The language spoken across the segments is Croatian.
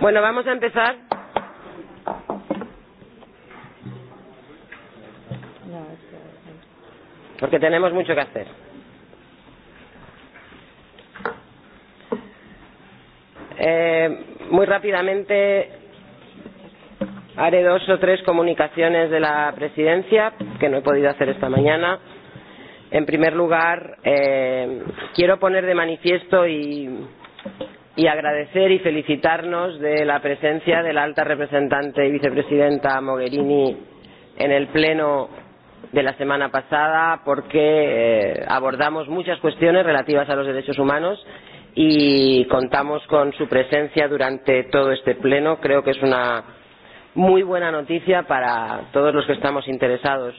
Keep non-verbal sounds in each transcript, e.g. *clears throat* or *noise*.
Bueno, vamos a empezar. Porque tenemos mucho que hacer. Eh, muy rápidamente haré dos o tres comunicaciones de la presidencia que no he podido hacer esta mañana. En primer lugar, eh, quiero poner de manifiesto y y agradecer y felicitarnos de la presencia de la alta representante y vicepresidenta Mogherini en el pleno de la semana pasada porque eh, abordamos muchas cuestiones relativas a los derechos humanos y contamos con su presencia durante todo este pleno. Creo que es una muy buena noticia para todos los que estamos interesados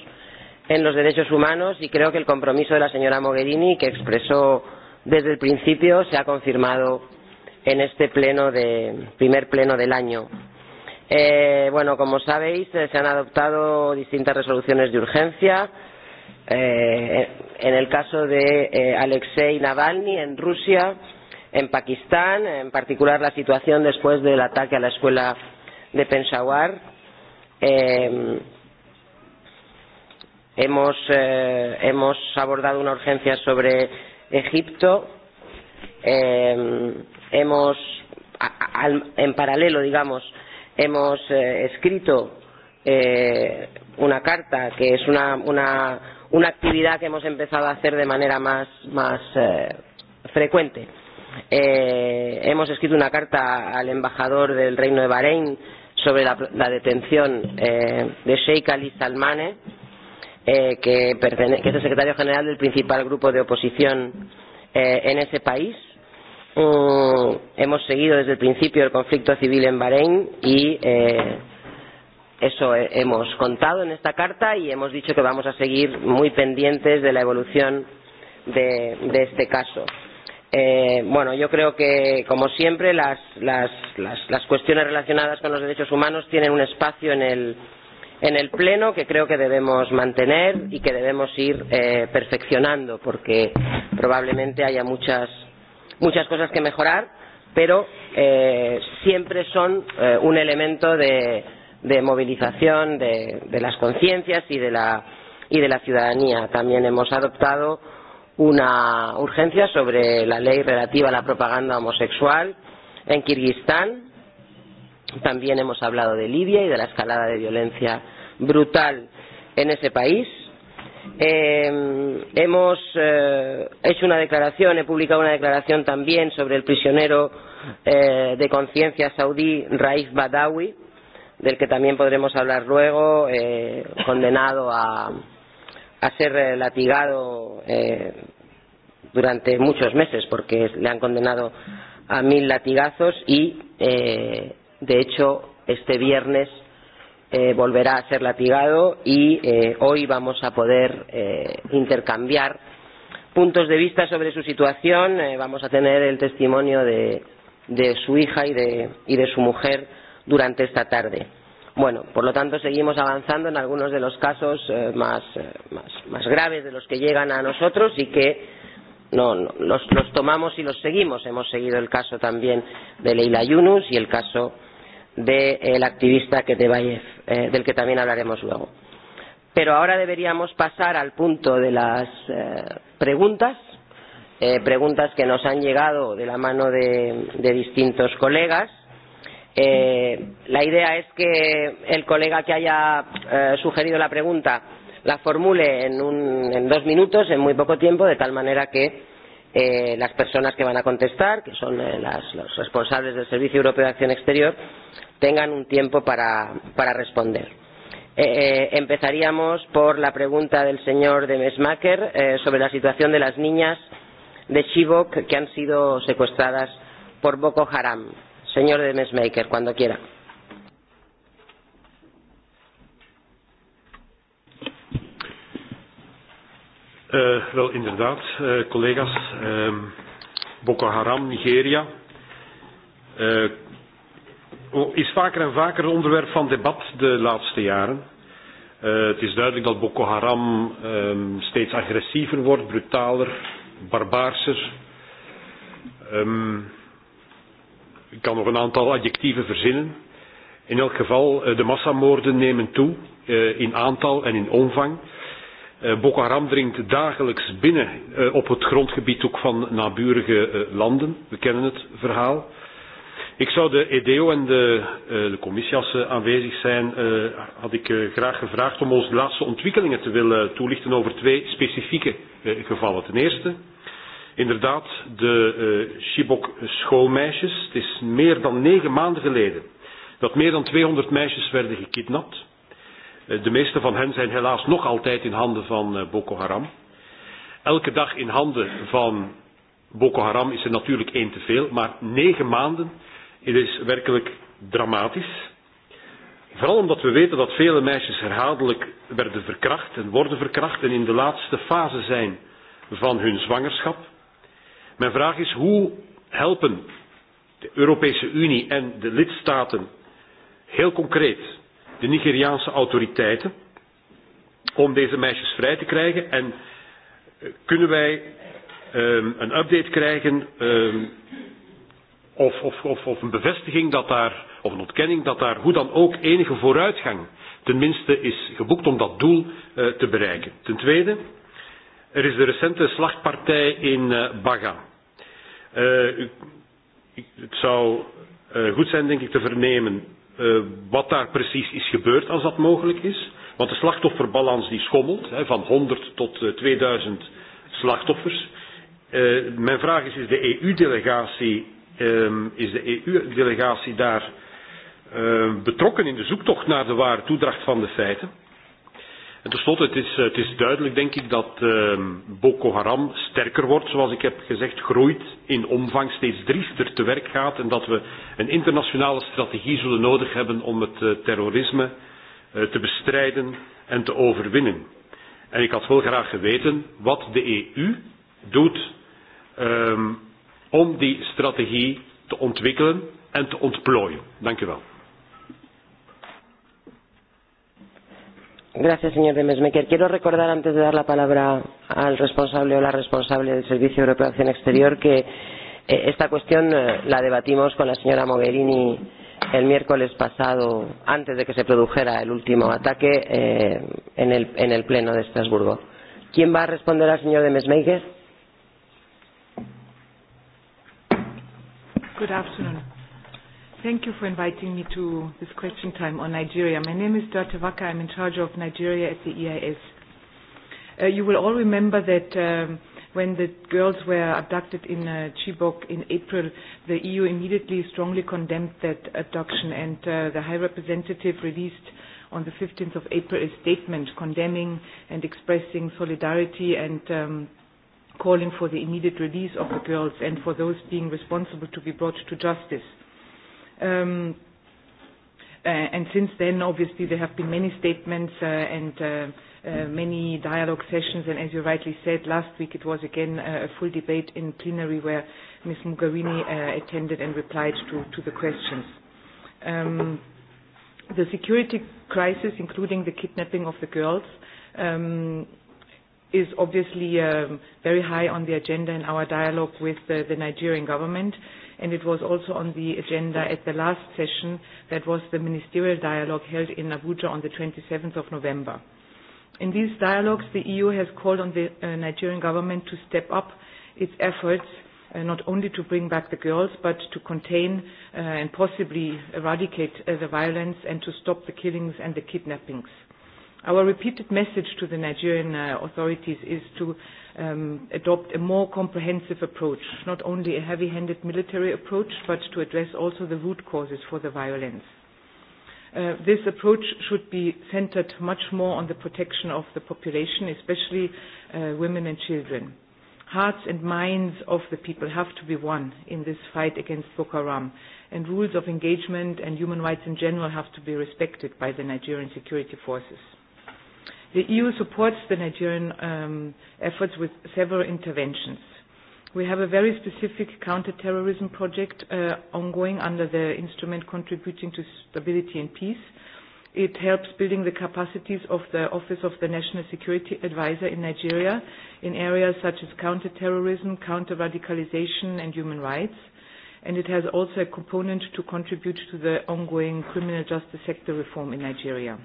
en los derechos humanos y creo que el compromiso de la señora Mogherini, que expresó desde el principio, se ha confirmado en este pleno de, primer pleno del año. Eh, bueno, como sabéis, eh, se han adoptado distintas resoluciones de urgencia. Eh, en el caso de eh, Alexei Navalny en Rusia, en Pakistán, en particular la situación después del ataque a la escuela de Peshawar. Eh, hemos, eh, hemos abordado una urgencia sobre Egipto. Eh, hemos en paralelo digamos hemos eh, escrito eh, una carta que es una, una, una actividad que hemos empezado a hacer de manera más, más eh, frecuente. Eh, hemos escrito una carta al embajador del Reino de Bahrein sobre la, la detención eh, de Sheikh Ali Salmane, eh, que, pertene que es el secretario general del principal grupo de oposición eh, en ese país Mm, hemos seguido desde el principio el conflicto civil en Bahrein y eh, eso eh, hemos contado en esta carta y hemos dicho que vamos a seguir muy pendientes de la evolución de, de este caso. Eh, bueno, yo creo que, como siempre, las, las, las, las cuestiones relacionadas con los derechos humanos tienen un espacio en el, en el Pleno que creo que debemos mantener y que debemos ir eh, perfeccionando, porque probablemente haya muchas muchas cosas que mejorar, pero eh, siempre son eh, un elemento de, de movilización de, de las conciencias y la y de la ciudadanía. También hemos adoptado una urgencia sobre la ley relativa a la propaganda homosexual en Kirguistán. También hemos hablado de Libia y de la escalada de violencia brutal en ese país. Eh, hemos eh, hecho una declaración, he publicado una declaración también sobre el prisionero eh, de conciencia saudí Raif Badawi, del que también podremos hablar luego, eh, condenado a, a ser eh, latigado eh, durante muchos meses, porque le han condenado a mil latigazos y, eh, de hecho, este viernes eh, volverá a ser latigado y eh, hoy vamos a poder eh, intercambiar puntos de vista sobre su situación. Eh, vamos a tener el testimonio de, de su hija y de, y de su mujer durante esta tarde. Bueno, por lo tanto, seguimos avanzando en algunos de los casos eh, más, eh, más, más graves de los que llegan a nosotros y que no, no los, los tomamos y los seguimos. Hemos seguido el caso también de Leila Yunus y el caso del de eh, activista que te eh, del que también hablaremos luego. Pero ahora deberíamos pasar al punto de las eh, preguntas, eh, preguntas que nos han llegado de la mano de, de distintos colegas. Eh, la idea es que el colega que haya eh, sugerido la pregunta la formule en, un, en dos minutos, en muy poco tiempo, de tal manera que eh, las personas que van a contestar, que son eh, las, los responsables del Servicio Europeo de Acción Exterior, tengan un tiempo para, para responder. Eh, eh empezaríamos por la pregunta del señor de Mesmacher eh, sobre la situación de las niñas de Chibok que han sido secuestradas por Boko Haram. Señor de Mesmaker, cuando quiera. Uh, wel inderdaad, uh, collega's. Uh, Boko Haram, Nigeria. Eh, is vaker en vaker een onderwerp van debat de laatste jaren. het is duidelijk dat Boko Haram ehm, steeds agressiever wordt, brutaler, barbaarser. Um, ik kan nog een aantal adjectieven verzinnen. In elk geval, de massamoorden nemen toe in aantal en in omvang. Eh, Boko Haram dringt dagelijks binnen eh, op het grondgebied ook van naburige eh, landen. We kennen het verhaal. Ik zou de EDO en de, de commissie, als ze aanwezig zijn, had ik graag gevraagd om ons de laatste ontwikkelingen te willen toelichten over twee specifieke gevallen. Ten eerste, inderdaad, de Shibok schoolmeisjes. Het is meer dan negen maanden geleden dat meer dan 200 meisjes werden gekidnapt Eh, de meeste van hen zijn helaas nog altijd in handen van eh, Boko Haram. Elke dag in handen van Boko Haram is er natuurlijk één te veel, maar negen maanden het is werkelijk dramatisch. Vooral omdat we weten dat vele meisjes herhaaldelijk werden verkracht en worden verkracht en in de laatste fase zijn van hun zwangerschap. Mijn vraag is hoe helpen de Europese Unie en de lidstaten heel concreet de Nigeriaanse autoriteiten om deze meisjes vrij te krijgen en eh, kunnen wij um, een update krijgen um, of, of, of, een bevestiging dat daar, of een ontkenning dat daar hoe dan ook enige vooruitgang tenminste is geboekt om dat doel uh, te bereiken. Ten tweede, er is de recente slachtpartij in uh, Baga. Uh, het zou goed zijn denk ik te vernemen Eh, wat daar precies is gebeurd als dat mogelijk is. Want de slachtofferbalans die schommelt, van 100 tot 2000 eh, slachtoffers. Eh, mijn vraag is, is de EU-delegatie ehm, is de EU-delegatie daar ehm, betrokken in de zoektocht naar de ware toedracht van de feiten? En tenslotte, het is, het is duidelijk denk ik dat uh, Boko Haram sterker wordt, zoals ik heb gezegd, groeit in omvang, steeds driester te werk gaat en dat we een internationale strategie zullen nodig hebben om het uh, terrorisme uh, te bestrijden en te overwinnen. En ik had wel graag geweten wat de EU doet ehm, om die strategie te ontwikkelen en te ontplooien. Dank u wel. Gracias, señor de Mesmecker. Quiero recordar, antes de dar la palabra al responsable o la responsable del Servicio Europeo de Acción Exterior, que eh, esta cuestión eh, la debatimos con la señora Mogherini el miércoles pasado, antes de que se produjera el último ataque, eh, en, el, en el Pleno de Estrasburgo. ¿Quién va a responder al señor de Good afternoon. Thank you for inviting me to this question time on Nigeria. My name is Dr. I'm in charge of Nigeria at the EIS. Uh, you will all remember that um, when the girls were abducted in uh, Chibok in April, the EU immediately strongly condemned that abduction and uh, the High Representative released on the 15th of April a statement condemning and expressing solidarity and um, calling for the immediate release of the girls and for those being responsible to be brought to justice. Um, uh, and since then, obviously, there have been many statements uh, and uh, uh, many dialogue sessions. And as you rightly said, last week it was again uh, a full debate in plenary where Ms. Mugarini attended and replied to, to the questions. Um, the security crisis, including the kidnapping of the girls, um, is obviously um, very high on the agenda in our dialogue with the Nigerian government and it was also on the agenda at the last session that was the ministerial dialogue held in Abuja on the 27th of November. In these dialogues, the EU has called on the uh, Nigerian government to step up its efforts uh, not only to bring back the girls, but to contain uh, and possibly eradicate the violence and to stop the killings and the kidnappings. Our repeated message to the Nigerian authorities is to Um, adopt a more comprehensive approach, not only a heavy-handed military approach, but to address also the root causes for the violence. Uh, this approach should be centered much more on the protection of the population, especially uh, women and children. Hearts and minds of the people have to be one in this fight against Boko Haram, and rules of engagement and human rights in general have to be respected by the Nigerian security forces. The EU supports the Nigerian um, efforts with several interventions. We have a very specific counterterrorism project uh, ongoing under the instrument contributing to stability and peace. It helps building the capacities of the Office of the National Security Advisor in Nigeria in areas such as counterterrorism, counter-radicalization and human rights. And it has also a component to contribute to the ongoing criminal justice sector reform in Nigeria.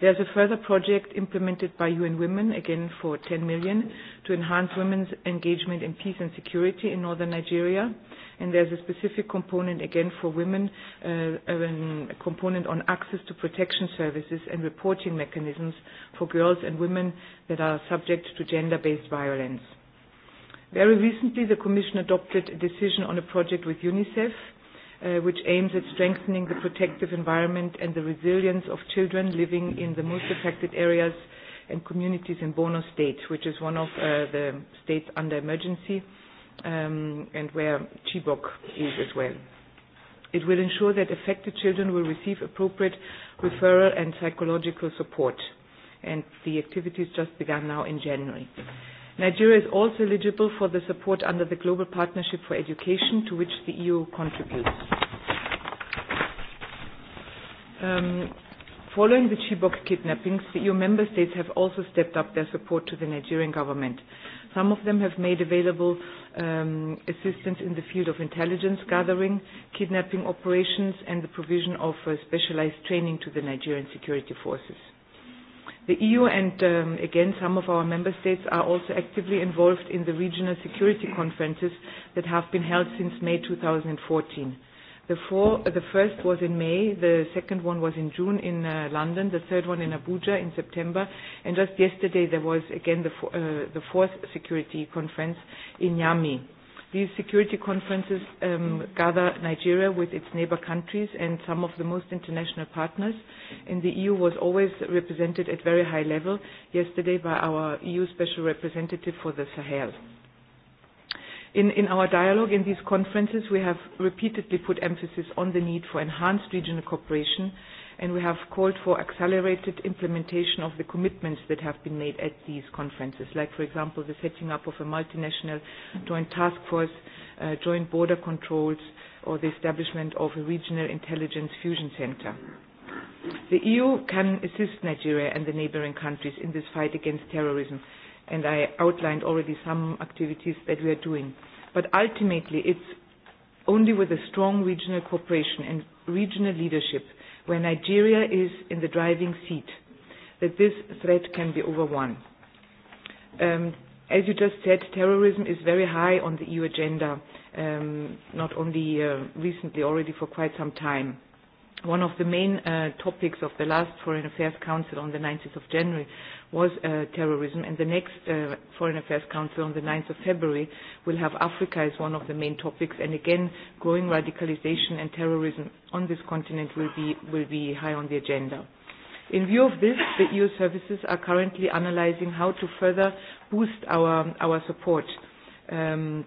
There's a further project implemented by UN Women, again for 10 million, to enhance women's engagement in peace and security in northern Nigeria. And there's a specific component, again for women, uh, um, a component on access to protection services and reporting mechanisms for girls and women that are subject to gender-based violence. Very recently, the Commission adopted a decision on a project with UNICEF Uh, which aims at strengthening the protective environment and the resilience of children living in the most affected areas and communities in Bono State, which is one of uh, the states under emergency um, and where Chibok is as well. It will ensure that affected children will receive appropriate referral and psychological support. And the activities just began now in January. Nigeria is also eligible for the support under the Global Partnership for Education to which the EU contributes. Um, following the Chibok kidnappings, the EU member states have also stepped up their support to the Nigerian government. Some of them have made available um, assistance in the field of intelligence gathering, kidnapping operations, and the provision of uh, specialized training to the Nigerian security forces. The EU and, um, again, some of our member states are also actively involved in the regional security conferences that have been held since May 2014. The, four, the first was in May, the second one was in June in uh, London, the third one in Abuja in September, and just yesterday there was again the, uh, the fourth security conference in Yami. These security conferences um, gather Nigeria with its neighbor countries and some of the most international partners, and the EU was always represented at very high level, yesterday by our EU Special Representative for the Sahel. In, in our dialogue in these conferences, we have repeatedly put emphasis on the need for enhanced regional cooperation and we have called for accelerated implementation of the commitments that have been made at these conferences, like, for example, the setting up of a multinational joint task force, uh, joint border controls, or the establishment of a regional intelligence fusion center. The EU can assist Nigeria and the neighboring countries in this fight against terrorism, and I outlined already some activities that we are doing. But ultimately, it's only with a strong regional cooperation and regional leadership where Nigeria is in the driving seat, that this threat can be overwon. Um, as you just said, terrorism is very high on the EU agenda, um, not only uh, recently, already for quite some time. One of the main uh, topics of the last Foreign Affairs Council on the 19th of January was uh, terrorism. And the next uh, Foreign Affairs Council on the 9th of February will have Africa as one of the main topics. And again, growing radicalization and terrorism on this continent will be, will be high on the agenda. In view of this, the EU services are currently analyzing how to further boost our, our support. Um,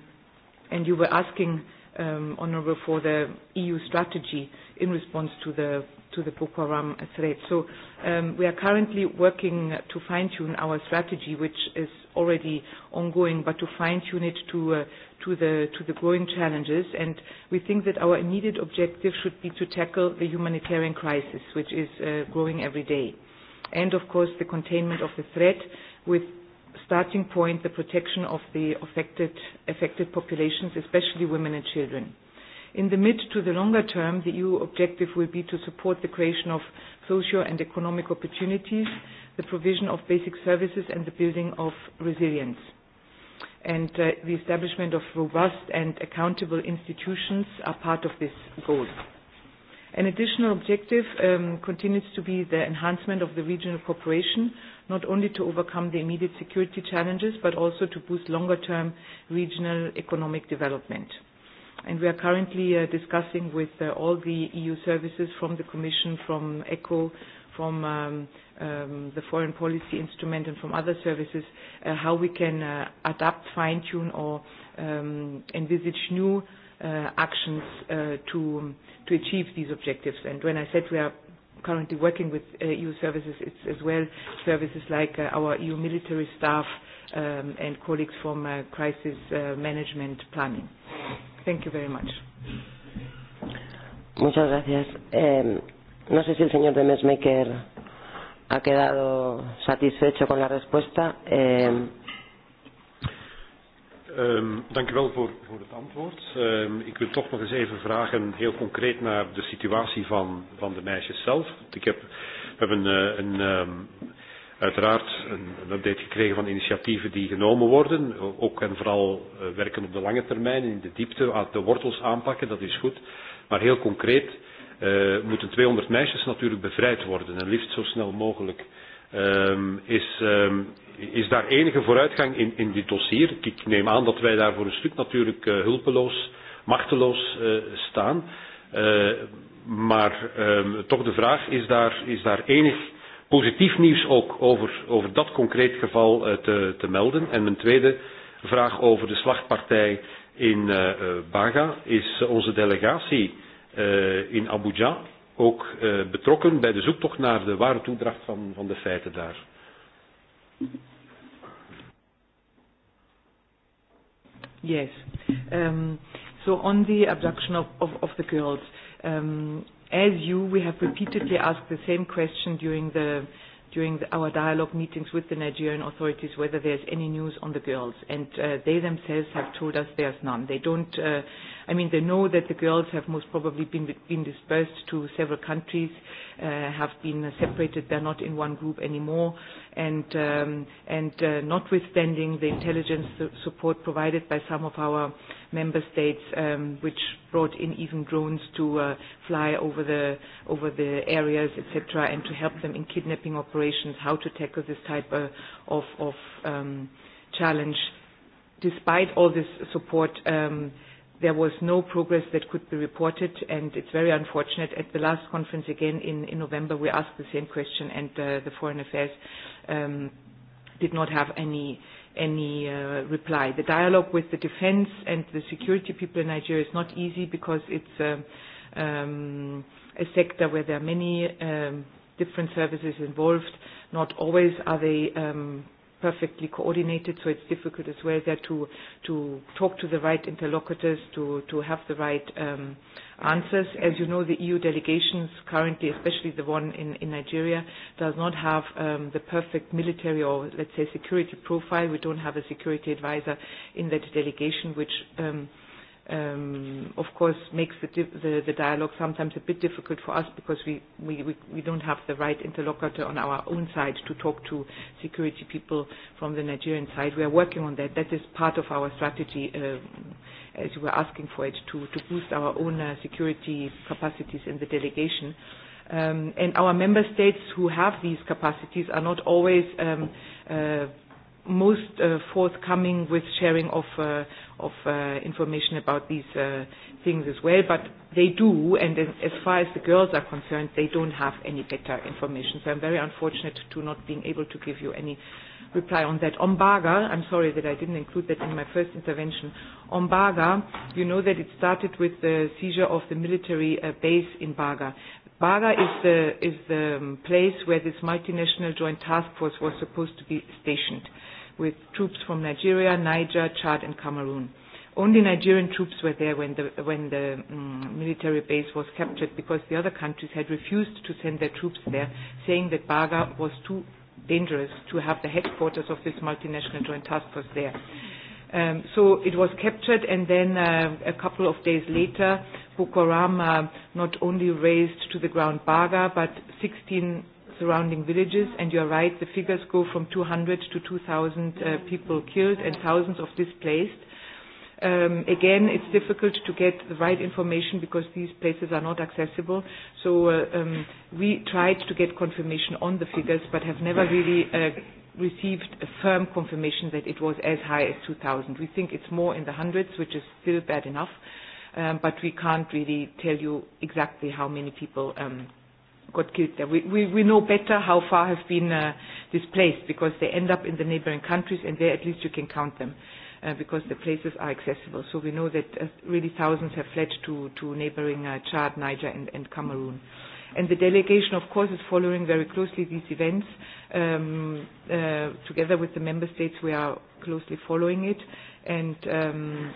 and you were asking um, honourable for the EU strategy in response to the to the Boko Haram threat. So um, we are currently working to fine-tune our strategy, which is already ongoing, but to fine-tune it to uh, to the to the growing challenges. And we think that our immediate objective should be to tackle the humanitarian crisis, which is uh, growing every day, and of course the containment of the threat with starting point the protection of the affected, affected populations, especially women and children. In the mid to the longer term, the EU objective will be to support the creation of social and economic opportunities, the provision of basic services and the building of resilience. And uh, the establishment of robust and accountable institutions are part of this goal. An additional objective um, continues to be the enhancement of the regional cooperation not only to overcome the immediate security challenges, but also to boost longer-term regional economic development. And we are currently uh, discussing with uh, all the EU services from the Commission, from ECHO, from um, um, the foreign policy instrument and from other services, uh, how we can adapt, fine-tune or um, envisage new actions to, to achieve these objectives. And when I said we are currently working with uh, EU services. It's as well services like uh, our EU military staff um, and colleagues from uh, crisis uh, management planning. Thank you very much. Muchas gracias. Eh, no sé si el señor Demesmaker ha quedado satisfecho con la respuesta. Eh, Um, dank u wel voor, voor het antwoord. Um, ik wil toch nog eens even vragen, heel concreet, naar de situatie van, van de meisjes zelf. ik heb, we hebben eh, een, um, uiteraard een, een update gekregen van initiatieven die genomen worden. Ook en vooral eh, werken op de lange termijn, in de diepte, ah, de wortels aanpakken, dat is goed. Maar heel concreet uh, moeten 200 meisjes natuurlijk bevrijd worden en liefst zo snel mogelijk. Um, is, um, is daar enige vooruitgang in, in dit dossier? Ik neem aan dat wij daar voor een stuk natuurlijk eh, hulpeloos, machteloos eh, staan. Eh, maar ehm, toch de vraag, is daar, is daar enig positief nieuws ook over, over dat concreet geval te, te melden? En mijn tweede vraag over de slachtpartij in Baga. Is onze delegatie in Abuja ook betrokken bij de zoektocht naar de ware toedracht van, van de feiten daar? Yes. Um, so on the abduction of, of, of the girls, um, as you, we have repeatedly asked the same question during the during the, our dialogue meetings with the Nigerian authorities whether there's any news on the girls. And uh, they themselves have told us there's none. They don't, uh, I mean, they know that the girls have most probably been, been dispersed to several countries, uh, have been separated. They're not in one group anymore. And, um, and uh, notwithstanding the intelligence support provided by some of our member states um, which brought in even drones to uh, fly over the over the areas etc and to help them in kidnapping operations how to tackle this type uh, of of um, challenge despite all this support um, there was no progress that could be reported and it's very unfortunate at the last conference again in, in November we asked the same question and uh, the foreign affairs um, did not have any any uh, reply. The dialogue with the defense and the security people in Nigeria is not easy because it's a, um, um, a sector where there are many um, different services involved. Not always are they um, perfectly coordinated, so it's difficult as well there to, to talk to the right interlocutors, to, to have the right um, answers. As you know, the EU delegations currently, especially the one in, in Nigeria, does not have um, the perfect military or, let's say, security profile. We don't have a security advisor in that delegation, which um, um, of course makes the, the, the dialogue sometimes a bit difficult for us because we, we, we, we don't have the right interlocutor on our own side to talk to security people from the Nigerian side. We are working on that. That is part of our strategy. Uh, as you were asking for it, to, to boost our own uh, security capacities in the delegation. Um, and our member states who have these capacities are not always um, uh, most uh, forthcoming with sharing of, of information about these things as well, but they do, and as, far as the girls are concerned, they don't have any better information. So I'm very unfortunate to not being able to give you any reply on that. On Baga, I'm sorry that I didn't include that in my first intervention. On Baga, you know that it started with the seizure of the military uh, base in Baga. Baga is the, is the um, place where this multinational joint task force was supposed to be stationed with troops from Nigeria, Niger, Chad, and Cameroon. Only Nigerian troops were there when the, when the um, military base was captured because the other countries had refused to send their troops there, saying that Baga was too dangerous to have the headquarters of this multinational joint task force there. Um, so it was captured, and then uh, a couple of days later, Boko Haram uh, not only raised to the ground Baga, but 16 surrounding villages. And you are right, the figures go from 200 to 2,000 uh, people killed and thousands of displaced. Um, again, it's difficult to get the right information because these places are not accessible. So uh, um, we tried to get confirmation on the figures, but have never really uh, received a firm confirmation that it was as high as 2,000. We think it's more in the hundreds, which is still bad enough, um, but we can't really tell you exactly how many people um, got killed there. We, we, we know better how far have been uh, displaced because they end up in the neighboring countries, and there at least you can count them. Uh, because the places are accessible. So we know that uh, really thousands have fled to, to neighboring uh, Chad, Niger, and, and Cameroon. And the delegation, of course, is following very closely these events. Um, uh, together with the member states, we are closely following it. And um,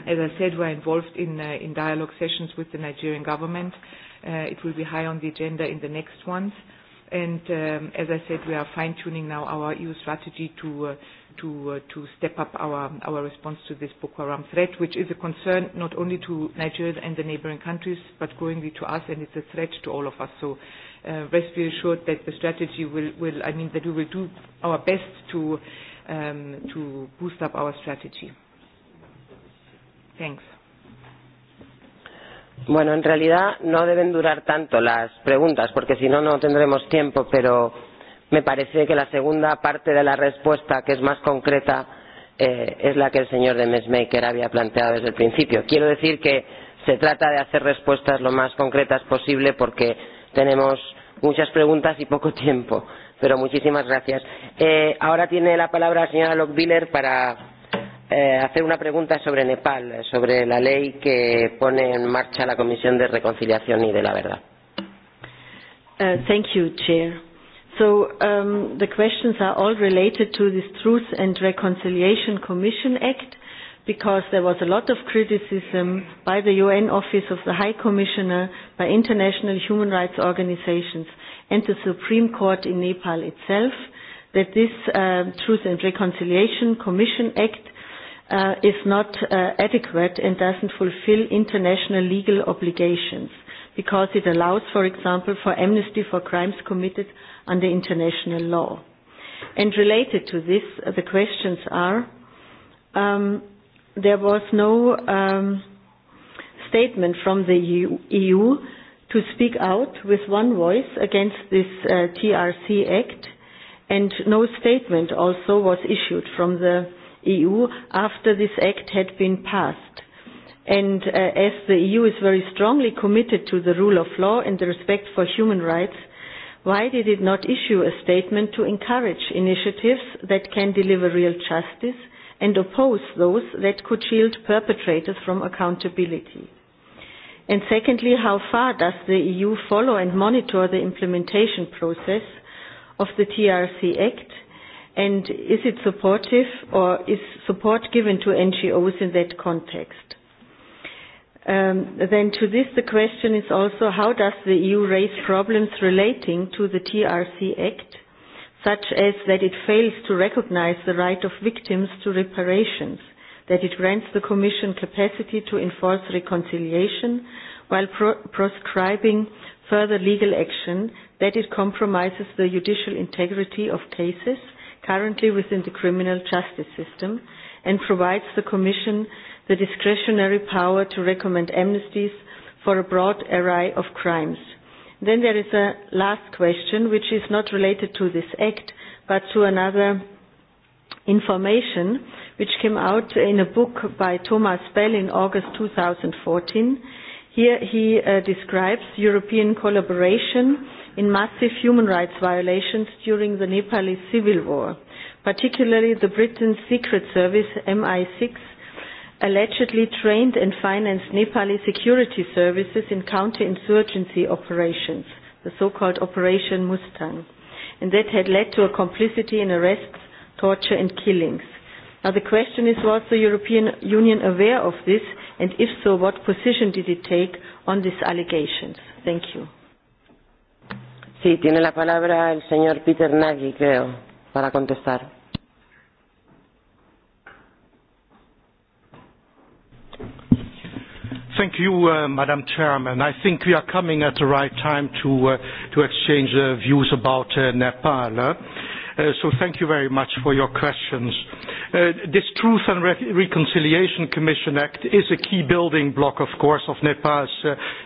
as I said, we are involved in, uh, in dialogue sessions with the Nigerian government. Uh, it will be high on the agenda in the next ones. And um, as I said, we are fine-tuning now our EU strategy to to uh, to step up our our response to this Boko Haram threat, which is a concern not only to Nigeria and the neighboring countries, but growingly to us, and it's a threat to all of us. So uh, rest be assured that the strategy will, will I mean that we will do our best to um, to boost up our strategy. Thanks. Bueno, en realidad no deben durar tanto las preguntas, porque si no, no tendremos tiempo, pero me parece que la segunda parte de la respuesta que es más concreta eh, es la que el señor de Mesmaker había planteado desde el principio quiero decir que se trata de hacer respuestas lo más concretas posible porque tenemos muchas preguntas y poco tiempo pero muchísimas gracias eh, ahora tiene la palabra la señora Lockbiller para eh, hacer una pregunta sobre Nepal sobre la ley que pone en marcha la Comisión de Reconciliación y de la Verdad uh, thank you, Chair. So um, the questions are all related to this Truth and Reconciliation Commission Act because there was a lot of criticism by the UN Office of the High Commissioner, by international human rights organizations and the Supreme Court in Nepal itself that this uh, Truth and Reconciliation Commission Act uh, is not uh, adequate and doesn't fulfill international legal obligations because it allows, for example, for amnesty for crimes committed under international law. And related to this, uh, the questions are, um, there was no um, statement from the EU, e to speak out with one voice against this uh, TRC Act, and no statement also was issued from the EU after this Act had been passed. And uh, as the EU is very strongly committed to the rule of law and the respect for human rights, why did it not issue a statement to encourage initiatives that can deliver real justice and oppose those that could shield perpetrators from accountability? And secondly, how far does the EU follow and monitor the implementation process of the TRC Act? And is it supportive or is support given to NGOs in that context? Um, then to this the question is also how does the EU raise problems relating to the TRC Act, such as that it fails to recognize the right of victims to reparations, that it grants the Commission capacity to enforce reconciliation while pro proscribing further legal action, that it compromises the judicial integrity of cases currently within the criminal justice system, and provides the Commission the discretionary power to recommend amnesties for a broad array of crimes. Then there is a last question, which is not related to this act, but to another information, which came out in a book by Thomas Bell in August 2014. Here he uh, describes European collaboration in massive human rights violations during the Nepalese civil war, particularly the Britain's secret service MI6 allegedly trained and financed Nepali security services in counterinsurgency operations, the so-called Operation Mustang, and that had led to a complicity in arrests, torture and killings. Now the question is, was the European Union aware of this, and if so, what position did it take on these allegations? Thank you. Sí, tiene la palabra el señor Peter Nagy, creo, para contestar. Thank you, uh, Madam President. I think we are coming at the right time to, uh, to exchange uh, views about Nepal. so thank you very much for your questions. this Truth and Reconciliation Commission Act is a key building block, of course, of Nepal's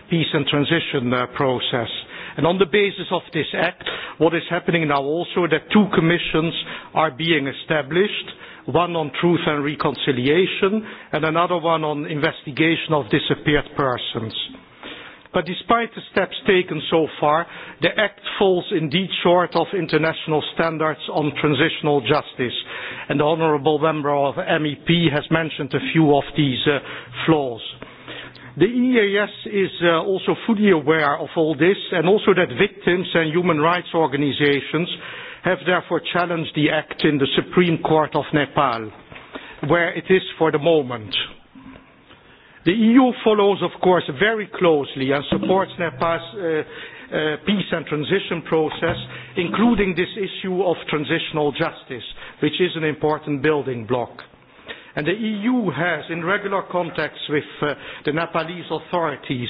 peace and transition process. And on the basis of this act, what is happening now also that two commissions are being established one on truth and reconciliation, and another one on investigation of disappeared persons. But despite the steps taken so far, the Act falls indeed short of international standards on transitional justice, and the Honourable Member of MEP has mentioned a few of these uh, flaws. The EAS is uh, also fully aware of all this, and also that victims and human rights organisations have therefore challenged the act in the Supreme Court of Nepal, where it is for the moment. The EU follows, of course, very closely and supports Nepal's uh, uh, peace and transition process, including this issue of transitional justice, which is an important building block. And the EU has, in regular contacts with uh, the Nepalese authorities,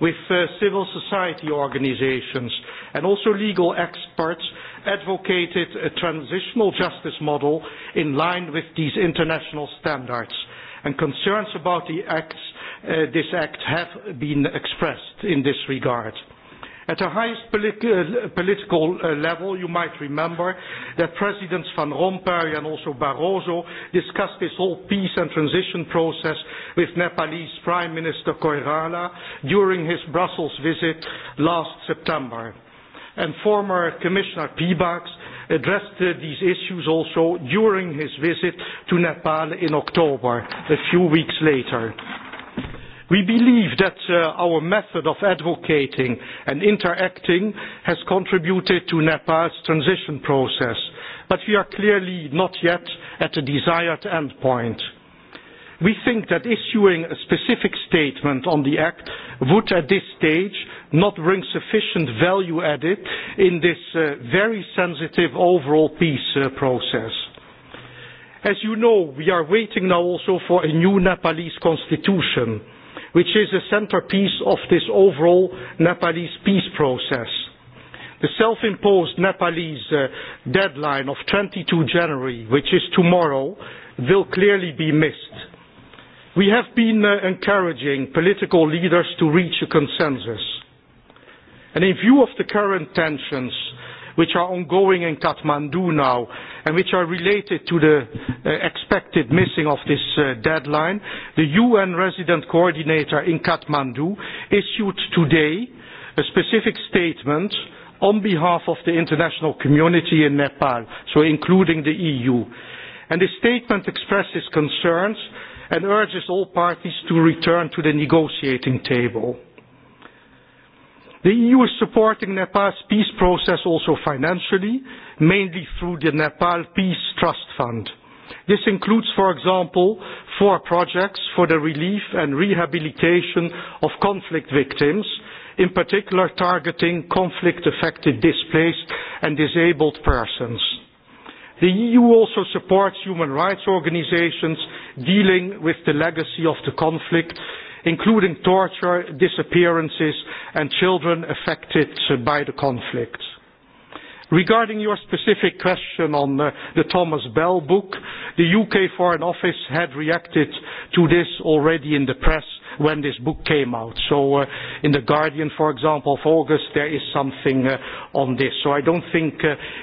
with uh, civil society organizations, and also legal experts, advocated a transitional justice model in line with these international standards and concerns about the acts, uh, this act have been expressed in this regard. At the highest uh, political uh, level, you might remember that Presidents Van Rompuy and also Barroso discussed this whole peace and transition process with Nepalese Prime Minister Koirala during his Brussels visit last September and former Commissioner Piebalgs addressed uh, these issues also during his visit to Nepal in October, a few weeks later. We believe that uh, our method of advocating and interacting has contributed to Nepal's transition process, but we are clearly not yet at the desired end point. We think that issuing a specific statement on the Act would at this stage not bring sufficient value added in this uh, very sensitive overall peace uh, process. As you know, we are waiting now also for a new Nepalese constitution, which is a centerpiece of this overall Nepalese peace process. The self-imposed Nepalese uh, deadline of 22 January, which is tomorrow, will clearly be missed. We have been uh, encouraging political leaders to reach a consensus. And in view of the current tensions which are ongoing in Kathmandu now and which are related to the uh, expected missing of this uh, deadline, the UN resident coordinator in Kathmandu issued today a specific statement on behalf of the international community in Nepal, so including the EU. And the statement expresses concerns and urges all parties to return to the negotiating table. The EU is supporting Nepal's peace process also financially, mainly through the Nepal Peace Trust Fund. This includes, for example, four projects for the relief and rehabilitation of conflict victims, in particular targeting conflict-affected displaced and disabled persons. The EU also supports human rights organizations dealing with the legacy of the conflict, including torture, disappearances and children affected by the conflict. Regarding your specific question on uh, the Thomas Bell book, the UK Foreign Office had reacted to this already in the press when this book came out. So uh, in The Guardian, for example, of August, there is something uh, on this. So I don't think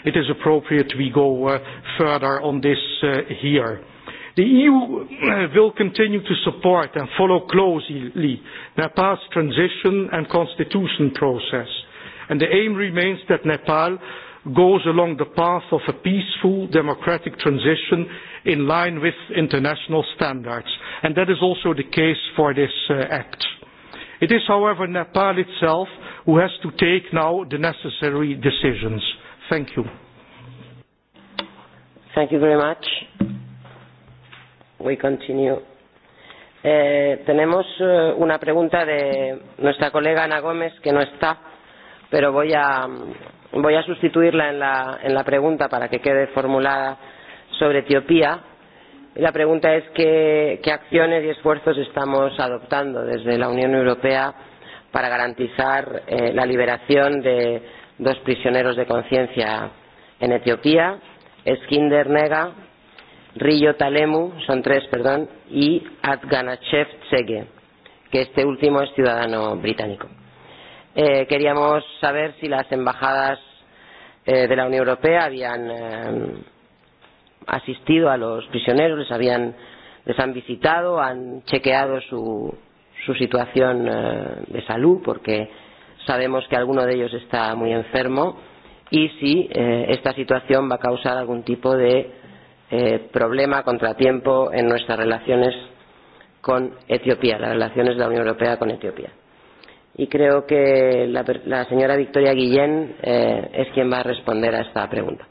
it is appropriate we go further on this here. The EU eh, will continue to support and follow closely Nepal's transition and constitution process, and the aim remains that Nepal goes along the path of a peaceful democratic transition in line with international standards and that is also the case for this uh, act it is however nepal itself who has to take now the necessary decisions thank you thank you very much we continue. Eh, tenemos eh, una pregunta de nuestra colega Ana Gómez, que no está, pero voy a, voy a sustituirla en la, en la pregunta para que quede formulada sobre Etiopía. La pregunta es qué, qué acciones y esfuerzos estamos adoptando desde la Unión Europea para garantizar eh, la liberación de dos prisioneros de conciencia en Etiopía, Eskinder Nega Rillo Talemu, son tres, perdón, y Adganachev Tsege, que este último es ciudadano británico. Eh, queríamos saber si las embajadas eh, de la Unión Europea habían eh, asistido a los prisioneros, les habían les han visitado, han chequeado su, su situación eh, de salud, porque sabemos que alguno de ellos está muy enfermo, y si eh, esta situación va a causar algún tipo de eh, problema, contratiempo en nuestras relaciones con Etiopía, las relaciones de la Unión Europea con Etiopía. Y creo que la, la señora Victoria Guillén eh, es quien va a responder a esta pregunta.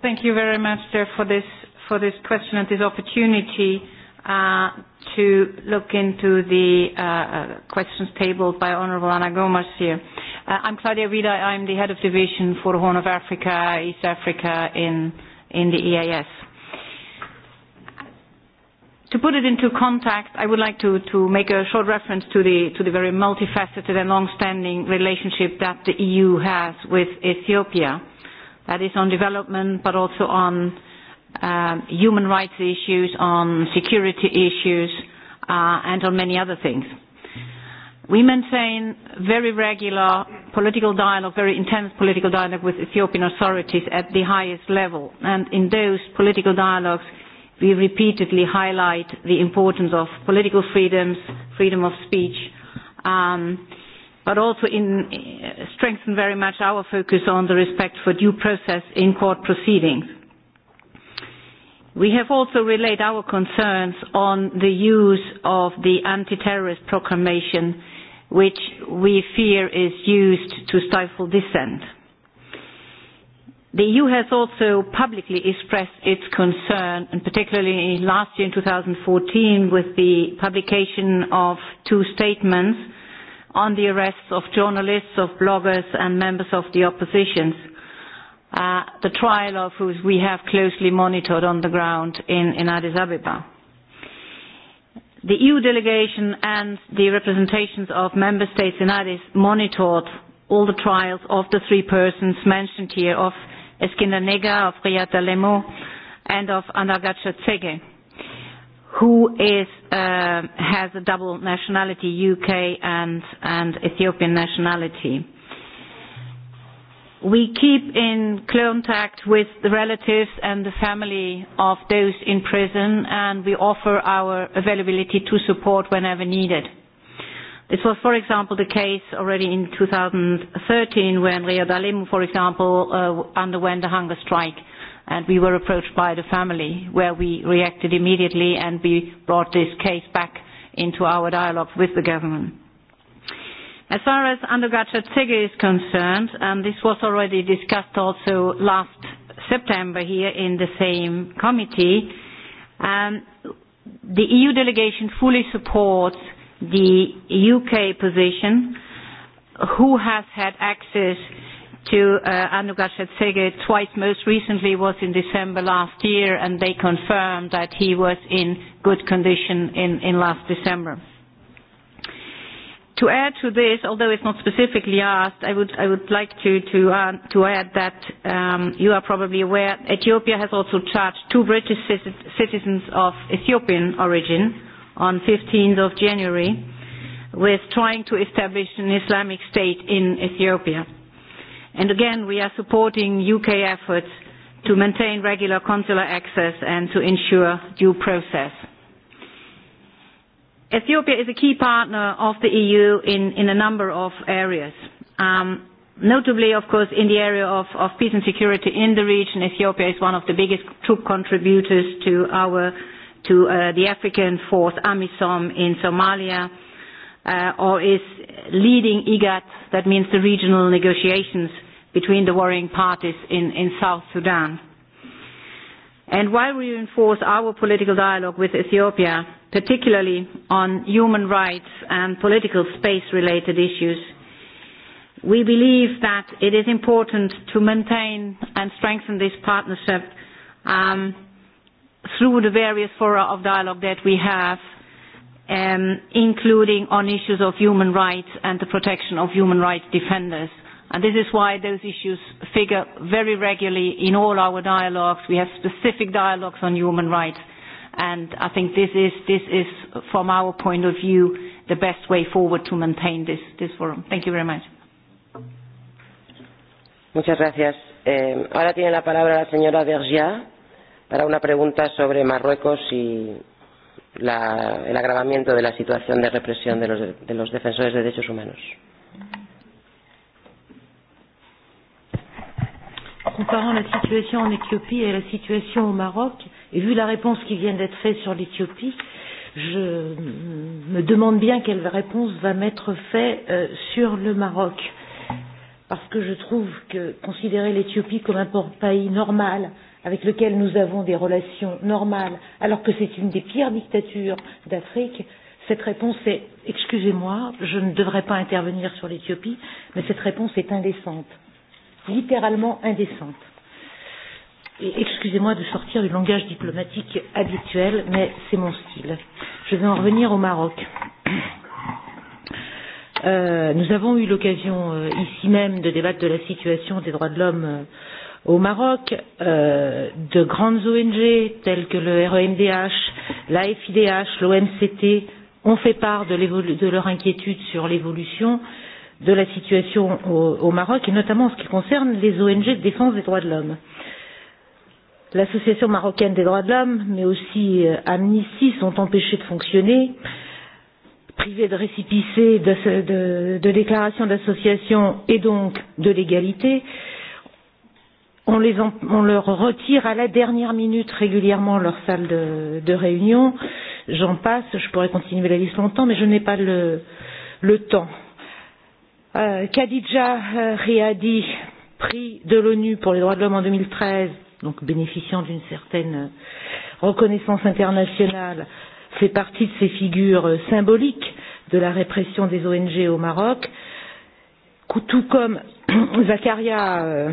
Thank you very much, sir, for this, for this question and this opportunity uh, to look into the uh, uh questions tabled by Honorable Anna Gomes here. Uh, I'm Claudia Rida. I'm the head of division for Horn of Africa, East Africa in, in the EAS. To put it into context, I would like to, to make a short reference to the, to the very multifaceted and long-standing relationship that the EU has with Ethiopia. That is on development, but also on um, human rights issues, on security issues, uh, and on many other things. We maintain very regular political dialogue, very intense political dialogue with Ethiopian authorities at the highest level. And in those political dialogues, we repeatedly highlight the importance of political freedoms, freedom of speech, um, but also in, uh, strengthen very much our focus on the respect for due process in court proceedings. We have also relayed our concerns on the use of the anti-terrorist proclamation which we fear is used to stifle dissent. The EU has also publicly expressed its concern, and particularly last year in 2014 with the publication of two statements on the arrests of journalists, of bloggers and members of the opposition, uh, the trial of whose we have closely monitored on the ground in, in Addis Ababa. The EU delegation and the representations of member states in monitored all the trials of the three persons mentioned here of Eskinder Nega, of Riyata Lemo, and of Anagacha Tsege, who is, uh, has a double nationality, UK and, and Ethiopian nationality. We keep in contact with the relatives and the family of those in prison, and we offer our availability to support whenever needed. This was, for example, the case already in 2013 when Ria Dalim, for example, uh, underwent a hunger strike, and we were approached by the family, where we reacted immediately and we brought this case back into our dialogue with the government. As far as undergraduate figure is concerned, and um, this was already discussed also last September here in the same committee, um, the EU delegation fully supports the UK position, who has had access to uh, undergraduate twice. Most recently was in December last year, and they confirmed that he was in good condition in, in last December. To add to this, although it's not specifically asked, I would, I would like to, to, uh, to add that um, you are probably aware Ethiopia has also charged two British citizens of Ethiopian origin on 15th of January with trying to establish an Islamic State in Ethiopia. And again, we are supporting UK efforts to maintain regular consular access and to ensure due process. Ethiopia is a key partner of the EU in, in a number of areas. Um, notably, of course, in the area of, of peace and security in the region, Ethiopia is one of the biggest troop contributors to, our, to uh, the African force AMISOM in Somalia, uh, or is leading IGAT, that means the regional negotiations between the warring parties in, in South Sudan. And while we reinforce our political dialogue with Ethiopia, particularly on human rights and political space related issues. We believe that it is important to maintain and strengthen this partnership um, through the various fora of dialogue that we have, um, including on issues of human rights and the protection of human rights defenders. And this is why those issues figure very regularly in all our dialogues. We have specific dialogues on human rights and I think this is, this is from our point of view, the best way forward to maintain this, this forum. Thank you very much. Muchas gracias. Eh, ahora tiene la palabra la señora Vergia para una pregunta sobre Marruecos y la, el agravamiento de la situación de represión de los, de los defensores de derechos humanos. Comparant la situation en Éthiopie et la situation au Maroc, Et vu la réponse qui vient d'être faite sur l'Éthiopie, je me demande bien quelle réponse va m'être faite euh, sur le Maroc. Parce que je trouve que considérer l'Éthiopie comme un pays normal, avec lequel nous avons des relations normales, alors que c'est une des pires dictatures d'Afrique, cette réponse est, excusez-moi, je ne devrais pas intervenir sur l'Éthiopie, mais cette réponse est indécente. Littéralement indécente. Et excusez-moi de sortir du langage diplomatique habituel, mais c'est mon style. Je vais en revenir au Maroc. Euh, nous avons eu l'occasion euh, ici même de débattre de la situation des droits de l'homme euh, au Maroc. Euh, de grandes ONG telles que le REMDH, la FIDH, l'OMCT ont fait part de, de leur inquiétude sur l'évolution de la situation au, au Maroc et notamment en ce qui concerne les ONG de défense des droits de l'homme. L'association marocaine des droits de l'homme, mais aussi euh, Amnesty, sont empêchés de fonctionner, privés de récipicés, de, de, de déclarations d'association et donc de légalité. On, les en, on leur retire à la dernière minute régulièrement leur salle de, de réunion. J'en passe, je pourrais continuer la liste longtemps, mais je n'ai pas le, le temps. Euh, Khadija euh, Riadi, prix de l'ONU pour les droits de l'homme en 2013, donc bénéficiant d'une certaine euh, reconnaissance internationale, fait partie de ces figures euh, symboliques de la répression des ONG au Maroc, tout comme *clears throat* Zakaria euh,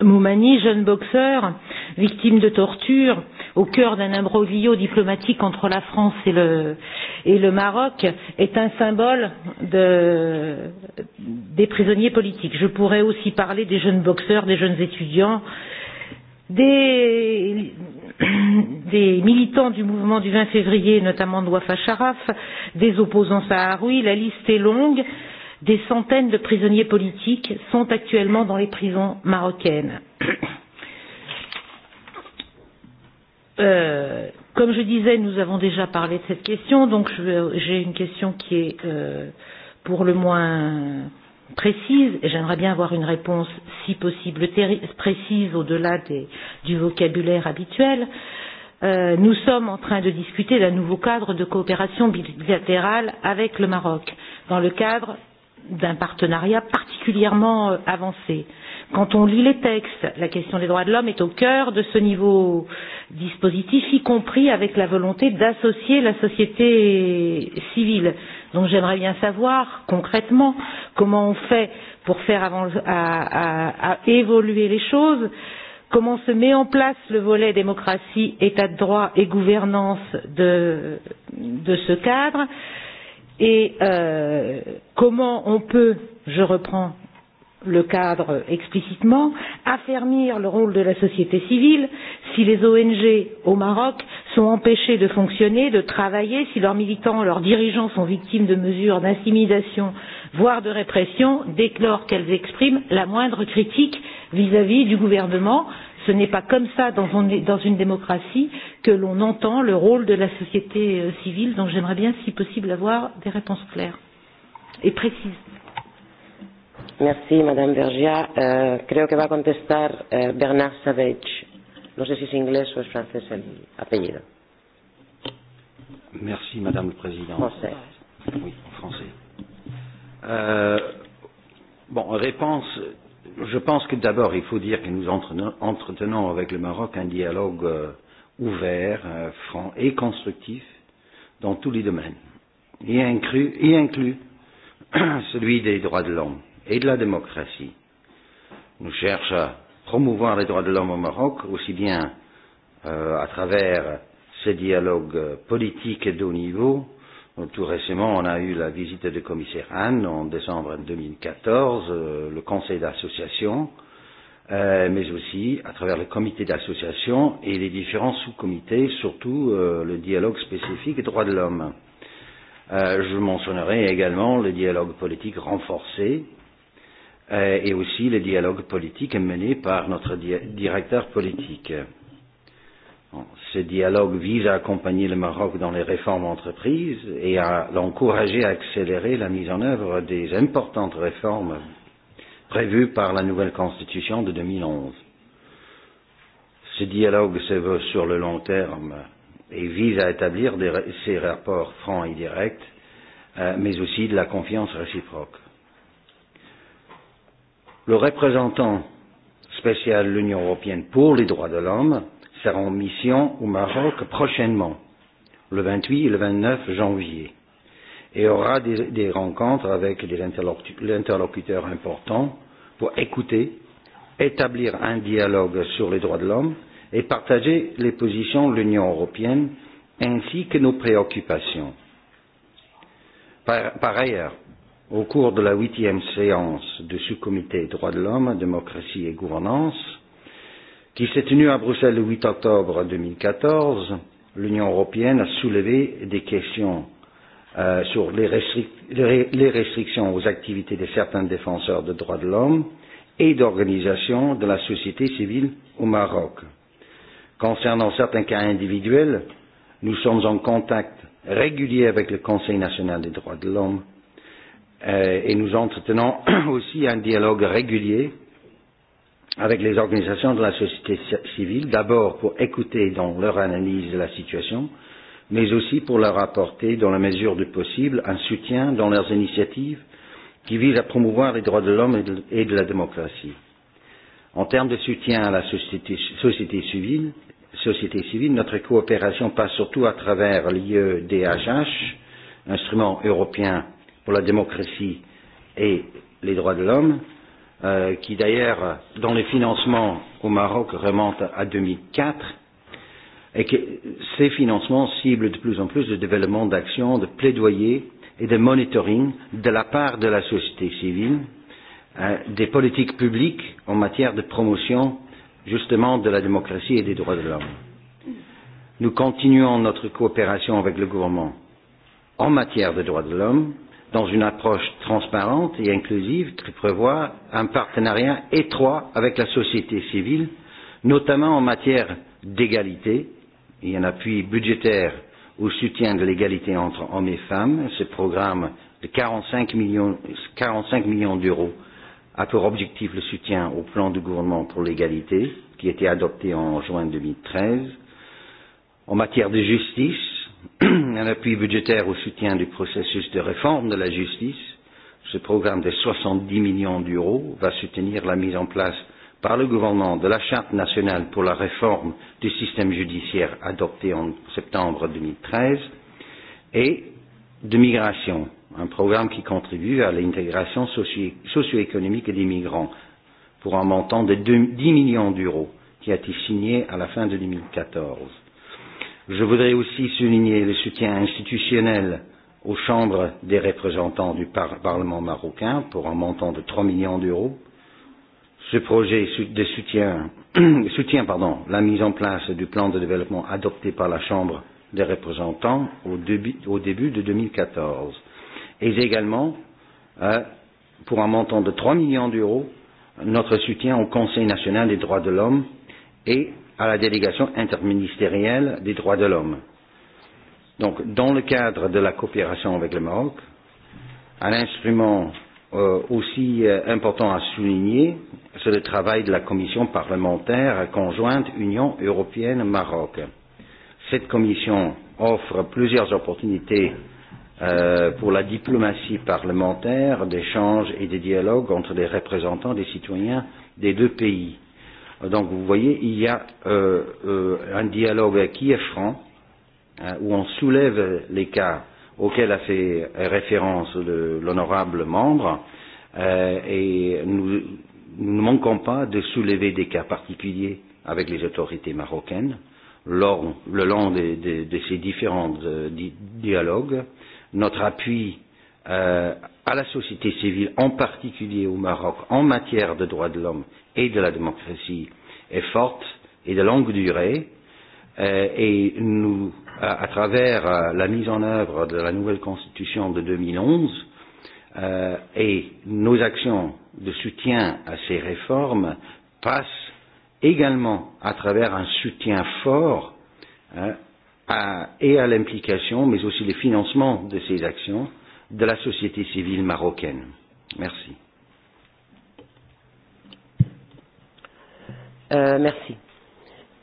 Moumani, jeune boxeur, victime de torture, au cœur d'un imbroglio diplomatique entre la France et le, et le Maroc, est un symbole de, des prisonniers politiques. Je pourrais aussi parler des jeunes boxeurs, des jeunes étudiants, des, des militants du mouvement du 20 février, notamment de Sharaf, des opposants saharoui, la liste est longue, des centaines de prisonniers politiques sont actuellement dans les prisons marocaines. Euh, comme je disais, nous avons déjà parlé de cette question, donc j'ai une question qui est euh, pour le moins précise, et j'aimerais bien avoir une réponse, si possible, précise au-delà du vocabulaire habituel. Euh, nous sommes en train de discuter d'un nouveau cadre de coopération bilatérale avec le Maroc, dans le cadre d'un partenariat particulièrement euh, avancé. Quand on lit les textes, la question des droits de l'homme est au cœur de ce niveau dispositif, y compris avec la volonté d'associer la société civile. Donc j'aimerais bien savoir concrètement comment on fait pour faire avant, à, à, à évoluer les choses, comment se met en place le volet démocratie, état de droit et gouvernance de, de ce cadre, et euh, comment on peut, je reprends le cadre explicitement, affermir le rôle de la société civile si les ONG au Maroc sont empêchées de fonctionner, de travailler, si leurs militants, leurs dirigeants sont victimes de mesures d'intimidation, voire de répression, dès lors qu'elles expriment la moindre critique vis-à-vis -vis du gouvernement. Ce n'est pas comme ça dans une démocratie que l'on entend le rôle de la société euh, civile, donc j'aimerais bien, si possible, avoir des réponses claires et précises. Merci, Madame Bergia. Uh, eh, creo que va a contestar uh, Bernard Savage. No sé si es inglés o es francés el apellido. Merci, Madame le Président. Français. Oui, en français. Euh, bon, réponse. Je pense que d'abord, il faut dire que nous entretenons avec le Maroc un dialogue euh, ouvert, euh, franc et constructif dans tous les domaines, y inclus, y inclus *clears throat* celui des droits de l'homme et de la démocratie. Nous cherchons à promouvoir les droits de l'homme au Maroc, aussi bien euh, à travers ces dialogues politiques et de haut niveau. Euh, tout récemment, on a eu la visite du commissaire Hahn en décembre 2014, euh, le conseil d'association, euh, mais aussi à travers le comité d'association et les différents sous-comités, surtout euh, le dialogue spécifique et droits de l'homme. Euh, je mentionnerai également le dialogue politique renforcé et aussi le dialogue politique mené par notre directeur politique. Bon, ce dialogue vise à accompagner le Maroc dans les réformes entreprises et à l'encourager à accélérer la mise en œuvre des importantes réformes prévues par la nouvelle constitution de 2011. Ce dialogue se veut sur le long terme et vise à établir des, ces rapports francs et directs, euh, mais aussi de la confiance réciproque. Le représentant spécial de l'Union européenne pour les droits de l'homme sera en mission au Maroc prochainement, le 28 et le 29 janvier, et aura des, des rencontres avec des interlocuteurs, interlocuteurs importants pour écouter, établir un dialogue sur les droits de l'homme et partager les positions de l'Union européenne ainsi que nos préoccupations. Par, par ailleurs, Au cours de la huitième séance du sous-comité droits de l'homme, démocratie et gouvernance, qui s'est tenue à Bruxelles le 8 octobre 2014, l'Union européenne a soulevé des questions euh, sur les, restric les restrictions aux activités de certains défenseurs de droits de l'homme et d'organisations de la société civile au Maroc. Concernant certains cas individuels, nous sommes en contact régulier avec le Conseil national des droits de l'homme Euh, et nous entretenons *clears throat* aussi un dialogue régulier avec les organisations de la société civile, d'abord pour écouter dans leur analyse de la situation, mais aussi pour leur apporter, dans la mesure du possible, un soutien dans leurs initiatives qui visent à promouvoir les droits de l'homme et de la démocratie. En termes de soutien à la société, société, civile, société civile, notre coopération passe surtout à travers l'IEDHH, instrument européen pour la démocratie et les droits de l'homme, euh, qui d'ailleurs, dont les financements au Maroc remontent à 2004, et que ces financements ciblent de plus en plus le développement d'actions, de plaidoyer et de monitoring de la part de la société civile euh, des politiques publiques en matière de promotion justement de la démocratie et des droits de l'homme. Nous continuons notre coopération avec le gouvernement en matière de droits de l'homme dans une approche transparente et inclusive qui prévoit un partenariat étroit avec la société civile, notamment en matière d'égalité et un appui budgétaire au soutien de l'égalité entre hommes et femmes. Ce programme de 45 millions, 45 millions d'euros a pour objectif le soutien au plan de gouvernement pour l'égalité qui a été adopté en juin 2013. En matière de justice, un appui budgétaire au soutien du processus de réforme de la justice. Ce programme de 70 millions d'euros va soutenir la mise en place par le gouvernement de la Charte nationale pour la réforme du système judiciaire adoptée en septembre 2013 et de migration, un programme qui contribue à l'intégration socio-économique des migrants pour un montant de 10 millions d'euros qui a été signé à la fin de 2014. Je voudrais aussi souligner le soutien institutionnel aux chambres des représentants du par Parlement marocain pour un montant de 3 millions d'euros. Ce projet de soutien, *clears throat* soutient pardon, la mise en place du plan de développement adopté par la Chambre des représentants au début, au début de 2014 et également euh, pour un montant de 3 millions d'euros notre soutien au Conseil national des droits de l'homme et à la délégation interministérielle des droits de l'homme. Donc, dans le cadre de la coopération avec le Maroc, un instrument euh, aussi euh, important à souligner, c'est le travail de la commission parlementaire conjointe Union européenne-Maroc. Cette commission offre plusieurs opportunités euh, pour la diplomatie parlementaire d'échanges et de dialogues entre les représentants des citoyens des deux pays Donc vous voyez, il y a euh, euh, un dialogue qui est franc, hein, où on soulève les cas auxquels a fait référence l'honorable membre, euh, et nous, ne manquons pas de soulever des cas particuliers avec les autorités marocaines lors, le long de, de, de ces différents euh, di dialogues. Notre appui euh, à la société civile, en particulier au Maroc, en matière de droits de l'homme et de la démocratie est forte et de longue durée. Euh, et nous, à travers euh, la mise en œuvre de la nouvelle constitution de 2011 euh, et nos actions de soutien à ces réformes passent également à travers un soutien fort à, et à l'implication, mais aussi le financement de ces actions de la société civile marocaine. Merci. Eh, merci.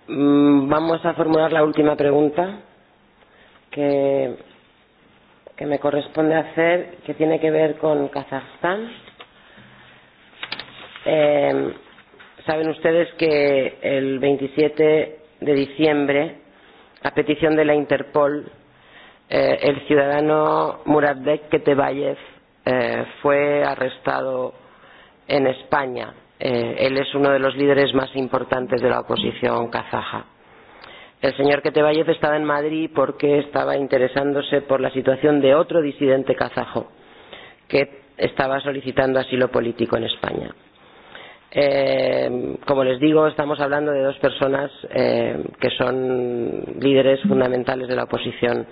Mm, vamos a formular la última pregunta que, que me corresponde hacer, que tiene que ver con Kazajstán. Eh, saben ustedes que el 27 de diciembre, a petición de la Interpol, eh, el ciudadano Muradbek Ketebayev eh, fue arrestado en España. Eh, él es uno de los líderes más importantes de la oposición kazaja. El señor Ketebayev estaba en Madrid porque estaba interesándose por la situación de otro disidente kazajo que estaba solicitando asilo político en España. Eh, como les digo, estamos hablando de dos personas eh, que son líderes fundamentales de la oposición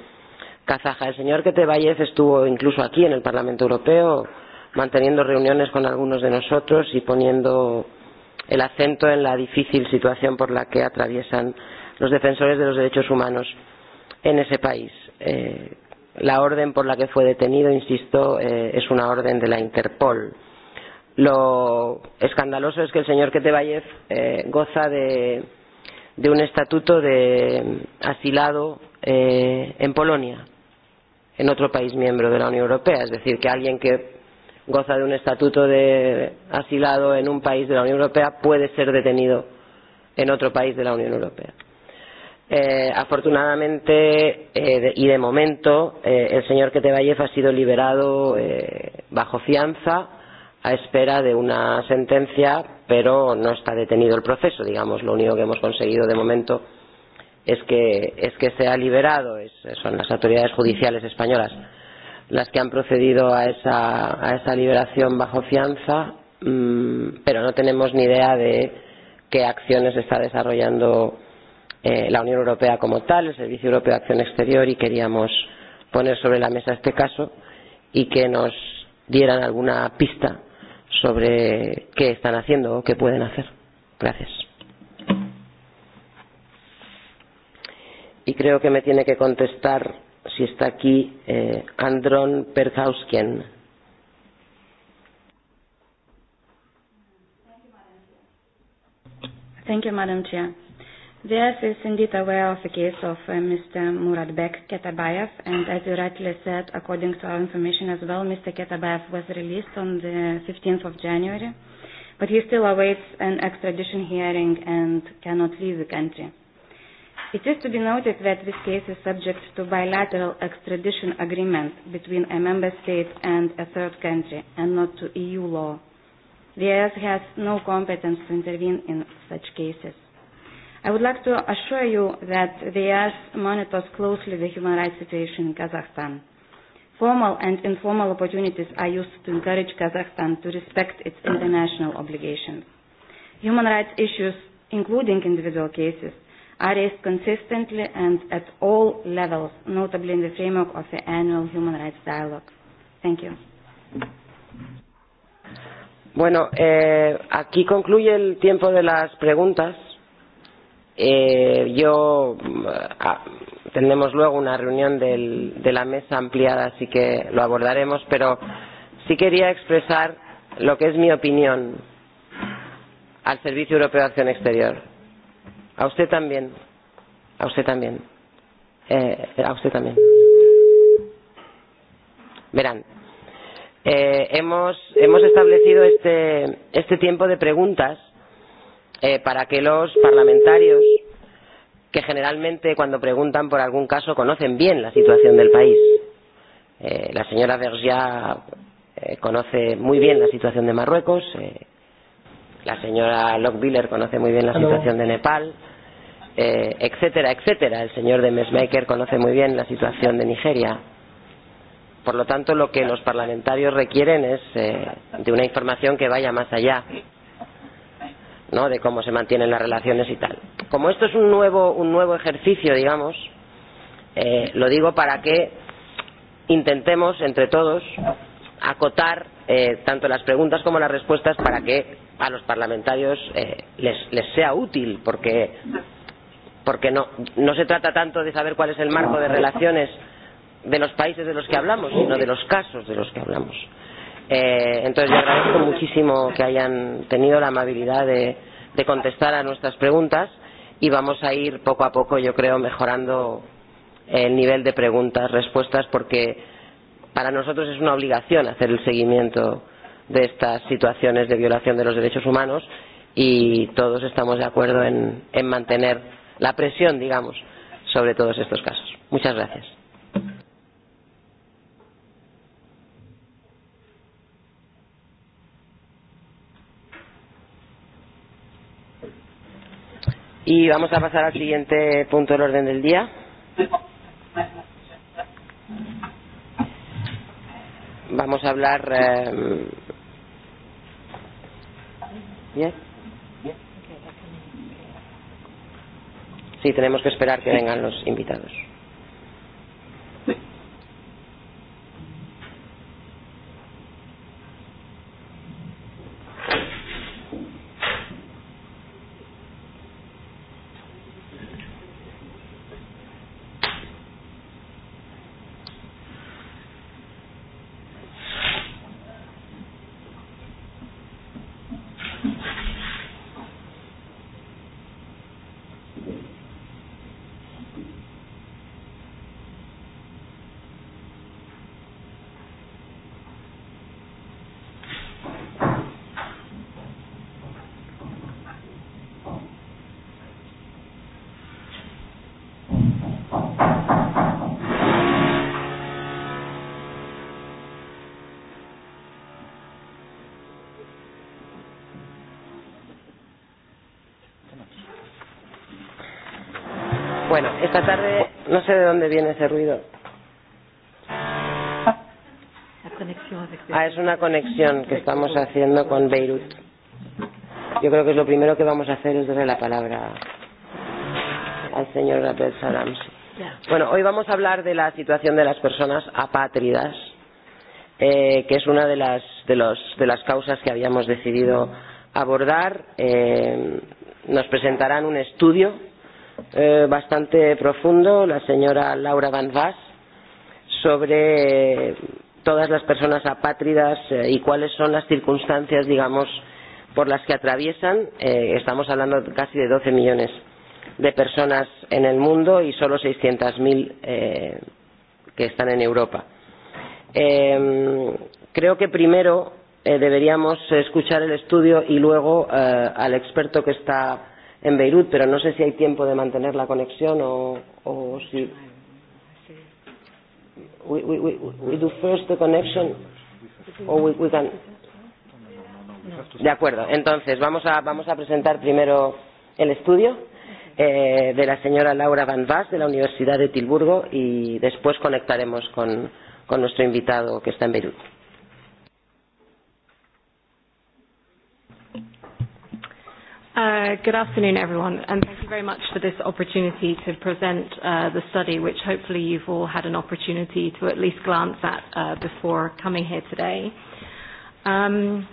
kazaja. El señor Quetevalles estuvo incluso aquí en el Parlamento Europeo manteniendo reuniones con algunos de nosotros y poniendo el acento en la difícil situación por la que atraviesan los defensores de los derechos humanos en ese país. Eh, la orden por la que fue detenido, insisto, eh, es una orden de la Interpol. Lo escandaloso es que el señor Quetevallev eh, goza de, de un estatuto de eh, asilado eh, en Polonia en otro país miembro de la Unión Europea. Es decir, que alguien que goza de un estatuto de asilado en un país de la Unión Europea puede ser detenido en otro país de la Unión Europea. Eh, afortunadamente eh, de, y de momento eh, el señor Ketebayev ha sido liberado eh, bajo fianza a espera de una sentencia, pero no está detenido el proceso, digamos, lo único que hemos conseguido de momento es que, es que se ha liberado, es, son las autoridades judiciales españolas las que han procedido a esa, a esa liberación bajo fianza, mmm, pero no tenemos ni idea de qué acciones está desarrollando eh, la Unión Europea como tal, el Servicio Europeo de Acción Exterior, y queríamos poner sobre la mesa este caso y que nos dieran alguna pista sobre qué están haciendo o qué pueden hacer. Gracias. y creo que me tiene que contestar si está aquí eh, Andron Perhausken. Thank you, Madam Chair. The US is indeed aware of the case of uh, Mr. Muradbek Ketabayev, and as you rightly said, according to our information as well, Mr. Ketabayev was released on the 15th of January, but he still awaits an extradition hearing and cannot leave the country. It is to be noted that this case is subject to bilateral extradition agreement between a member state and a third country and not to EU law. The IS has no competence to intervene in such cases. I would like to assure you that the IS monitors closely the human rights situation in Kazakhstan. Formal and informal opportunities are used to encourage Kazakhstan to respect its international obligations. Human rights issues, including individual cases, raised consistently and at all levels, notably in the framework of the annual human rights dialogue. Thank you. Bueno, eh, aquí concluye el tiempo de las preguntas. Eh, yo eh, ah, tendremos luego una reunión del, de la mesa ampliada, así que lo abordaremos, pero sí quería expresar lo que es mi opinión al Servicio Europeo de Acción Exterior a usted también. A usted también. Eh, a usted también. Verán. Eh, hemos, hemos establecido este, este tiempo de preguntas eh, para que los parlamentarios, que generalmente cuando preguntan por algún caso conocen bien la situación del país, eh, la señora Vergia eh, conoce muy bien la situación de Marruecos, eh, La señora Lockbiller conoce muy bien la situación de Nepal, eh, etcétera, etcétera. El señor de Mesmaker conoce muy bien la situación de Nigeria. Por lo tanto, lo que los parlamentarios requieren es eh, de una información que vaya más allá ¿no? de cómo se mantienen las relaciones y tal. Como esto es un nuevo, un nuevo ejercicio, digamos, eh, lo digo para que intentemos entre todos acotar eh, tanto las preguntas como las respuestas para que a los parlamentarios eh, les, les sea útil, porque, porque no, no se trata tanto de saber cuál es el marco de relaciones de los países de los que hablamos, sino de los casos de los que hablamos. Eh, entonces, yo agradezco muchísimo que hayan tenido la amabilidad de, de contestar a nuestras preguntas y vamos a ir poco a poco, yo creo, mejorando el nivel de preguntas, respuestas, porque para nosotros es una obligación hacer el seguimiento de estas situaciones de violación de los derechos humanos y todos estamos de acuerdo en, en mantener la presión, digamos, sobre todos estos casos. Muchas gracias. Y vamos a pasar al siguiente punto del orden del día. Vamos a hablar eh, Yes. Sí, tenemos que esperar que vengan los invitados. Bueno, esta tarde no sé de dónde viene ese ruido. Ah, es una conexión que estamos haciendo con Beirut. Yo creo que es lo primero que vamos a hacer es darle la palabra al señor Abdel Salam. Bueno, hoy vamos a hablar de la situación de las personas apátridas, eh, que es una de las, de, los, de las causas que habíamos decidido abordar. Eh, nos presentarán un estudio eh, bastante profundo, la señora Laura Van Vaz sobre eh, todas las personas apátridas eh, y cuáles son las circunstancias, digamos, por las que atraviesan. Eh, estamos hablando casi de 12 millones de personas en el mundo y solo 600.000 eh, que están en Europa. Eh, creo que primero eh, deberíamos escuchar el estudio y luego eh, al experto que está en Beirut, pero no sé si hay tiempo de mantener la conexión o, o si. We, we, we, we do first the connection or we, we can. De acuerdo, entonces vamos a, vamos a presentar primero el estudio eh, de la señora Laura Van Vas de la Universidad de Tilburgo y después conectaremos con, con nuestro invitado que está en Beirut. Uh, good afternoon, everyone, and thank you very much for this opportunity to present uh, the study, which hopefully you've all had an opportunity to at least glance at uh, before coming here today. Um,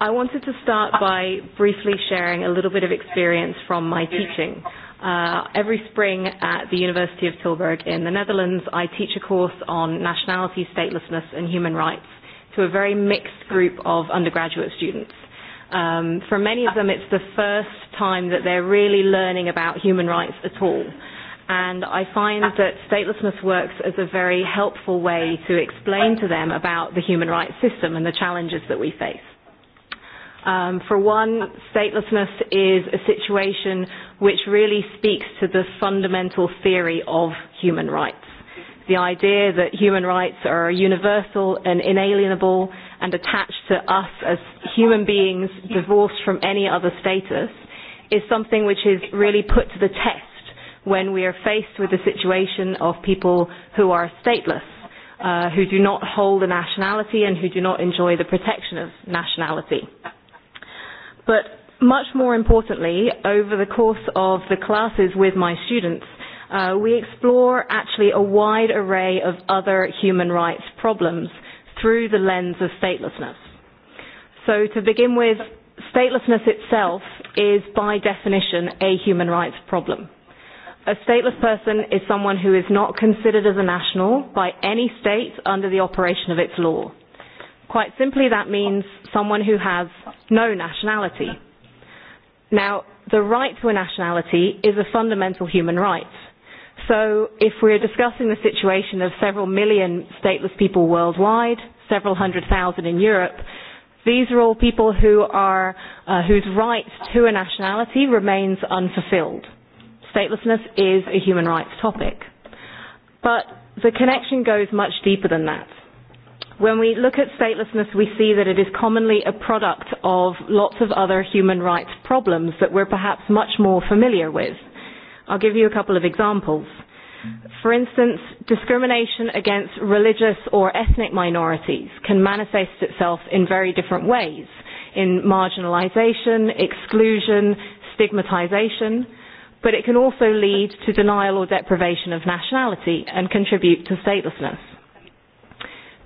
I wanted to start by briefly sharing a little bit of experience from my teaching. Uh, every spring at the University of Tilburg in the Netherlands, I teach a course on nationality, statelessness, and human rights to a very mixed group of undergraduate students. Um, for many of them, it's the first time that they're really learning about human rights at all. And I find ah. that statelessness works as a very helpful way to explain to them about the human rights system and the challenges that we face. Um, for one, statelessness is a situation which really speaks to the fundamental theory of human rights. The idea that human rights are universal and inalienable and attached to us as human beings divorced from any other status is something which is really put to the test when we are faced with the situation of people who are stateless, uh, who do not hold a nationality and who do not enjoy the protection of nationality. But much more importantly, over the course of the classes with my students, uh, we explore actually a wide array of other human rights problems through the lens of statelessness. So to begin with, statelessness itself is by definition a human rights problem. A stateless person is someone who is not considered as a national by any state under the operation of its law. Quite simply, that means someone who has no nationality. Now, the right to a nationality is a fundamental human right. So if we're discussing the situation of several million stateless people worldwide, several hundred thousand in Europe, these are all people who are, uh, whose right to a nationality remains unfulfilled. Statelessness is a human rights topic. But the connection goes much deeper than that. When we look at statelessness, we see that it is commonly a product of lots of other human rights problems that we're perhaps much more familiar with. I'll give you a couple of examples. For instance, discrimination against religious or ethnic minorities can manifest itself in very different ways in marginalization, exclusion, stigmatization, but it can also lead to denial or deprivation of nationality and contribute to statelessness.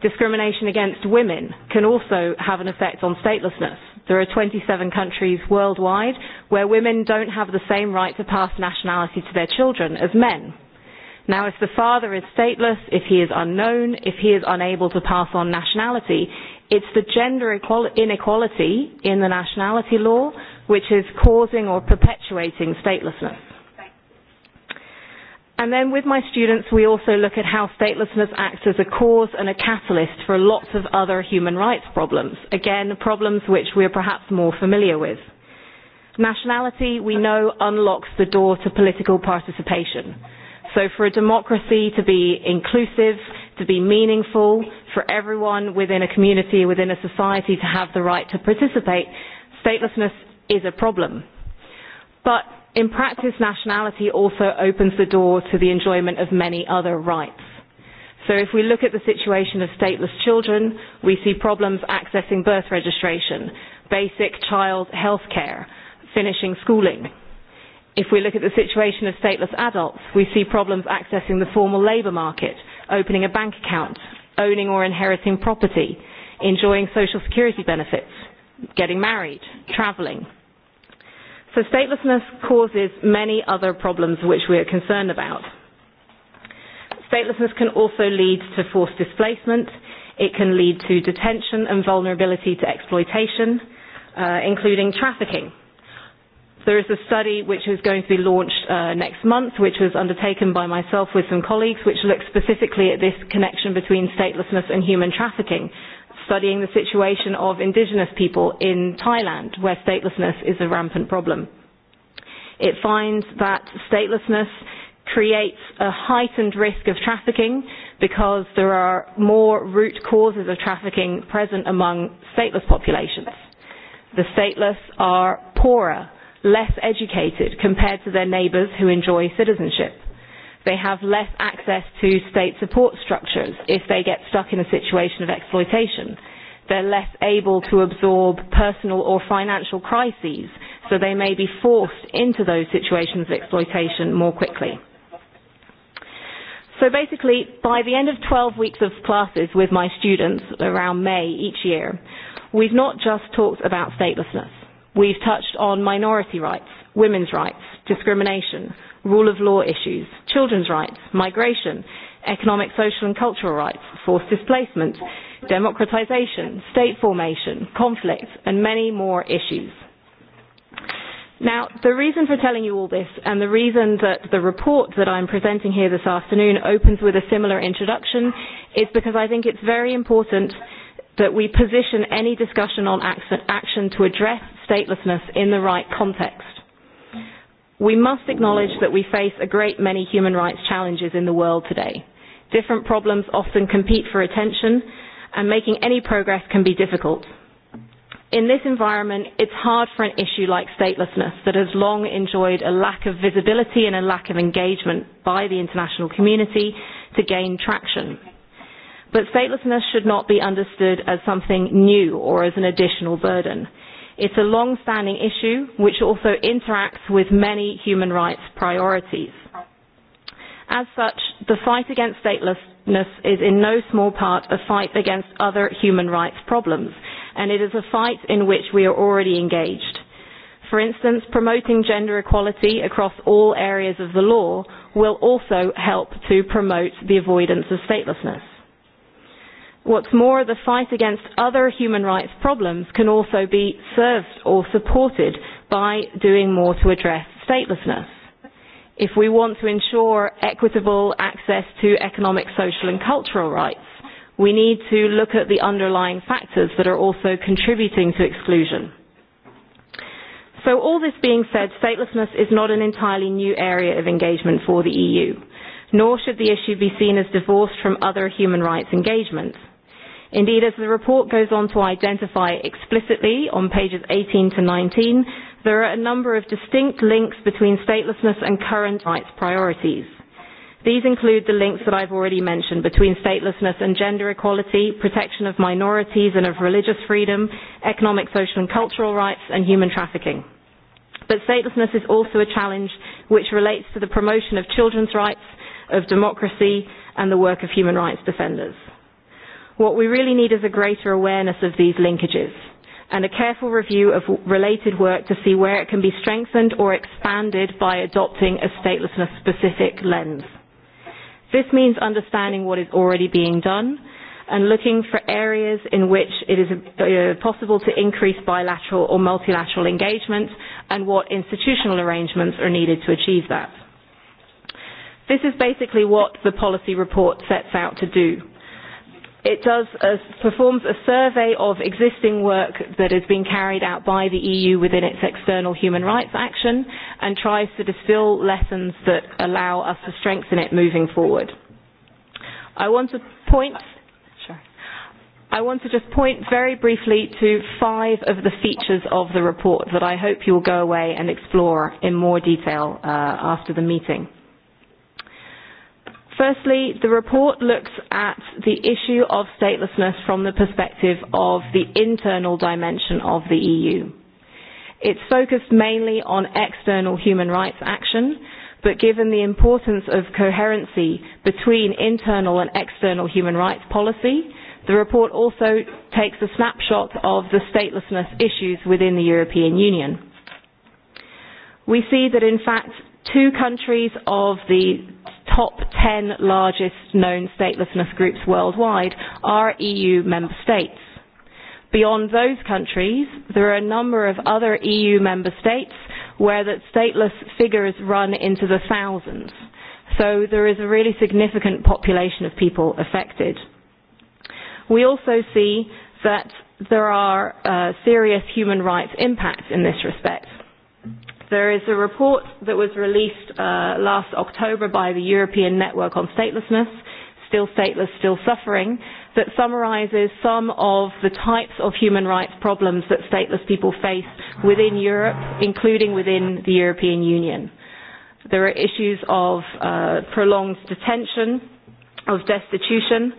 Discrimination against women can also have an effect on statelessness There are 27 countries worldwide where women don't have the same right to pass nationality to their children as men. Now, if the father is stateless, if he is unknown, if he is unable to pass on nationality, it's the gender inequality in the nationality law which is causing or perpetuating statelessness. And then with my students, we also look at how statelessness acts as a cause and a catalyst for lots of other human rights problems. Again, problems which we are perhaps more familiar with. Nationality, we know, unlocks the door to political participation. So for a democracy to be inclusive, to be meaningful, for everyone within a community, within a society to have the right to participate, statelessness is a problem. But in practice, nationality also opens the door to the enjoyment of many other rights. So if we look at the situation of stateless children, we see problems accessing birth registration, basic child health care, finishing schooling. If we look at the situation of stateless adults, we see problems accessing the formal labour market, opening a bank account, owning or inheriting property, enjoying social security benefits, getting married, travelling, So statelessness causes many other problems which we are concerned about. Statelessness can also lead to forced displacement. It can lead to detention and vulnerability to exploitation, uh, including trafficking. There is a study which is going to be launched uh, next month, which was undertaken by myself with some colleagues, which looks specifically at this connection between statelessness and human trafficking studying the situation of indigenous people in Thailand, where statelessness is a rampant problem. It finds that statelessness creates a heightened risk of trafficking because there are more root causes of trafficking present among stateless populations. The stateless are poorer, less educated compared to their neighbours who enjoy citizenship They have less access to state support structures if they get stuck in a situation of exploitation. They're less able to absorb personal or financial crises, so they may be forced into those situations of exploitation more quickly. So basically, by the end of 12 weeks of classes with my students around May each year, we've not just talked about statelessness. We've touched on minority rights, women's rights, discrimination, rule of law issues, children's rights, migration, economic, social and cultural rights, forced displacement, democratisation, state formation, conflict and many more issues. Now, the reason for telling you all this and the reason that the report that I'm presenting here this afternoon opens with a similar introduction is because I think it's very important that we position any discussion on action to address statelessness in the right context. We must acknowledge that we face a great many human rights challenges in the world today. Different problems often compete for attention and making any progress can be difficult. In this environment, it's hard for an issue like statelessness that has long enjoyed a lack of visibility and a lack of engagement by the international community to gain traction. But statelessness should not be understood as something new or as an additional burden. It's a long-standing issue which also interacts with many human rights priorities. As such, the fight against statelessness is in no small part a fight against other human rights problems, and it is a fight in which we are already engaged. For instance, promoting gender equality across all areas of the law will also help to promote the avoidance of statelessness. What's more, the fight against other human rights problems can also be served or supported by doing more to address statelessness. If we want to ensure equitable access to economic, social and cultural rights, we need to look at the underlying factors that are also contributing to exclusion. So all this being said, statelessness is not an entirely new area of engagement for the EU, nor should the issue be seen as divorced from other human rights engagements Indeed, as the report goes on to identify explicitly on pages 18 to 19, there are a number of distinct links between statelessness and current rights priorities. These include the links that I've already mentioned between statelessness and gender equality, protection of minorities and of religious freedom, economic, social and cultural rights, and human trafficking. But statelessness is also a challenge which relates to the promotion of children's rights, of democracy, and the work of human rights defenders. What we really need is a greater awareness of these linkages and a careful review of related work to see where it can be strengthened or expanded by adopting a statelessness specific lens. This means understanding what is already being done and looking for areas in which it is uh, possible to increase bilateral or multilateral engagement and what institutional arrangements are needed to achieve that. This is basically what the policy report sets out to do. It does a, uh, performs a survey of existing work that has been carried out by the EU within its external human rights action and tries to distill lessons that allow us to strengthen it moving forward. I want to point I want to just point very briefly to five of the features of the report that I hope you will go away and explore in more detail uh, after the meeting. Firstly, the report looks at the issue of statelessness from the perspective of the internal dimension of the EU. It's focused mainly on external human rights action, but given the importance of coherency between internal and external human rights policy, the report also takes a snapshot of the statelessness issues within the European Union. We see that in fact two countries of the top 10 largest known statelessness groups worldwide are EU member states. Beyond those countries, there are a number of other EU member states where the stateless figures run into the thousands. So there is a really significant population of people affected. We also see that there are uh, serious human rights impacts in this respect There is a report that was released uh, last October by the European Network on Statelessness, Still Stateless, Still Suffering, that summarizes some of the types of human rights problems that stateless people face within Europe, including within the European Union. There are issues of uh, prolonged detention, of destitution,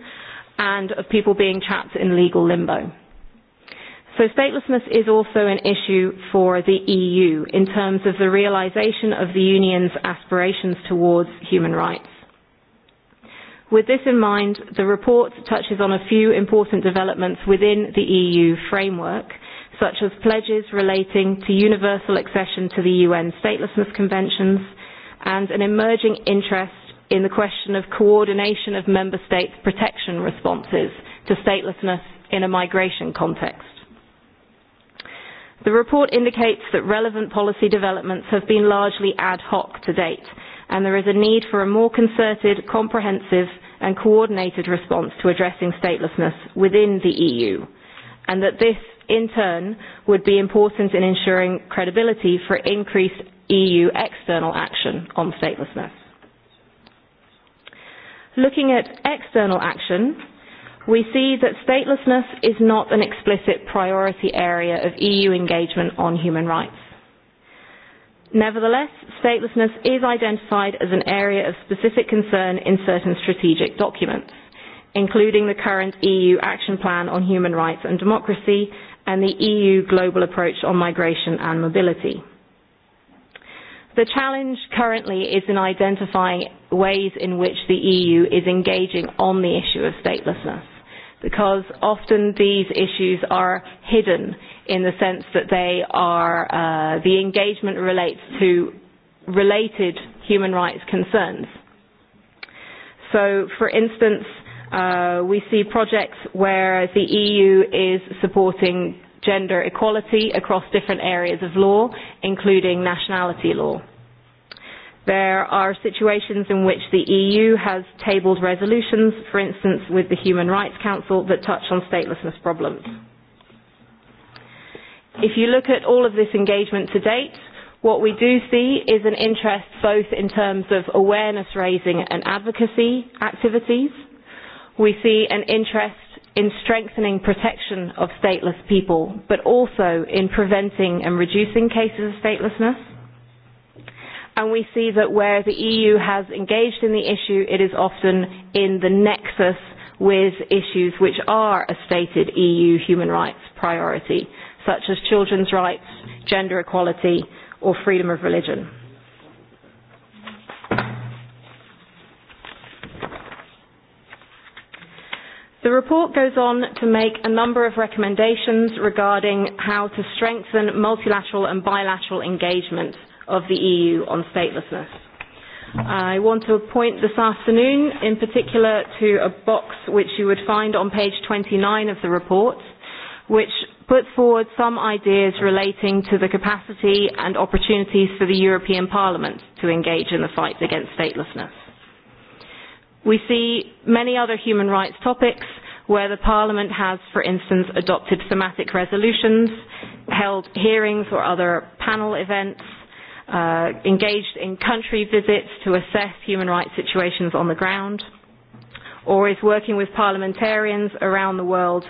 and of people being trapped in legal limbo. So statelessness is also an issue for the EU in terms of the realization of the union's aspirations towards human rights. With this in mind, the report touches on a few important developments within the EU framework, such as pledges relating to universal accession to the UN statelessness conventions and an emerging interest in the question of coordination of member states' protection responses to statelessness in a migration context. The report indicates that relevant policy developments have been largely ad hoc to date, and there is a need for a more concerted, comprehensive and coordinated response to addressing statelessness within the EU, and that this, in turn, would be important in ensuring credibility for increased EU external action on statelessness. Looking at external action, We see that statelessness is not an explicit priority area of EU engagement on human rights. Nevertheless, statelessness is identified as an area of specific concern in certain strategic documents, including the current EU Action Plan on Human Rights and Democracy and the EU Global Approach on Migration and Mobility. The challenge currently is in identifying ways in which the EU is engaging on the issue of statelessness because often these issues are hidden in the sense that they are, uh, the engagement relates to related human rights concerns. So, for instance, uh, we see projects where the EU is supporting gender equality across different areas of law, including nationality law. There are situations in which the EU has tabled resolutions, for instance with the Human Rights Council, that touch on statelessness problems. If you look at all of this engagement to date, what we do see is an interest both in terms of awareness raising and advocacy activities. We see an interest in strengthening protection of stateless people, but also in preventing and reducing cases of statelessness and we see that where the EU has engaged in the issue, it is often in the nexus with issues which are a stated EU human rights priority, such as children's rights, gender equality, or freedom of religion. The report goes on to make a number of recommendations regarding how to strengthen multilateral and bilateral engagement of the EU on statelessness. I want to point this afternoon in particular to a box which you would find on page 29 of the report, which puts forward some ideas relating to the capacity and opportunities for the European Parliament to engage in the fight against statelessness. We see many other human rights topics where the Parliament has, for instance, adopted thematic resolutions, held hearings or other panel events, uh, engaged in country visits to assess human rights situations on the ground, or is working with parliamentarians around the world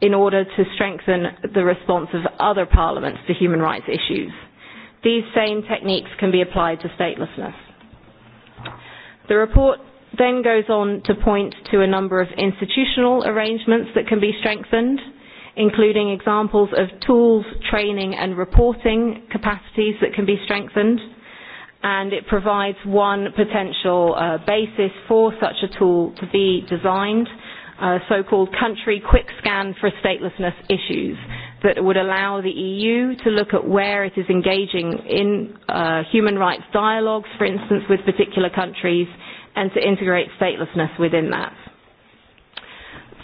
in order to strengthen the response of other parliaments to human rights issues. These same techniques can be applied to statelessness. The report then goes on to point to a number of institutional arrangements that can be strengthened including examples of tools, training and reporting capacities that can be strengthened and it provides one potential uh, basis for such a tool to be designed, a uh, so-called country quick scan for statelessness issues that would allow the EU to look at where it is engaging in uh, human rights dialogues, for instance, with particular countries, and to integrate statelessness within that.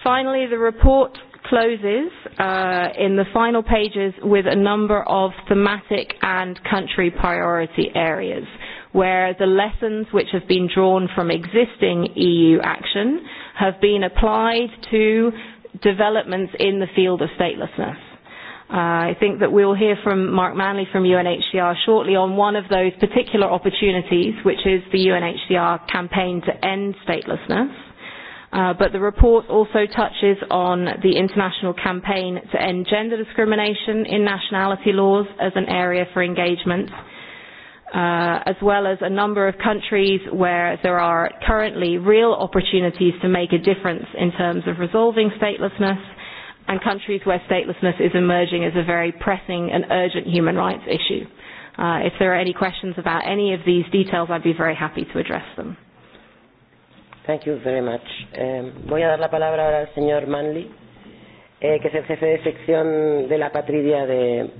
Finally, the report closes uh, in the final pages with a number of thematic and country priority areas where the lessons which have been drawn from existing EU action have been applied to developments in the field of statelessness. Uh, I think that we'll hear from Mark Manley from UNHCR shortly on one of those particular opportunities, which is the UNHCR campaign to end statelessness. Uh, but the report also touches on the international campaign to end gender discrimination in nationality laws as an area for engagement, uh, as well as a number of countries where there are currently real opportunities to make a difference in terms of resolving statelessness and countries where statelessness is emerging as a very pressing and urgent human rights issue. Uh, if there are any questions about any of these details, I'd be very happy to address them. Thank you very much. Eh, voy a dar la palabra ahora al señor Manley, eh, que es el jefe de sección de la patridia de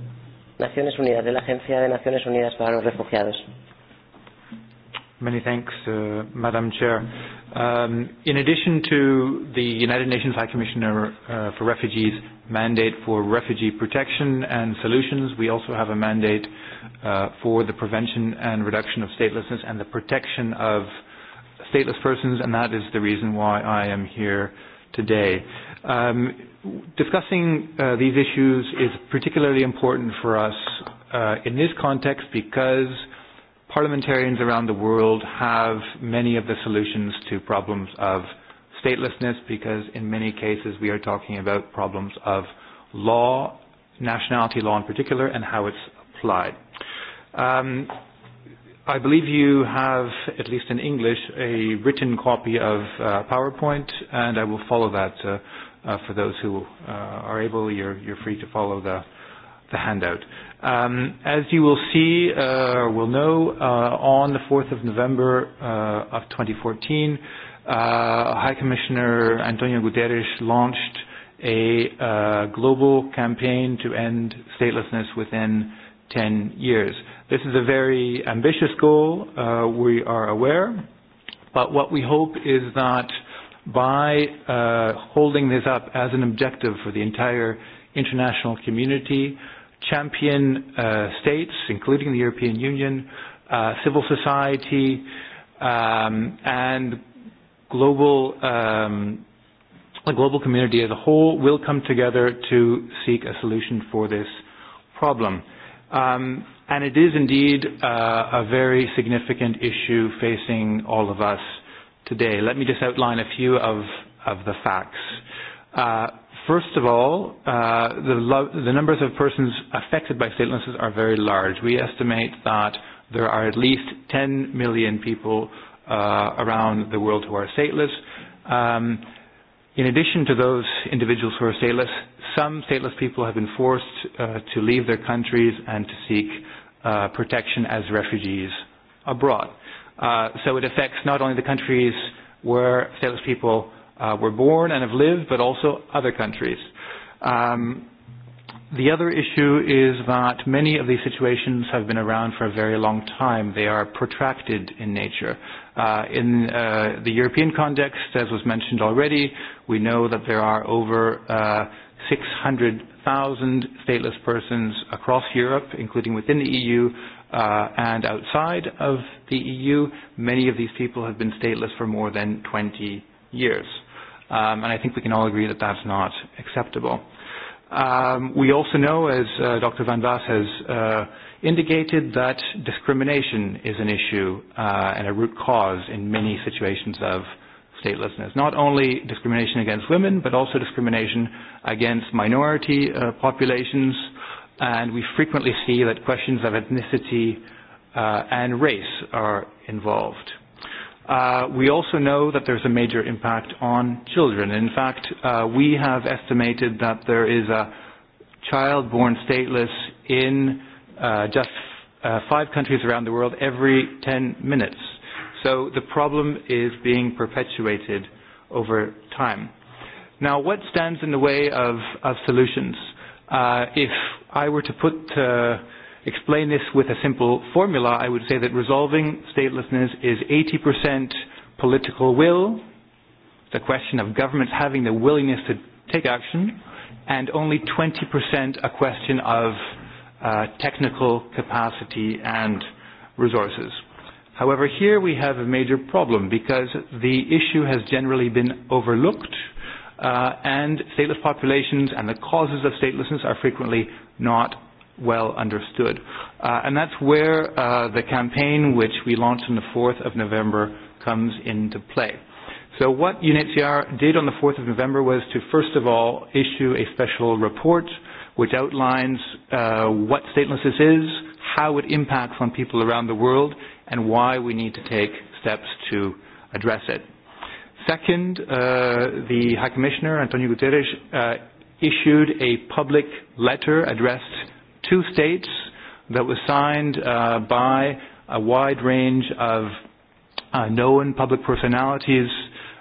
Naciones Unidas, de la Agencia de Naciones Unidas para los Refugiados. Many thanks, uh, Madam Chair. Um, in addition to the United Nations High Commissioner uh, for Refugees mandate for refugee protection and solutions, we also have a mandate uh, for the prevention and reduction of statelessness and the protection of stateless persons, and that is the reason why I am here today. Um, discussing uh, these issues is particularly important for us uh, in this context because parliamentarians around the world have many of the solutions to problems of statelessness because in many cases we are talking about problems of law, nationality law in particular, and how it's applied. Um, i believe you have, at least in English, a written copy of uh, PowerPoint, and I will follow that uh, uh, for those who uh, are able. You're, you're free to follow the, the handout. Um, as you will see, uh, will know, uh, on the 4th of November uh, of 2014, uh, High Commissioner Antonio Guterres launched a uh, global campaign to end statelessness within 10 years. This is a very ambitious goal, uh, we are aware, but what we hope is that by uh, holding this up as an objective for the entire international community, champion uh, states, including the European Union, uh, civil society, um, and global um, the global community as a whole will come together to seek a solution for this problem. Um, And it is indeed uh, a very significant issue facing all of us today. Let me just outline a few of, of the facts. Uh, first of all, uh, the, the numbers of persons affected by statelessness are very large. We estimate that there are at least 10 million people uh, around the world who are stateless. Um, In addition to those individuals who are stateless, some stateless people have been forced uh, to leave their countries and to seek uh, protection as refugees abroad. Uh, so it affects not only the countries where stateless people uh, were born and have lived, but also other countries. Um, the other issue is that many of these situations have been around for a very long time. They are protracted in nature. Uh, in uh, the European context, as was mentioned already, We know that there are over uh, 600,000 stateless persons across Europe, including within the EU uh, and outside of the EU. Many of these people have been stateless for more than 20 years. Um, and I think we can all agree that that's not acceptable. Um, we also know, as uh, Dr. Van Vass has uh, indicated, that discrimination is an issue uh, and a root cause in many situations of statelessness, not only discrimination against women, but also discrimination against minority uh, populations. And we frequently see that questions of ethnicity uh, and race are involved. Uh, we also know that there's a major impact on children. In fact, uh, we have estimated that there is a child born stateless in uh, just uh, five countries around the world every 10 minutes. So the problem is being perpetuated over time. Now, what stands in the way of, of solutions? Uh, if I were to put, uh, explain this with a simple formula, I would say that resolving statelessness is 80% political will, the question of governments having the willingness to take action, and only 20% a question of uh, technical capacity and resources. However, here we have a major problem because the issue has generally been overlooked uh, and stateless populations and the causes of statelessness are frequently not well understood. Uh, and that's where uh, the campaign which we launched on the 4th of November comes into play. So what UNHCR did on the 4th of November was to first of all issue a special report which outlines uh, what statelessness is, how it impacts on people around the world, and why we need to take steps to address it. Second, uh, the High Commissioner, Antonio Guterres, uh, issued a public letter addressed to states that was signed uh, by a wide range of uh, known public personalities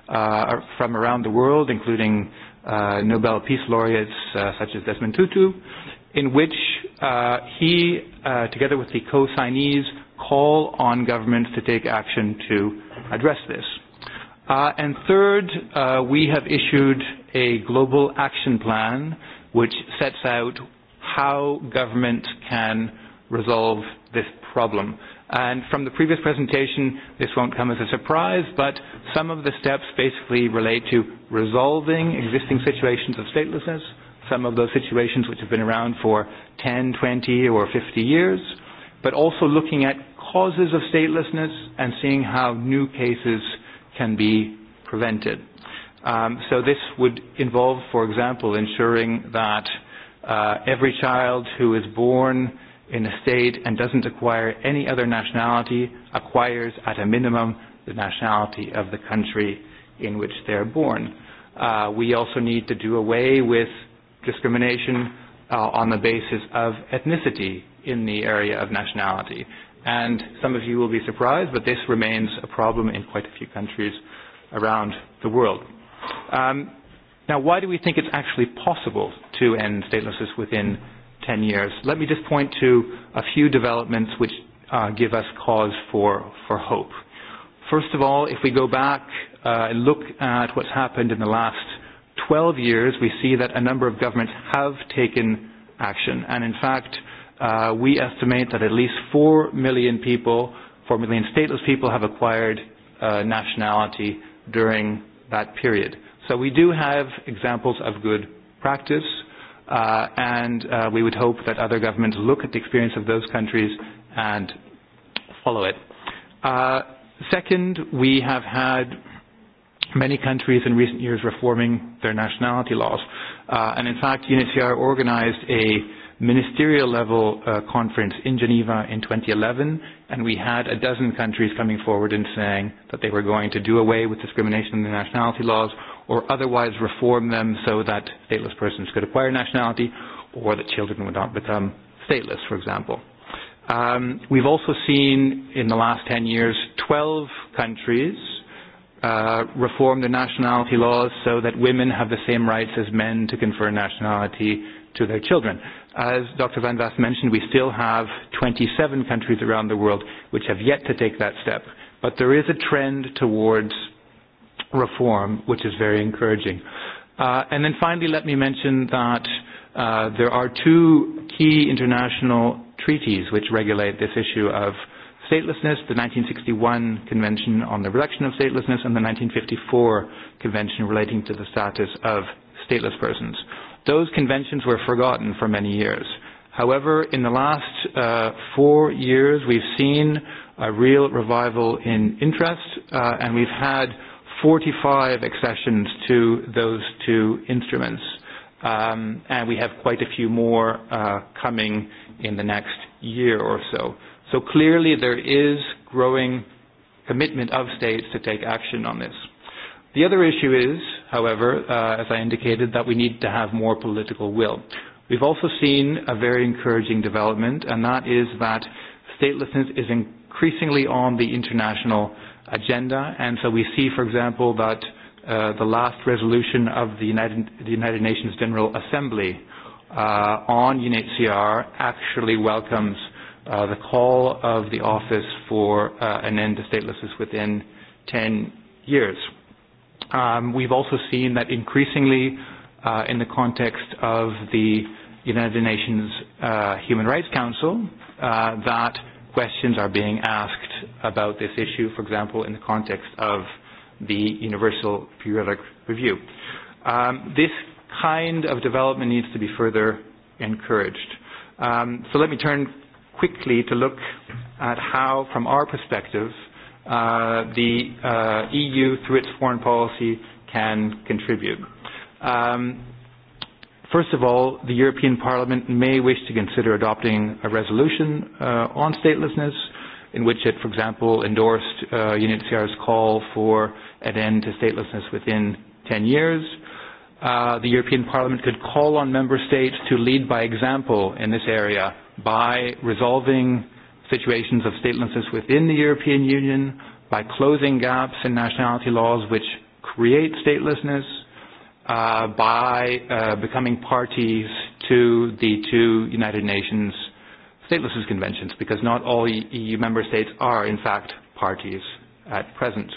uh, from around the world, including uh, Nobel Peace Laureates uh, such as Desmond Tutu, in which uh, he, uh, together with the co-signees, call on governments to take action to address this. Uh, and third, uh, we have issued a global action plan which sets out how governments can resolve this problem. And from the previous presentation, this won't come as a surprise, but some of the steps basically relate to resolving existing situations of statelessness, some of those situations which have been around for 10, 20, or 50 years, but also looking at causes of statelessness and seeing how new cases can be prevented. Um, so this would involve, for example, ensuring that uh, every child who is born in a state and doesn't acquire any other nationality acquires at a minimum the nationality of the country in which they're born. Uh, we also need to do away with discrimination uh, on the basis of ethnicity in the area of nationality. And some of you will be surprised, but this remains a problem in quite a few countries around the world. Um, now, why do we think it's actually possible to end statelessness within 10 years? Let me just point to a few developments which uh, give us cause for, for hope. First of all, if we go back uh, and look at what's happened in the last 12 years, we see that a number of governments have taken action. And in fact, uh, we estimate that at least 4 million people, 4 million stateless people have acquired uh, nationality during that period. So we do have examples of good practice, uh, and uh, we would hope that other governments look at the experience of those countries and follow it. Uh, second, we have had many countries in recent years reforming their nationality laws. Uh, and in fact, UNHCR organized a ministerial level uh, conference in Geneva in 2011, and we had a dozen countries coming forward and saying that they were going to do away with discrimination in the nationality laws or otherwise reform them so that stateless persons could acquire nationality or that children would not become stateless, for example. Um, we've also seen in the last 10 years 12 countries uh, reform their nationality laws so that women have the same rights as men to confer nationality to their children. As Dr. Van Vass mentioned, we still have 27 countries around the world which have yet to take that step. But there is a trend towards reform, which is very encouraging. Uh, and then finally, let me mention that uh, there are two key international treaties which regulate this issue of statelessness, the 1961 Convention on the Reduction of Statelessness and the 1954 Convention relating to the status of stateless persons. Those conventions were forgotten for many years. However, in the last uh, four years, we've seen a real revival in interest, uh, and we've had 45 accessions to those two instruments. Um, and we have quite a few more uh, coming in the next year or so. So clearly there is growing commitment of states to take action on this. The other issue is, however, uh, as I indicated, that we need to have more political will. We've also seen a very encouraging development, and that is that statelessness is increasingly on the international agenda, and so we see, for example, that uh, the last resolution of the United, the United Nations General Assembly uh, on UNHCR actually welcomes uh, the call of the office for uh, an end to statelessness within 10 years. Um, we've also seen that increasingly uh, in the context of the United Nations uh, Human Rights Council uh, that questions are being asked about this issue, for example, in the context of the Universal Periodic Review. Um, this kind of development needs to be further encouraged. Um, so let me turn quickly to look at how, from our perspective, uh, the uh, EU, through its foreign policy, can contribute. Um, first of all, the European Parliament may wish to consider adopting a resolution uh, on statelessness in which it, for example, endorsed uh, UNHCR's call for an end to statelessness within 10 years. Uh, the European Parliament could call on member states to lead by example in this area by resolving situations of statelessness within the European Union, by closing gaps in nationality laws which create statelessness, uh, by uh, becoming parties to the two United Nations statelessness conventions, because not all EU e member states are, in fact, parties at present.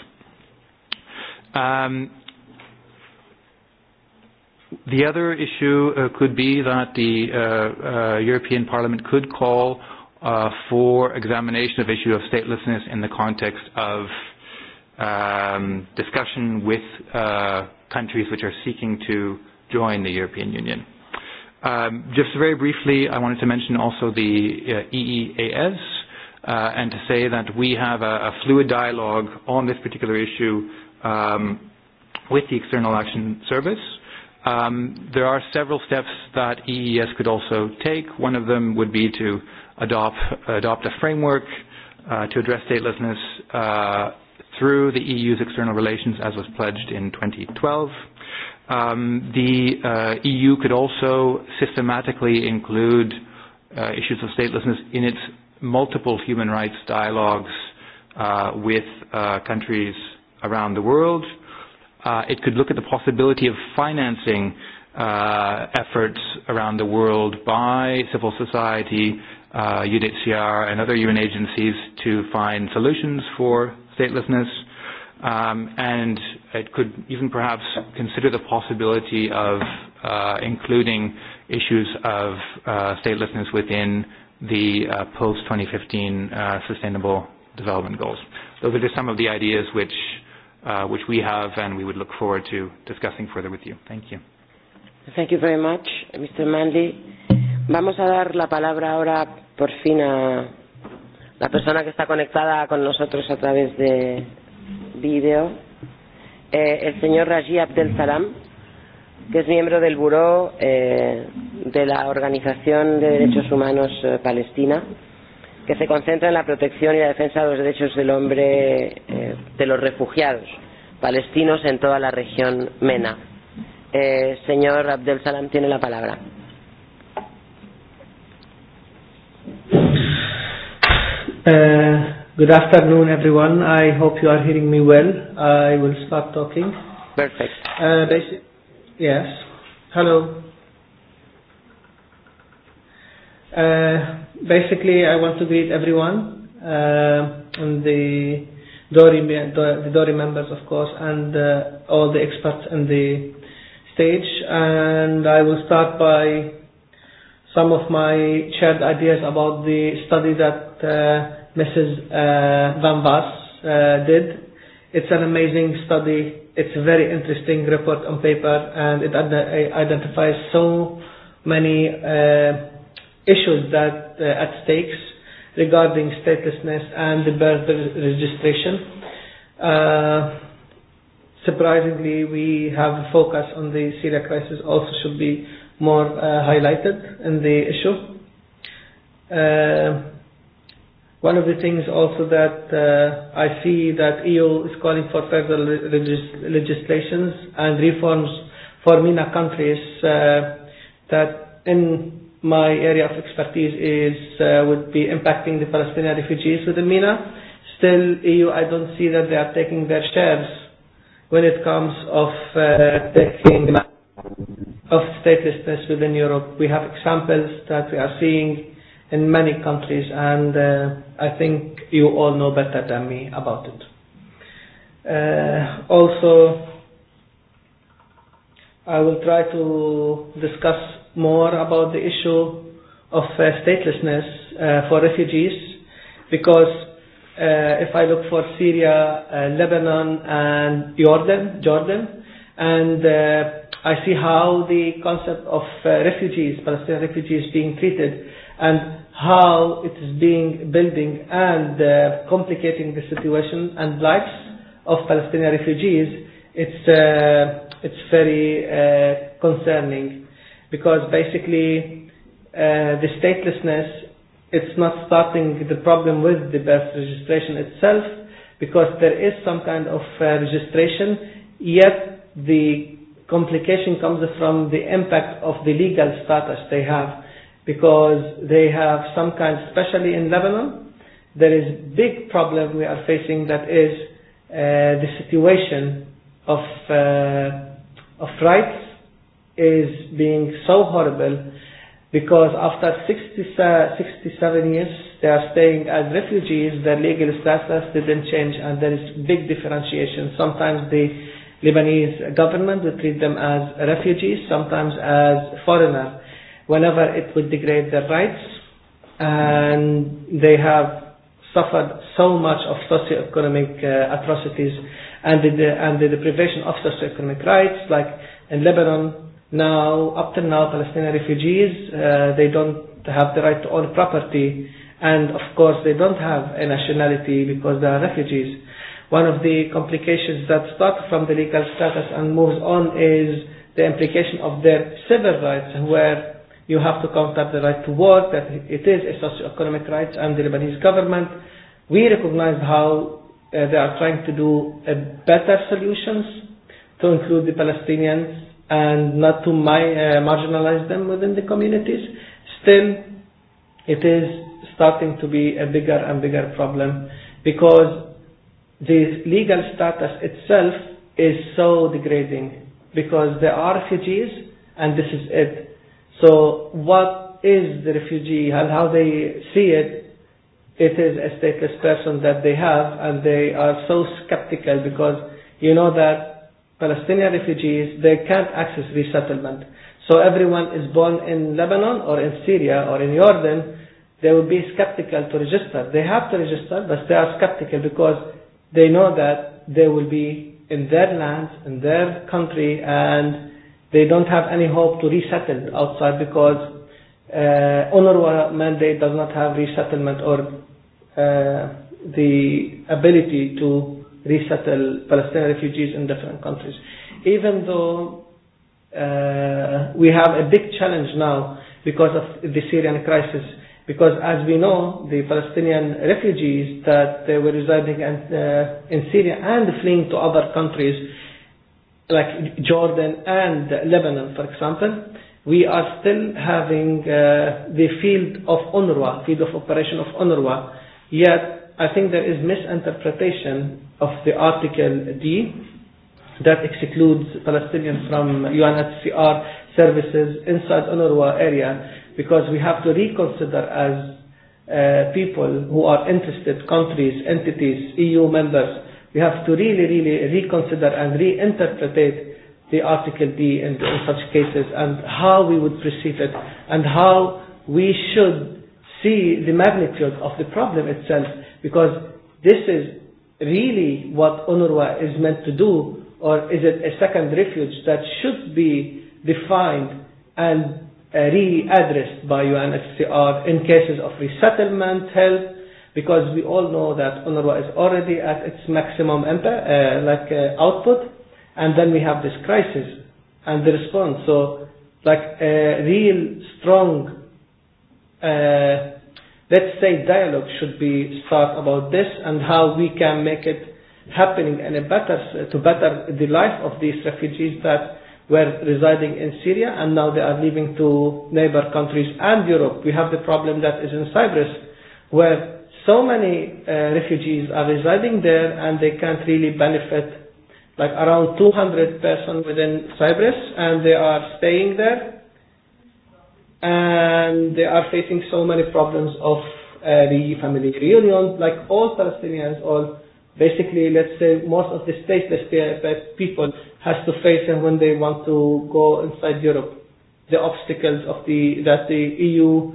Um, the other issue uh, could be that the uh, uh, European Parliament could call uh, for examination of issue of statelessness in the context of um, discussion with uh, countries which are seeking to join the European Union. Um, just very briefly, I wanted to mention also the uh, EEAS uh, and to say that we have a, a fluid dialogue on this particular issue um, with the External Action Service. Um, there are several steps that EES could also take. One of them would be to adopt, adopt a framework uh, to address statelessness uh, through the EU's external relations as was pledged in 2012. Um, the uh, EU could also systematically include uh, issues of statelessness in its multiple human rights dialogues uh, with uh, countries around the world. Uh, it could look at the possibility of financing uh, efforts around the world by civil society uh, UNHCR and other UN agencies to find solutions for statelessness. Um, and it could even perhaps consider the possibility of uh, including issues of uh, statelessness within the uh, post-2015 uh, sustainable development goals. Those are just some of the ideas which, uh, which we have and we would look forward to discussing further with you. Thank you. Thank you very much, Mr. Manley. Vamos a dar la palabra ahora por fin a la persona que está conectada con nosotros a través de vídeo, eh, el señor Raji Abdel Salam, que es miembro del Buró eh, de la Organización de Derechos Humanos eh, Palestina, que se concentra en la protección y la defensa de los derechos del hombre eh, de los refugiados palestinos en toda la región MENA. Eh, señor Abdel Salam tiene la palabra. Uh, good afternoon, everyone. I hope you are hearing me well. I will start talking. Perfect. Uh, basic, yes. Hello. Uh, basically, I want to greet everyone uh, and the Dory, the Dory members, of course, and uh, all the experts in the stage. And I will start by some of my shared ideas about the study that uh, Mrs. Uh, Van Vas uh, did. It's an amazing study. It's a very interesting report on paper and it ad uh, identifies so many uh, issues that uh, at stakes regarding statelessness and the birth registration. Uh, surprisingly, we have a focus on the Syria crisis also should be more uh, highlighted in the issue. Uh, one of the things also that uh, I see that EU is calling for further legis legislations and reforms for MENA countries uh, that in my area of expertise is uh, would be impacting the Palestinian refugees within MENA. Still, EU, I don't see that they are taking their shares when it comes of uh, taking of statelessness within Europe. We have examples that we are seeing in many countries, and uh, I think you all know better than me about it. Uh, also, I will try to discuss more about the issue of uh, statelessness uh, for refugees because uh, if I look for Syria, uh, Lebanon and Jordan, Jordan and uh, i see how the concept of uh, refugees, Palestinian refugees being treated and how it is being building and uh, complicating the situation and lives of Palestinian refugees, it's, uh, it's very uh, concerning because basically uh, the statelessness, it's not starting the problem with the birth registration itself because there is some kind of uh, registration, yet the complication comes from the impact of the legal status they have because they have some kind, especially in Lebanon, there is big problem we are facing that is uh, the situation of, uh, of rights is being so horrible because after 60, 67 years they are staying as refugees, their legal status didn't change and there is big differentiation. Sometimes they Lebanese government would treat them as refugees, sometimes as foreigners, whenever it would degrade their rights. And they have suffered so much of economic uh, atrocities and the, and the deprivation of socioeconomic rights, like in Lebanon, now, up to now, Palestinian refugees, uh, they don't have the right to own property, and of course they don't have a nationality because they are refugees. One of the complications that start from the legal status and moves on is the implication of their civil rights, where you have to count up the right to work, that it is a socio-economic right, and the Lebanese government, we recognize how uh, they are trying to do a uh, better solutions to include the Palestinians and not to my, uh, marginalize them within the communities. Still, it is starting to be a bigger and bigger problem because the legal status itself is so degrading because they are refugees and this is it. So what is the refugee and how they see it, it is a stateless person that they have and they are so skeptical because you know that Palestinian refugees, they can't access resettlement. So everyone is born in Lebanon or in Syria or in Jordan, they will be skeptical to register. They have to register, but they are skeptical because they know that they will be in their lands, in their country, and they don't have any hope to resettle outside because uh, UNRWA mandate does not have resettlement or uh, the ability to resettle Palestinian refugees in different countries. Even though uh, we have a big challenge now because of the Syrian crisis, Because as we know, the Palestinian refugees that they were residing in, uh, in Syria and fleeing to other countries like Jordan and Lebanon, for example, we are still having uh, the field of UNRWA, field of operation of UNRWA. Yet, I think there is misinterpretation of the Article D that excludes Palestinians from UNHCR services inside UNRWA area because we have to reconsider as uh, people who are interested, countries, entities, EU members, we have to really, really reconsider and reinterpret the Article D in, in such cases and how we would perceive it and how we should see the magnitude of the problem itself because this is really what UNRWA is meant to do or is it a second refuge that should be defined and readdressed by UNHCR in cases of resettlement help because we all know that UNRWA is already at its maximum uh, like uh, output, and then we have this crisis and the response. So, like a real strong, uh, let's say, dialogue should be start about this and how we can make it happening and a better to better the life of these refugees that were residing in Syria and now they are leaving to neighbor countries and Europe. We have the problem that is in Cyprus where so many uh, refugees are residing there and they can't really benefit like around 200 persons within Cyprus and they are staying there and they are facing so many problems of uh, the family reunion like all Palestinians all basically let's say most of the stateless people has to face and when they want to go inside Europe. The obstacles of the, that the EU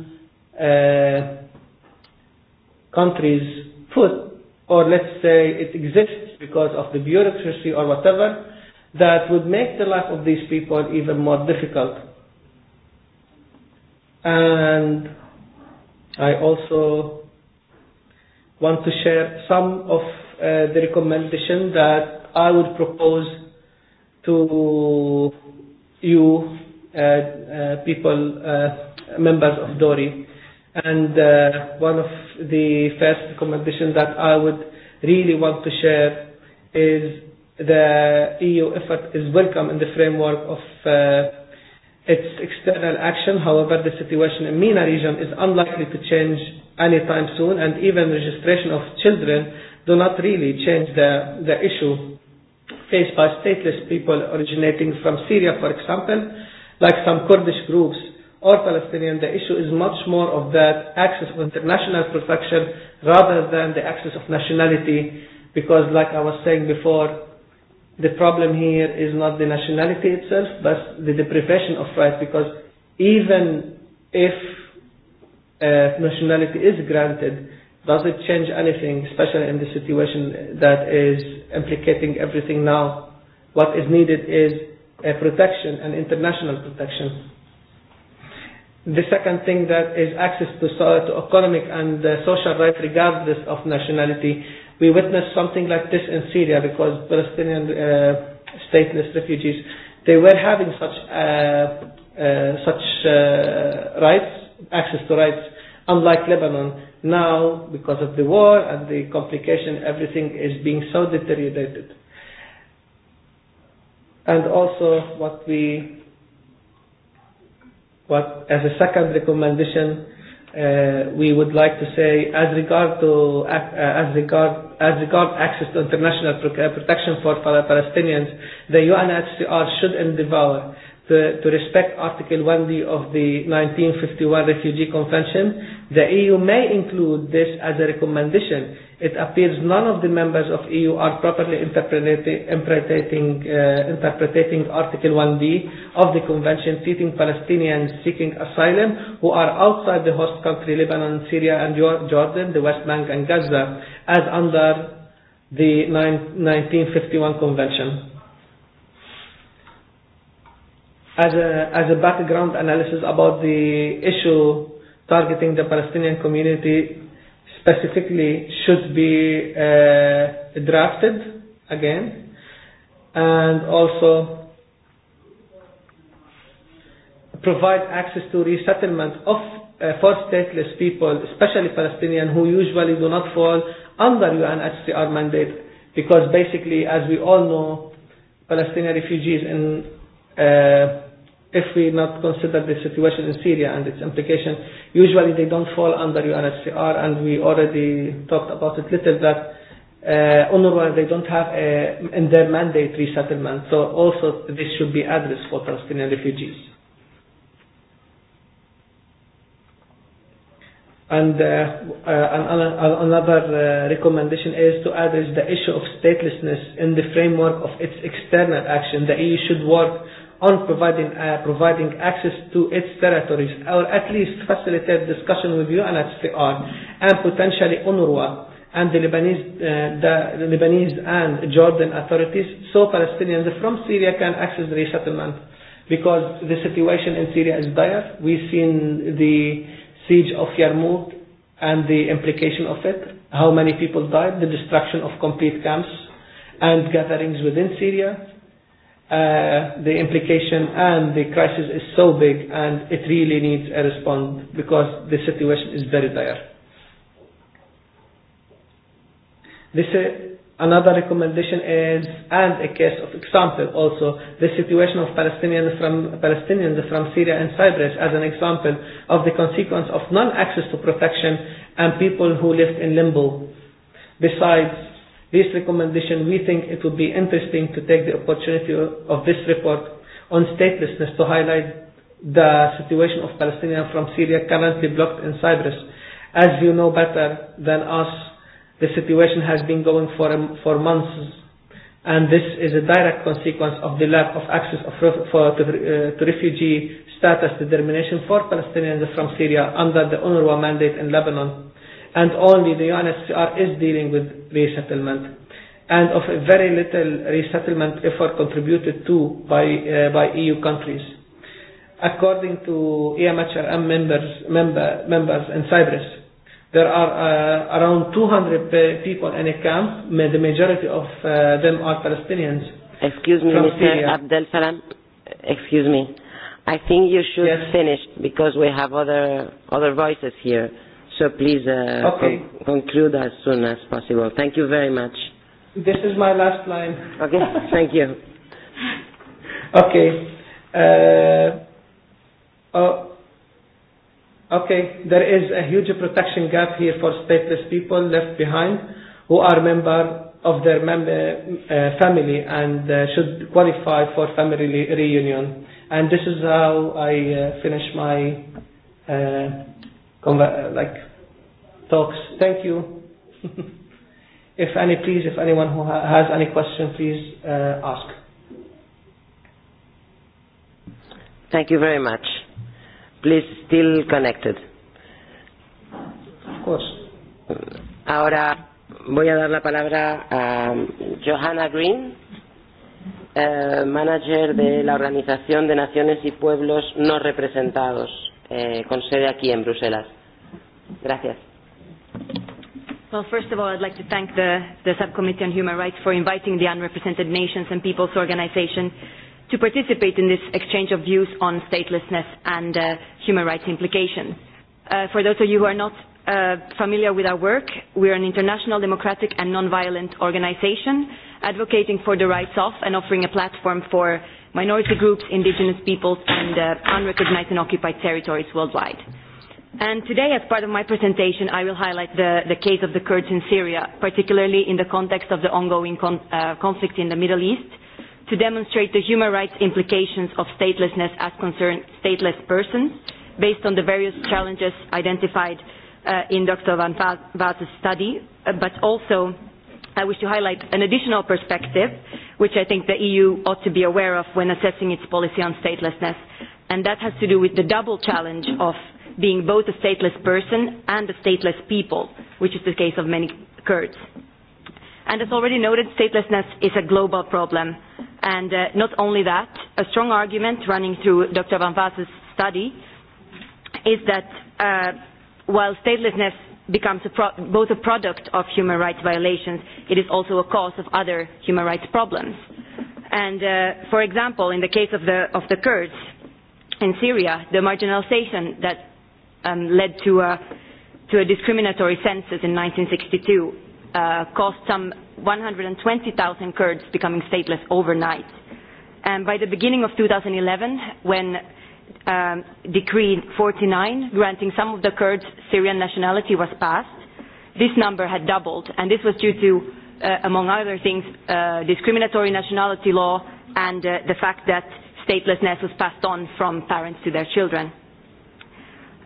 uh, countries put, or let's say it exists because of the bureaucracy or whatever, that would make the life of these people even more difficult. And I also want to share some of uh, the recommendation that I would propose to you uh, uh, people, uh, members of DORI. And uh, one of the first recommendations that I would really want to share is the EU effort is welcome in the framework of uh, its external action. However, the situation in MENA region is unlikely to change anytime soon, and even registration of children do not really change the, the issue faced by stateless people originating from Syria, for example, like some Kurdish groups or Palestinian, the issue is much more of that access of international protection rather than the access of nationality, because like I was saying before, the problem here is not the nationality itself, but the deprivation of rights, because even if uh, nationality is granted, Does it change anything, especially in the situation that is implicating everything now? What is needed is a protection and international protection. The second thing that is access to, to economic and uh, social rights regardless of nationality. We witnessed something like this in Syria because Palestinian uh, stateless refugees, they were having such, uh, uh, such uh, rights, access to rights, unlike Lebanon Now, because of the war and the complication, everything is being so deteriorated. And also what we, what as a second recommendation, uh, we would like to say as regard to, uh, as regard as regard access to international protection for Palestinians, the UNHCR should endeavor to, to respect Article 1D of the 1951 Refugee Convention, the EU may include this as a recommendation. It appears none of the members of EU are properly interpreting, uh, interpreting Article 1D of the Convention treating Palestinians seeking asylum who are outside the host country Lebanon, Syria and Jordan, the West Bank and Gaza as under the 1951 Convention as a, as a background analysis about the issue targeting the Palestinian community specifically should be uh, drafted again and also provide access to resettlement of uh, for stateless people, especially Palestinian who usually do not fall under UNHCR mandate because basically as we all know Palestinian refugees in uh, if we not consider the situation in Syria and its implication, usually they don't fall under UNHCR, and we already talked about it little that uh, UNRWA, they don't have a, in their mandate resettlement, so also this should be addressed for Palestinian refugees. And uh, uh, another uh, recommendation is to address the issue of statelessness in the framework of its external action. The EU should work on providing, uh, providing access to its territories, or at least facilitate discussion with UNHCR and potentially UNRWA and the Lebanese, uh, the Lebanese and Jordan authorities so Palestinians from Syria can access the resettlement because the situation in Syria is dire. We've seen the siege of Yarmouk and the implication of it, how many people died, the destruction of complete camps and gatherings within Syria uh, the implication and the crisis is so big and it really needs a response because the situation is very dire. This is another recommendation is, and a case of example also, the situation of Palestinians from, Palestinians from Syria and Cyprus as an example of the consequence of non-access to protection and people who lived in limbo. Besides, This recommendation, we think it would be interesting to take the opportunity of this report on statelessness to highlight the situation of Palestinians from Syria currently blocked in Cyprus. As you know better than us, the situation has been going for, for months and this is a direct consequence of the lack of access of, for, to, uh, to refugee status determination for Palestinians from Syria under the UNRWA mandate in Lebanon and only the UNSCR is dealing with resettlement and of a very little resettlement effort contributed to by, uh, by EU countries. According to EMHRM members, member, members in Cyprus, there are uh, around 200 uh, people in a camp. The majority of uh, them are Palestinians. Excuse me, Mr. Syria. Abdel Salam. Excuse me. I think you should yes. finish because we have other other voices here. So please uh, okay. con conclude as soon as possible. Thank you very much. This is my last line. Okay, thank you. *laughs* Okay. Uh, oh, okay, there is a huge protection gap here for stateless people left behind who are member of their mem uh, uh family and uh, should qualify for family reunion. And this is how I uh, finish my uh, conver like talks. Thank you. *laughs* if any, please, if anyone who ha has any question, please uh, ask. Thank you very much. Please, still connected. Of course. Ahora voy a dar la palabra a Johanna Green, eh, manager de la Organización de Naciones y Pueblos No Representados eh, con sede aquí en Bruselas. Gracias. Well, first of all, I'd like to thank the, the Subcommittee on Human Rights for inviting the Unrepresented Nations and Peoples Organization to participate in this exchange of views on statelessness and uh, human rights implications. Uh, for those of you who are not uh, familiar with our work, we are an international democratic and non-violent organization advocating for the rights of and offering a platform for minority groups, indigenous peoples, and uh, unrecognized and occupied territories worldwide. And today, as part of my presentation, I will highlight the, the case of the Kurds in Syria, particularly in the context of the ongoing con uh, conflict in the Middle East, to demonstrate the human rights implications of statelessness as concerned stateless persons, based on the various challenges identified uh, in Dr. Van Vaz's study, uh, but also I wish to highlight an additional perspective which I think the EU ought to be aware of when assessing its policy on statelessness. And that has to do with the double challenge of being both a stateless person and a stateless people, which is the case of many Kurds. And as already noted, statelessness is a global problem. And uh, not only that, a strong argument running through Dr. Van Vaas's study is that uh, while statelessness becomes a pro both a product of human rights violations, it is also a cause of other human rights problems. And uh, for example, in the case of the, of the Kurds in Syria, the marginalization that um, led to a, to a discriminatory census in 1962 uh, caused some 120,000 Kurds becoming stateless overnight. And by the beginning of 2011, when um, Decree 49, granting some of the Kurds Syrian nationality, was passed, this number had doubled, and this was due to, uh, among other things, uh, discriminatory nationality law and uh, the fact that statelessness was passed on from parents to their children.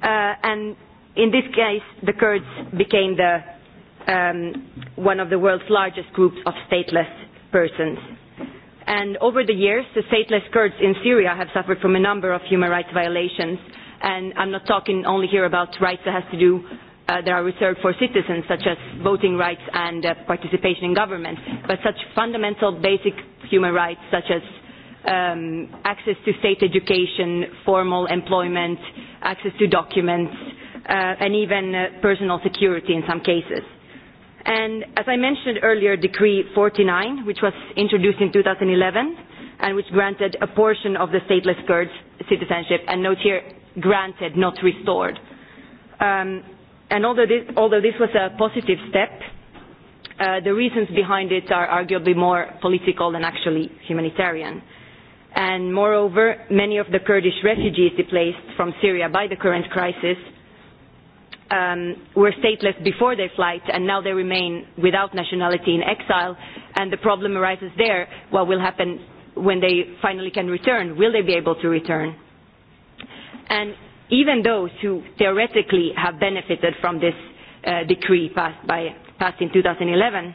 Uh, and in this case, the Kurds became the, um, one of the world's largest groups of stateless persons. And over the years, the stateless Kurds in Syria have suffered from a number of human rights violations. And I'm not talking only here about rights that has to do uh, that are reserved for citizens, such as voting rights and uh, participation in government, but such fundamental basic human rights, such as um, access to state education, formal employment, access to documents, uh, and even uh, personal security in some cases. And as I mentioned earlier, Decree 49, which was introduced in 2011 and which granted a portion of the stateless Kurds citizenship, and note here, granted, not restored. Um, and although this, although this was a positive step, uh, the reasons behind it are arguably more political than actually humanitarian. And moreover, many of the Kurdish refugees displaced from Syria by the current crisis um, were stateless before their flight and now they remain without nationality in exile and the problem arises there what will happen when they finally can return will they be able to return and even those who theoretically have benefited from this uh, decree passed by passed in 2011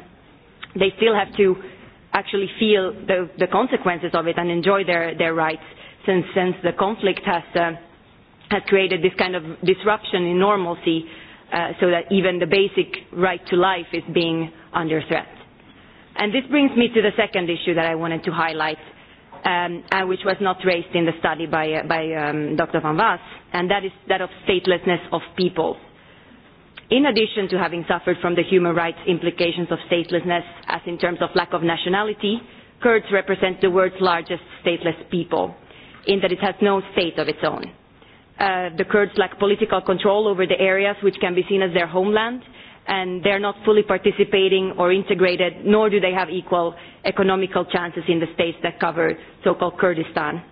they still have to actually feel the the consequences of it and enjoy their their rights since since the conflict has uh, has created this kind of disruption in normalcy uh, so that even the basic right to life is being under threat. And this brings me to the second issue that I wanted to highlight, um, and uh, which was not raised in the study by, uh, by um, Dr. Van Vaas, and that is that of statelessness of people. In addition to having suffered from the human rights implications of statelessness, as in terms of lack of nationality, Kurds represent the world's largest stateless people, in that it has no state of its own. Uh, the Kurds lack political control over the areas which can be seen as their homeland and they're not fully participating or integrated nor do they have equal economical chances in the states that cover so-called Kurdistan.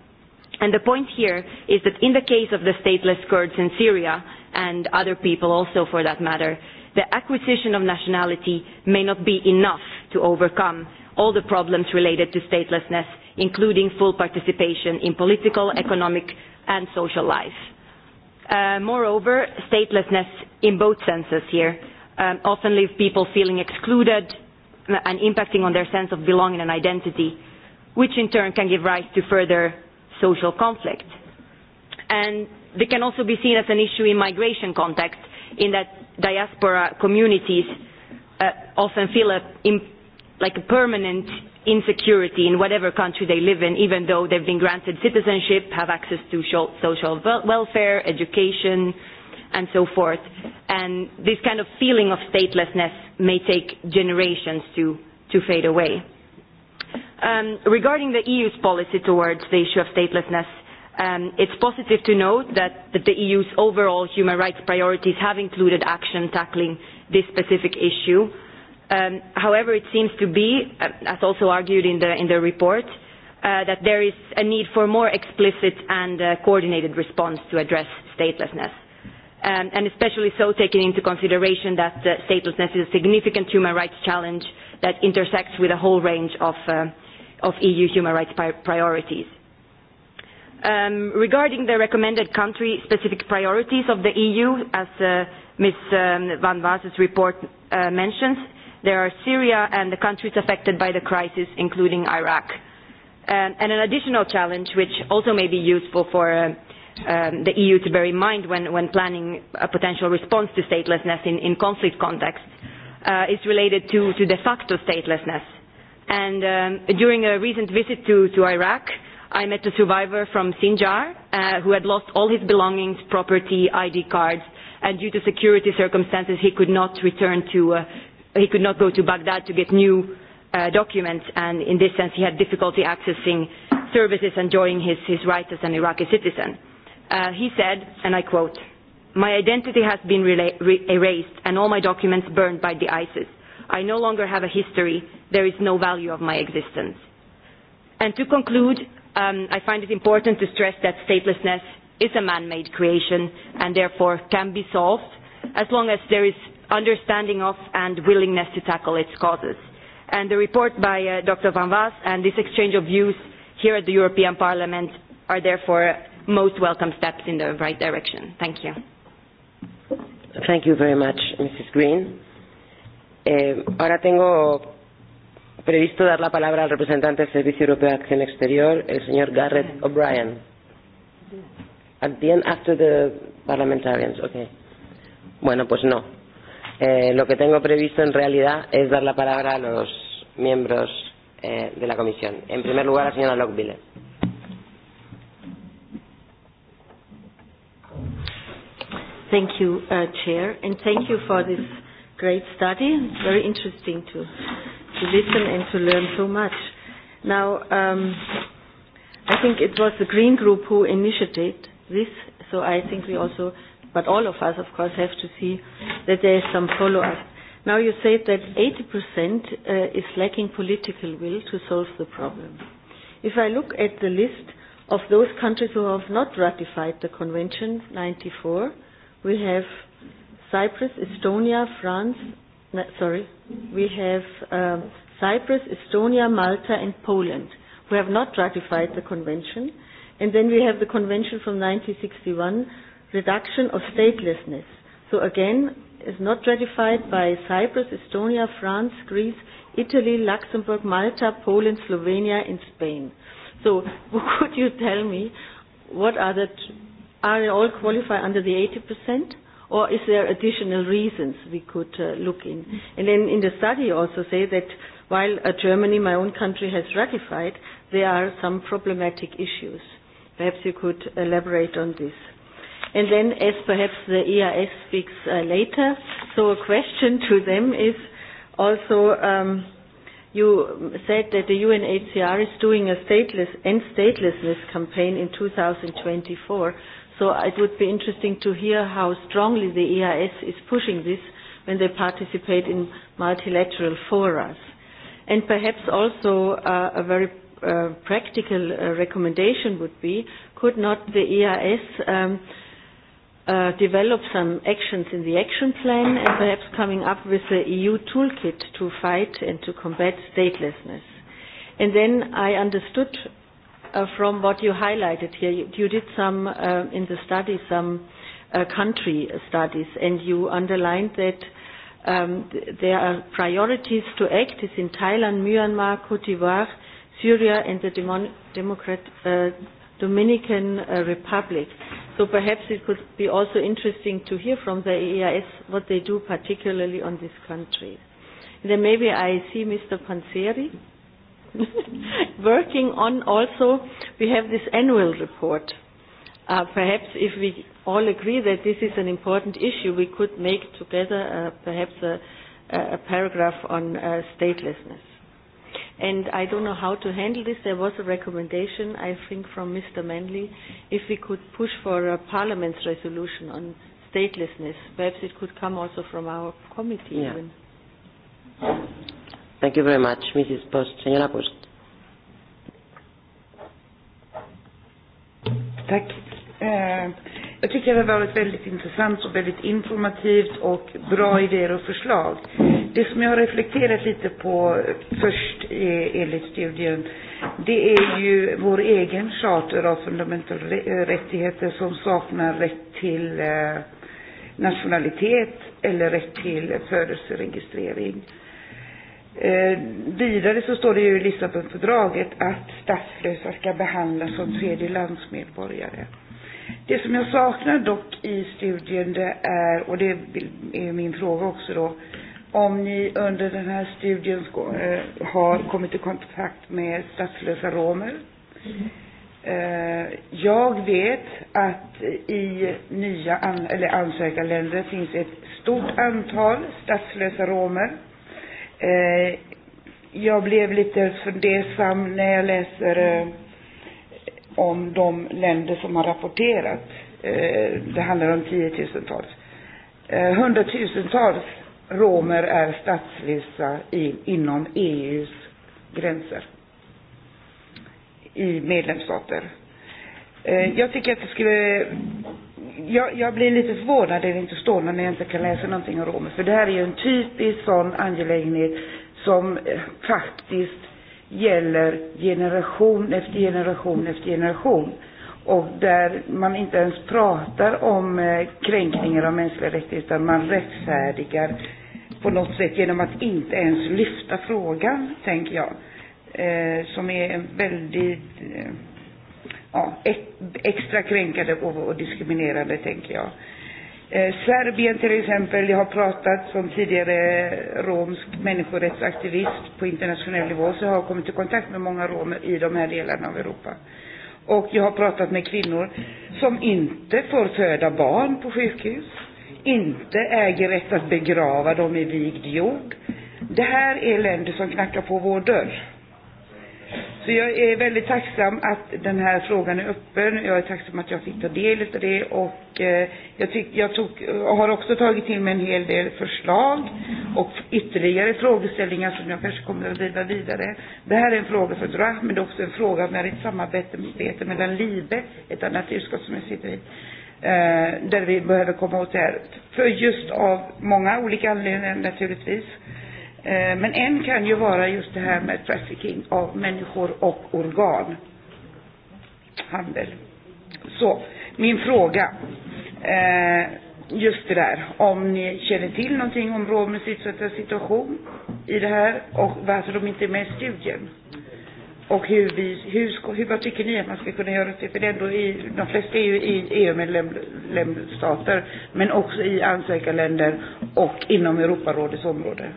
And the point here is that in the case of the stateless Kurds in Syria and other people also for that matter, the acquisition of nationality may not be enough to overcome all the problems related to statelessness including full participation in political, economic, and social life. Uh, moreover, statelessness in both senses here um, often leaves people feeling excluded and impacting on their sense of belonging and identity, which in turn can give rise to further social conflict. And they can also be seen as an issue in migration context, in that diaspora communities uh, often feel a, in, like a permanent insecurity in whatever country they live in, even though they've been granted citizenship, have access to social welfare, education, and so forth. And this kind of feeling of statelessness may take generations to, to fade away. Um, regarding the EU's policy towards the issue of statelessness, um, it's positive to note that, that the EU's overall human rights priorities have included action tackling this specific issue Um, however, it seems to be, uh, as also argued in the, in the report, uh, that there is a need for more explicit and uh, coordinated response to address statelessness. Um, and especially so taking into consideration that uh, statelessness is a significant human rights challenge that intersects with a whole range of, uh, of EU human rights priorities. Um, regarding the recommended country specific priorities of the EU, as uh, Ms. Um, Van Vaas's report mentions, There are Syria and the countries affected by the crisis, including Iraq. and an additional challenge, which also may be useful for uh, um, the EU to bear in mind when, when planning a potential response to statelessness in, in conflict context, uh, is related to, to de facto statelessness. And um, during a recent visit to, to Iraq, I met a survivor from Sinjar uh, who had lost all his belongings, property, ID cards, and due to security circumstances, he could not return to, uh, he could not go to Baghdad to get new uh, documents and in this sense he had difficulty accessing services and enjoying his, his rights as an Iraqi citizen. Uh, he said, and I quote, My identity has been re erased and all my documents burned by the ISIS. I no longer have a history. There is no value of my existence. And to conclude, um, I find it important to stress that statelessness is a man-made creation and therefore can be solved as long as there is understanding of and willingness to tackle its causes. And the report by uh, Dr. Van Waas and this exchange of views here at the European Parliament are therefore most welcome steps in the right direction. Thank you. Thank you very much, Mrs. Green. Eh, ahora tengo previsto dar la palabra al representante del Servicio Europeo de Acción Exterior, el señor Garrett O'Brien. At the end, after the parliamentarians, okay. Bueno, pues no. Eh, lo que tengo previsto en realidad es dar la palabra a los miembros eh, de la comisión. En primer lugar, a la señora Lockville. Thank you, uh, Chair, and thank you for this great study. It's very interesting to, to listen and to learn so much. Now, um, I think it was the Green Group who initiated this, so I think we also but all of us, of course, have to see that there is some follow-up. Now you said that 80% uh, is lacking political will to solve the problem. If I look at the list of those countries who have not ratified the Convention 94, we have Cyprus, Estonia, France, no, sorry, we have um, Cyprus, Estonia, Malta, and Poland, who have not ratified the Convention. And then we have the Convention from 1961 reduction of statelessness. So again, is not ratified by Cyprus, Estonia, France, Greece, Italy, Luxembourg, Malta, Poland, Slovenia, and Spain. So *laughs* could you tell me what are the, are they all qualify under the 80%? Or is there additional reasons we could uh, look in? And then in the study also say that while uh, Germany, my own country, has ratified, there are some problematic issues. Perhaps you could elaborate on this. And then, as perhaps the EIS speaks uh, later, so a question to them is also. Um, you said that the UNHCR is doing a stateless and statelessness campaign in 2024. So it would be interesting to hear how strongly the EIS is pushing this when they participate in multilateral forums. And perhaps also uh, a very uh, practical uh, recommendation would be, could not the EIS um, uh, develop some actions in the action plan and perhaps coming up with the EU toolkit to fight and to combat statelessness. And then I understood uh, from what you highlighted here, you, you did some uh, in the study, some uh, country studies, and you underlined that um, there are priorities to act is in Thailand, Myanmar, Cote d'Ivoire, Syria, and the Demo Democrat, uh, Dominican uh, Republic. So perhaps it could be also interesting to hear from the EIS what they do particularly on this country. then maybe I see Mr. Panseri *laughs* working on also, we have this annual report. Uh, perhaps if we all agree that this is an important issue, we could make together uh, perhaps a, a paragraph on uh, statelessness and I don't know how to handle this. There was a recommendation, I think, from Mr. Manley, if we could push for a parliament's resolution on statelessness. Perhaps it could come also from our committee. Yeah. Even. Thank you very much, Mrs. Post. Senora Post. Tack. Eh, jag tycker det har varit väldigt intressant och väldigt informativt och bra idéer och förslag. Det som jag har reflekterat lite på först enligt studien, det är ju vår egen charter av fundamentala eh, rättigheter som saknar rätt till eh, nationalitet eller rätt till födelseregistrering. Eh, vidare så står det ju i Lissabonfördraget att statslösa ska behandlas som landsmedborgare. Det som jag saknar dock i studien det är, och det är min fråga också då, om ni under den här studien eh, har kommit i kontakt med statslösa romer. Eh, jag vet att i nya an eller ansökarländer finns ett stort antal statslösa romer. Eh, jag blev lite fundersam när jag läser om de länder som har rapporterat. Det handlar om tiotusentals. Hundratusentals romer är statslösa i, inom EUs gränser i medlemsstater. Eh, jag tycker att det skulle... Jag, jag blir lite förvånad när det inte står när jag inte kan läsa någonting om romer. För det här är ju en typisk sån angelägenhet som eh, faktiskt gäller generation efter generation efter generation. Och där man inte ens pratar om eh, kränkningar av mänskliga rättigheter utan man rättfärdigar på något sätt genom att inte ens lyfta frågan, tänker jag. Eh, som är en väldigt eh, ja, extra kränkande och, och diskriminerande, tänker jag. Eh, Serbien till exempel, jag har pratat som tidigare romsk människorättsaktivist på internationell nivå, så jag har kommit i kontakt med många romer i de här delarna av Europa. Och jag har pratat med kvinnor som inte får föda barn på sjukhus inte äger rätt att begrava dem i vigd jord. Det här är länder som knackar på vår dörr. Så jag är väldigt tacksam att den här frågan är öppen. Jag är tacksam att jag fick ta del av det och eh, jag, tyck, jag tog, har också tagit till mig en hel del förslag och ytterligare frågeställningar som jag kanske kommer att driva vidare. Det här är en fråga för DRA, men det är också en fråga när ett samarbete den LIBE, ett annat utskott som jag sitter i, Eh, där vi behöver komma åt det här. För just av många olika anledningar naturligtvis. Eh, men en kan ju vara just det här med trafficking av människor och organ. Handel. Så, min fråga. Eh, just det där, om ni känner till någonting om romers situation i det här och varför de inte är med i studien och hur, vi, hur, hur vad tycker ni att man ska kunna göra det? För det är ändå i, de flesta är ju i EU-medlemsstater, men också i ansökarländer och inom Europarådets område.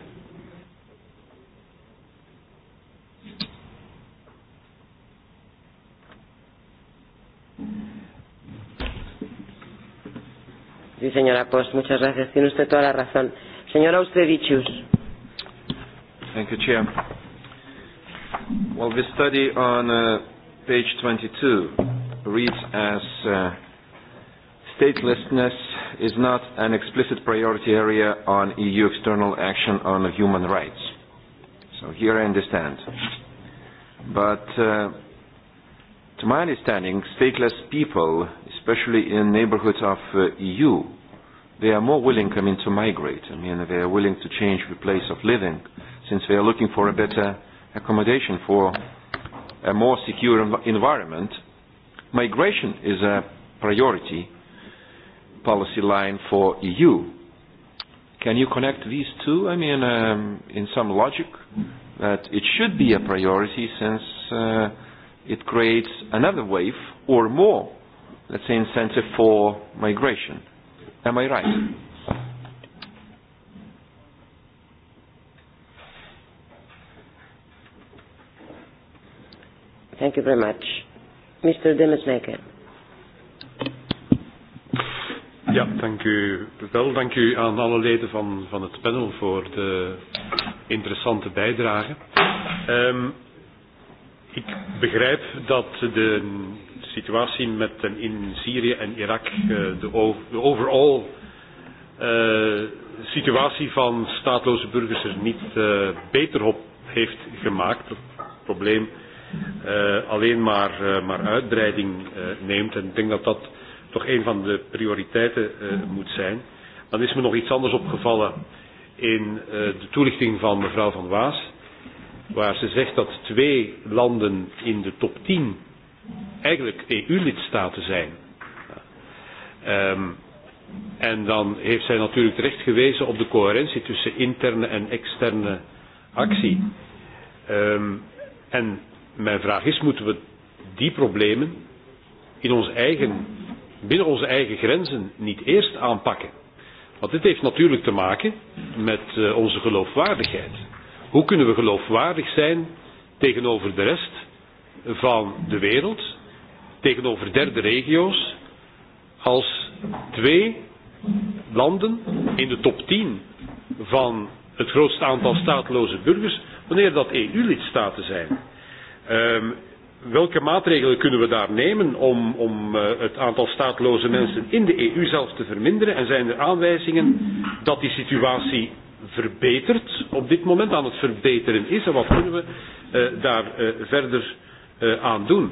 Sí, señora Post, muchas gracias. Tiene usted toda la razón. Señora Ustevichus. Thank you, Chair. Well, the study on uh, page 22 reads as uh, statelessness is not an explicit priority area on EU external action on human rights. So here I understand. But uh, to my understanding, stateless people, especially in neighborhoods of uh, EU, they are more willing, I mean, to migrate. I mean, they are willing to change the place of living since they are looking for a better accommodation for a more secure environment, migration is a priority policy line for EU. Can you connect these two? I mean, um, in some logic, that it should be a priority since uh, it creates another wave or more, let's say, incentive for migration. Am I right? Thank you very much. Mr. Demesmaker. Ja, dank u wel. Dank u aan alle leden van, van het panel voor de interessante bijdrage. Um, ik begrijp dat de situatie met, in Syrië en Irak, eh, de, de overall uh, situatie van staatloze burgers er niet uh, beter op heeft gemaakt. Het probleem uh, alleen maar, uh, maar uitbreiding uh, neemt. En ik denk dat dat toch een van de prioriteiten uh, moet zijn. Dan is me nog iets anders opgevallen in uh, de toelichting van mevrouw Van Waas. Waar ze zegt dat twee landen in de top 10 eigenlijk EU-lidstaten zijn. Um, en dan heeft zij natuurlijk terecht gewezen op de coherentie tussen interne en externe actie. Um, en mijn vraag is, moeten we die problemen in eigen, binnen onze eigen grenzen niet eerst aanpakken? Want dit heeft natuurlijk te maken met eh, onze geloofwaardigheid. Hoe kunnen we geloofwaardig zijn tegenover de rest van de wereld, tegenover derde regio's, als twee landen in de top 10 van het grootste aantal staatloze burgers, wanneer dat EU-lidstaten zijn? Um, welke maatregelen kunnen we daar nemen om, om uh, het aantal staatloze mensen in de EU zelf te verminderen? En zijn er aanwijzingen dat die situatie verbetert, op dit moment aan het verbeteren is? En wat kunnen we uh, daar uh, verder aan doen?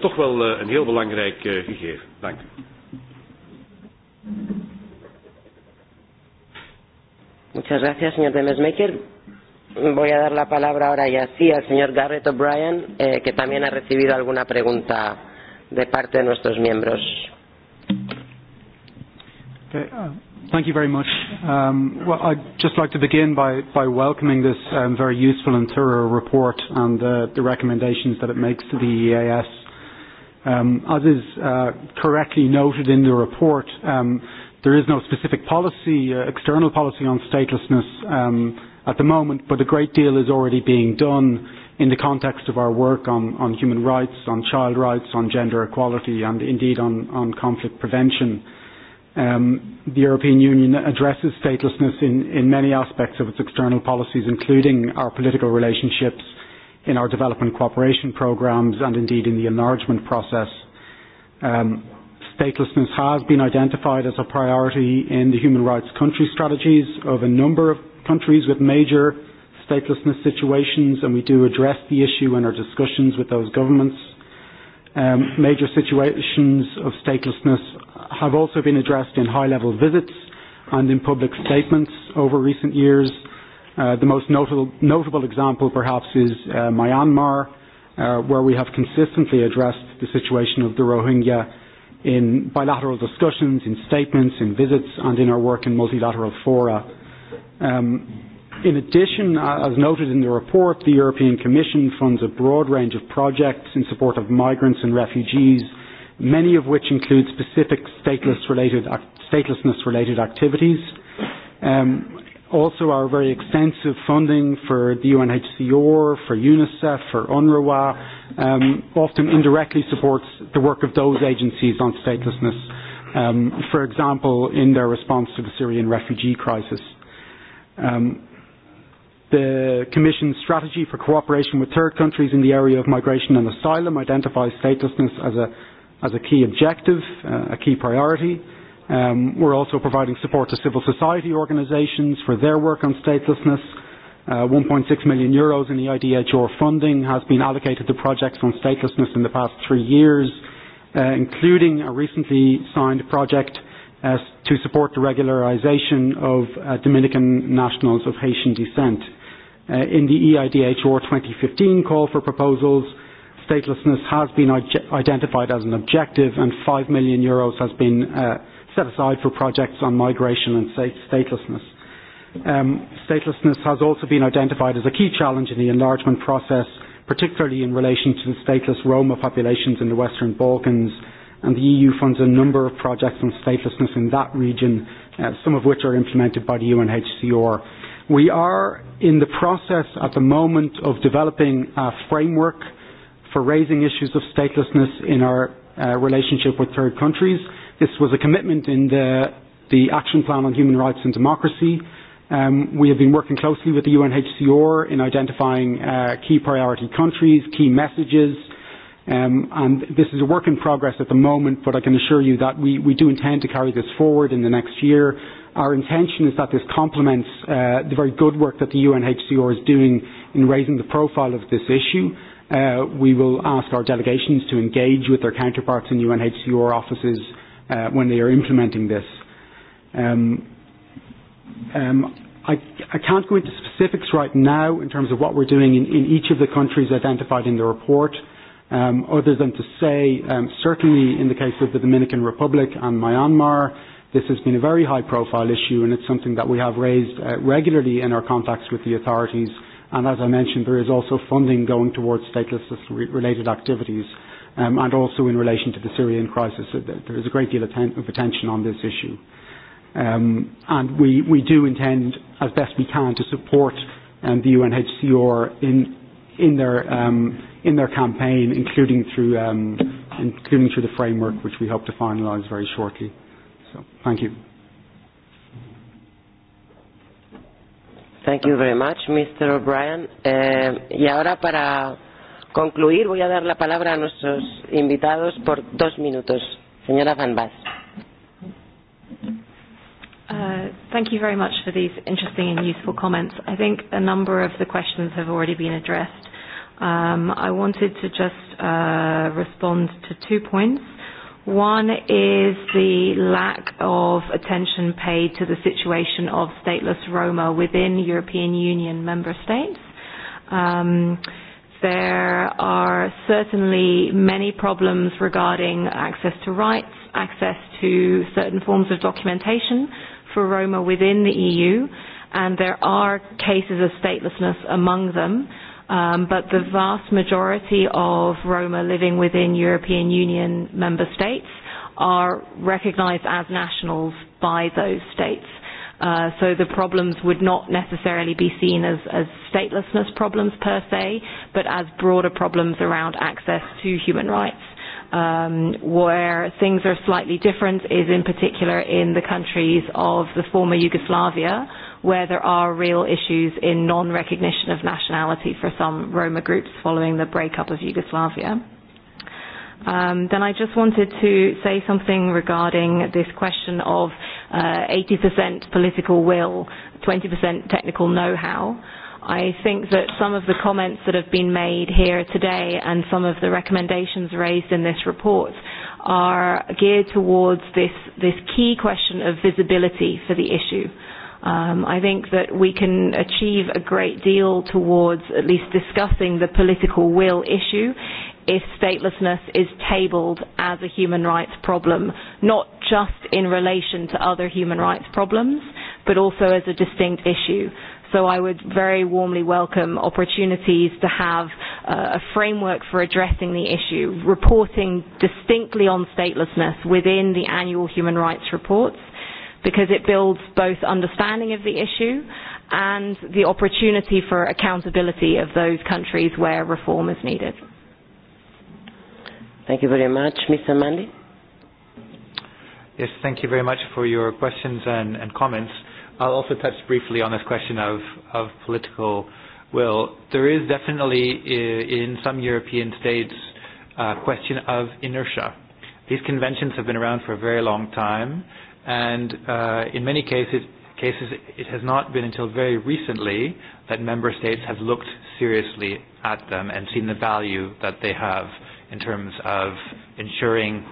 toch wel een heel belangrijk gegeven. Dank u. Muchas gracias, señor Demesmaker voy a dar la palabra ahora y así al señor Garrett O'Brien, eh, que también ha recibido alguna pregunta de parte de nuestros miembros. Okay, uh, thank you very much. Um, well, I'd just like to begin by, by welcoming this um, very useful and thorough report and uh, the recommendations that it makes to the EAS. Um, as is uh, correctly noted in the report, um, there is no specific policy, uh, external policy on statelessness. Um, at the moment, but a great deal is already being done in the context of our work on, on human rights, on child rights, on gender equality, and indeed on, on conflict prevention. Um, the European Union addresses statelessness in, in many aspects of its external policies, including our political relationships, in our development cooperation programs, and indeed in the enlargement process. Um, statelessness has been identified as a priority in the human rights country strategies of a number of countries with major statelessness situations, and we do address the issue in our discussions with those governments. Um, major situations of statelessness have also been addressed in high-level visits and in public statements over recent years. Uh, the most notable, notable example, perhaps, is uh, Myanmar, uh, where we have consistently addressed the situation of the Rohingya in bilateral discussions, in statements, in visits, and in our work in multilateral fora Um, in addition, uh, as noted in the report, the European Commission funds a broad range of projects in support of migrants and refugees, many of which include specific stateless-related statelessness-related activities. Um, also, our very extensive funding for the UNHCR, for UNICEF, for UNRWA, um, often indirectly supports the work of those agencies on statelessness, um, for example, in their response to the Syrian refugee crisis. Um, the Commission's strategy for cooperation with third countries in the area of migration and asylum identifies statelessness as a, as a key objective, uh, a key priority. Um, we're also providing support to civil society organisations for their work on statelessness. Uh, 1.6 million euros in the IDHR funding has been allocated to projects on statelessness in the past three years, uh, including a recently signed project uh, to support the regularization of uh, Dominican nationals of Haitian descent. Uh, in the EIDHR 2015 call for proposals, statelessness has been identified as an objective and 5 million euros has been uh, set aside for projects on migration and statelessness. Um, statelessness has also been identified as a key challenge in the enlargement process, particularly in relation to the stateless Roma populations in the Western Balkans and the EU funds a number of projects on statelessness in that region, uh, some of which are implemented by the UNHCR. We are in the process at the moment of developing a framework for raising issues of statelessness in our uh, relationship with third countries. This was a commitment in the, the Action Plan on Human Rights and Democracy. Um, we have been working closely with the UNHCR in identifying uh, key priority countries, key messages, Um, and this is a work in progress at the moment, but I can assure you that we, we do intend to carry this forward in the next year. Our intention is that this complements uh, the very good work that the UNHCR is doing in raising the profile of this issue. Uh, we will ask our delegations to engage with their counterparts in UNHCR offices uh, when they are implementing this. Um, um, I, I can't go into specifics right now in terms of what we're doing in, in each of the countries identified in the report um, other than to say, um, certainly in the case of the Dominican Republic and Myanmar, this has been a very high profile issue and it's something that we have raised uh, regularly in our contacts with the authorities. And as I mentioned, there is also funding going towards statelessness related activities. Um, and also in relation to the Syrian crisis, uh, there is a great deal of attention on this issue. Um, and we, we do intend, as best we can, to support um, the UNHCR in, in their um, in their campaign, including through, um, including through the framework, which we hope to finalise very shortly. So, thank you. Thank you very much, Mr. O'Brien. Eh, y ahora, para concluir, voy a dar la palabra a nuestros invitados por dos minutos. Señora Van Bas. Uh, thank you very much for these interesting and useful comments. I think a number of the questions have already been addressed Um, I wanted to just uh, respond to two points. One is the lack of attention paid to the situation of stateless Roma within European Union member states. Um, there are certainly many problems regarding access to rights, access to certain forms of documentation for Roma within the EU, and there are cases of statelessness among them. Um, but the vast majority of Roma living within European Union member states are recognized as nationals by those states. Uh, so the problems would not necessarily be seen as, as statelessness problems per se, but as broader problems around access to human rights. Um, where things are slightly different is in particular in the countries of the former Yugoslavia, where there are real issues in non-recognition of nationality for some Roma groups following the breakup of Yugoslavia. Um, then I just wanted to say something regarding this question of uh, 80% political will, 20% technical know-how. I think that some of the comments that have been made here today and some of the recommendations raised in this report are geared towards this, this key question of visibility for the issue. Um, I think that we can achieve a great deal towards at least discussing the political will issue if statelessness is tabled as a human rights problem, not just in relation to other human rights problems, but also as a distinct issue. So I would very warmly welcome opportunities to have uh, a framework for addressing the issue, reporting distinctly on statelessness within the annual human rights reports, because it builds both understanding of the issue and the opportunity for accountability of those countries where reform is needed. Thank you very much. Mr. Mandy? Yes, thank you very much for your questions and, and comments. I'll also touch briefly on this question of, of political will. There is definitely, eh, in some European states, a question of inertia. These conventions have been around for a very long time and uh, in many cases, cases, it has not been until very recently that member states have looked seriously at them and seen the value that they have in terms of ensuring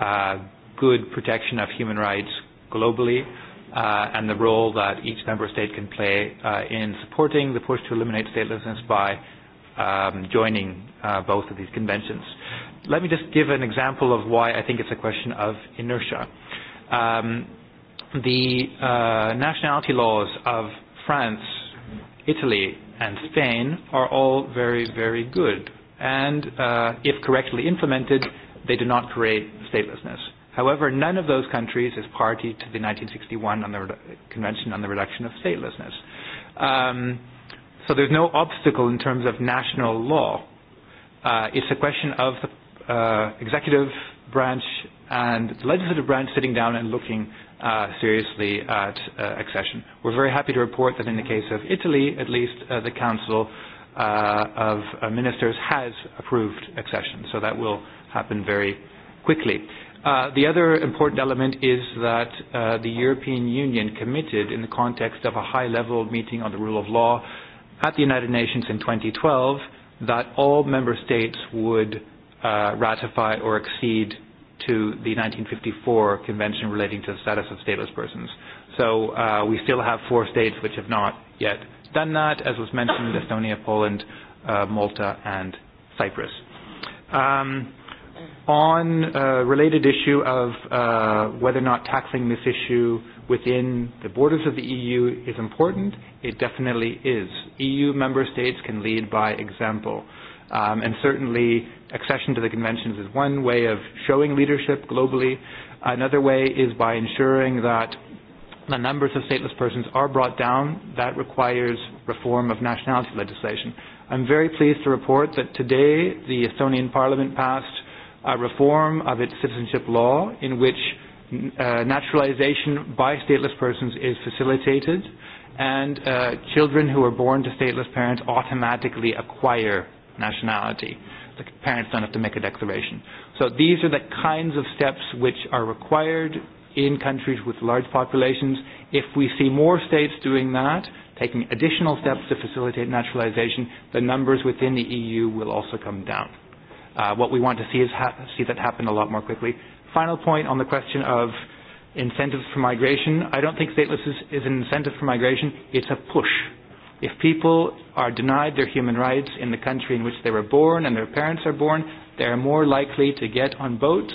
uh, good protection of human rights globally uh, and the role that each member state can play uh, in supporting the push to eliminate statelessness by um, joining uh, both of these conventions. Let me just give an example of why I think it's a question of inertia um, the uh, nationality laws of France, Italy, and Spain are all very, very good. And uh, if correctly implemented, they do not create statelessness. However, none of those countries is party to the 1961 on the Convention on the Reduction of Statelessness. Um, so there's no obstacle in terms of national law. Uh, it's a question of the uh, executive branch and the legislative branch sitting down and looking uh, seriously at uh, accession. We're very happy to report that in the case of Italy, at least, uh, the Council uh, of uh, Ministers has approved accession, so that will happen very quickly. Uh, the other important element is that uh, the European Union committed in the context of a high-level meeting on the rule of law at the United Nations in 2012 that all member states would uh, ratify or exceed to the 1954 convention relating to the status of stateless persons. So uh, we still have four states which have not yet done that, as was mentioned, Estonia, Poland, uh, Malta, and Cyprus. Um, on a related issue of uh, whether or not tackling this issue within the borders of the EU is important, it definitely is. EU member states can lead by example. Um, and certainly accession to the conventions is one way of showing leadership globally. Another way is by ensuring that the numbers of stateless persons are brought down. That requires reform of nationality legislation. I'm very pleased to report that today the Estonian parliament passed a reform of its citizenship law in which uh, naturalization by stateless persons is facilitated and uh, children who are born to stateless parents automatically acquire nationality the parents don't have to make a declaration. So these are the kinds of steps which are required in countries with large populations. If we see more states doing that, taking additional steps to facilitate naturalization, the numbers within the EU will also come down. Uh, what we want to see is ha see that happen a lot more quickly. Final point on the question of incentives for migration. I don't think statelessness is, is an incentive for migration. It's a push If people are denied their human rights in the country in which they were born and their parents are born, they are more likely to get on boats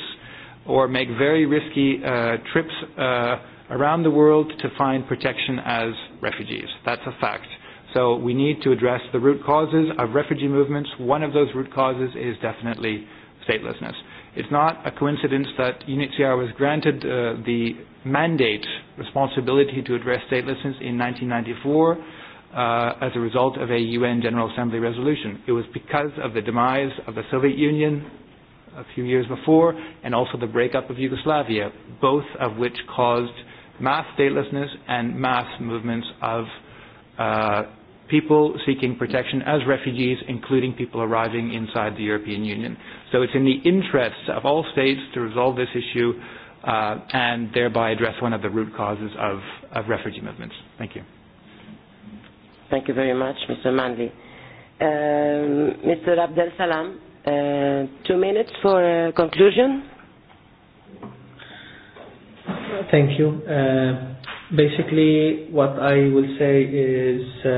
or make very risky uh, trips uh, around the world to find protection as refugees. That's a fact. So we need to address the root causes of refugee movements. One of those root causes is definitely statelessness. It's not a coincidence that UNHCR was granted uh, the mandate responsibility to address statelessness in 1994 uh, as a result of a UN General Assembly resolution. It was because of the demise of the Soviet Union a few years before and also the breakup of Yugoslavia, both of which caused mass statelessness and mass movements of uh, people seeking protection as refugees, including people arriving inside the European Union. So it's in the interests of all states to resolve this issue uh, and thereby address one of the root causes of, of refugee movements. Thank you. Thank you very much, Mr. Manley. Um, Mr. Abdel Salam, uh, two minutes for uh, conclusion. Thank you. Uh, basically, what I will say is uh,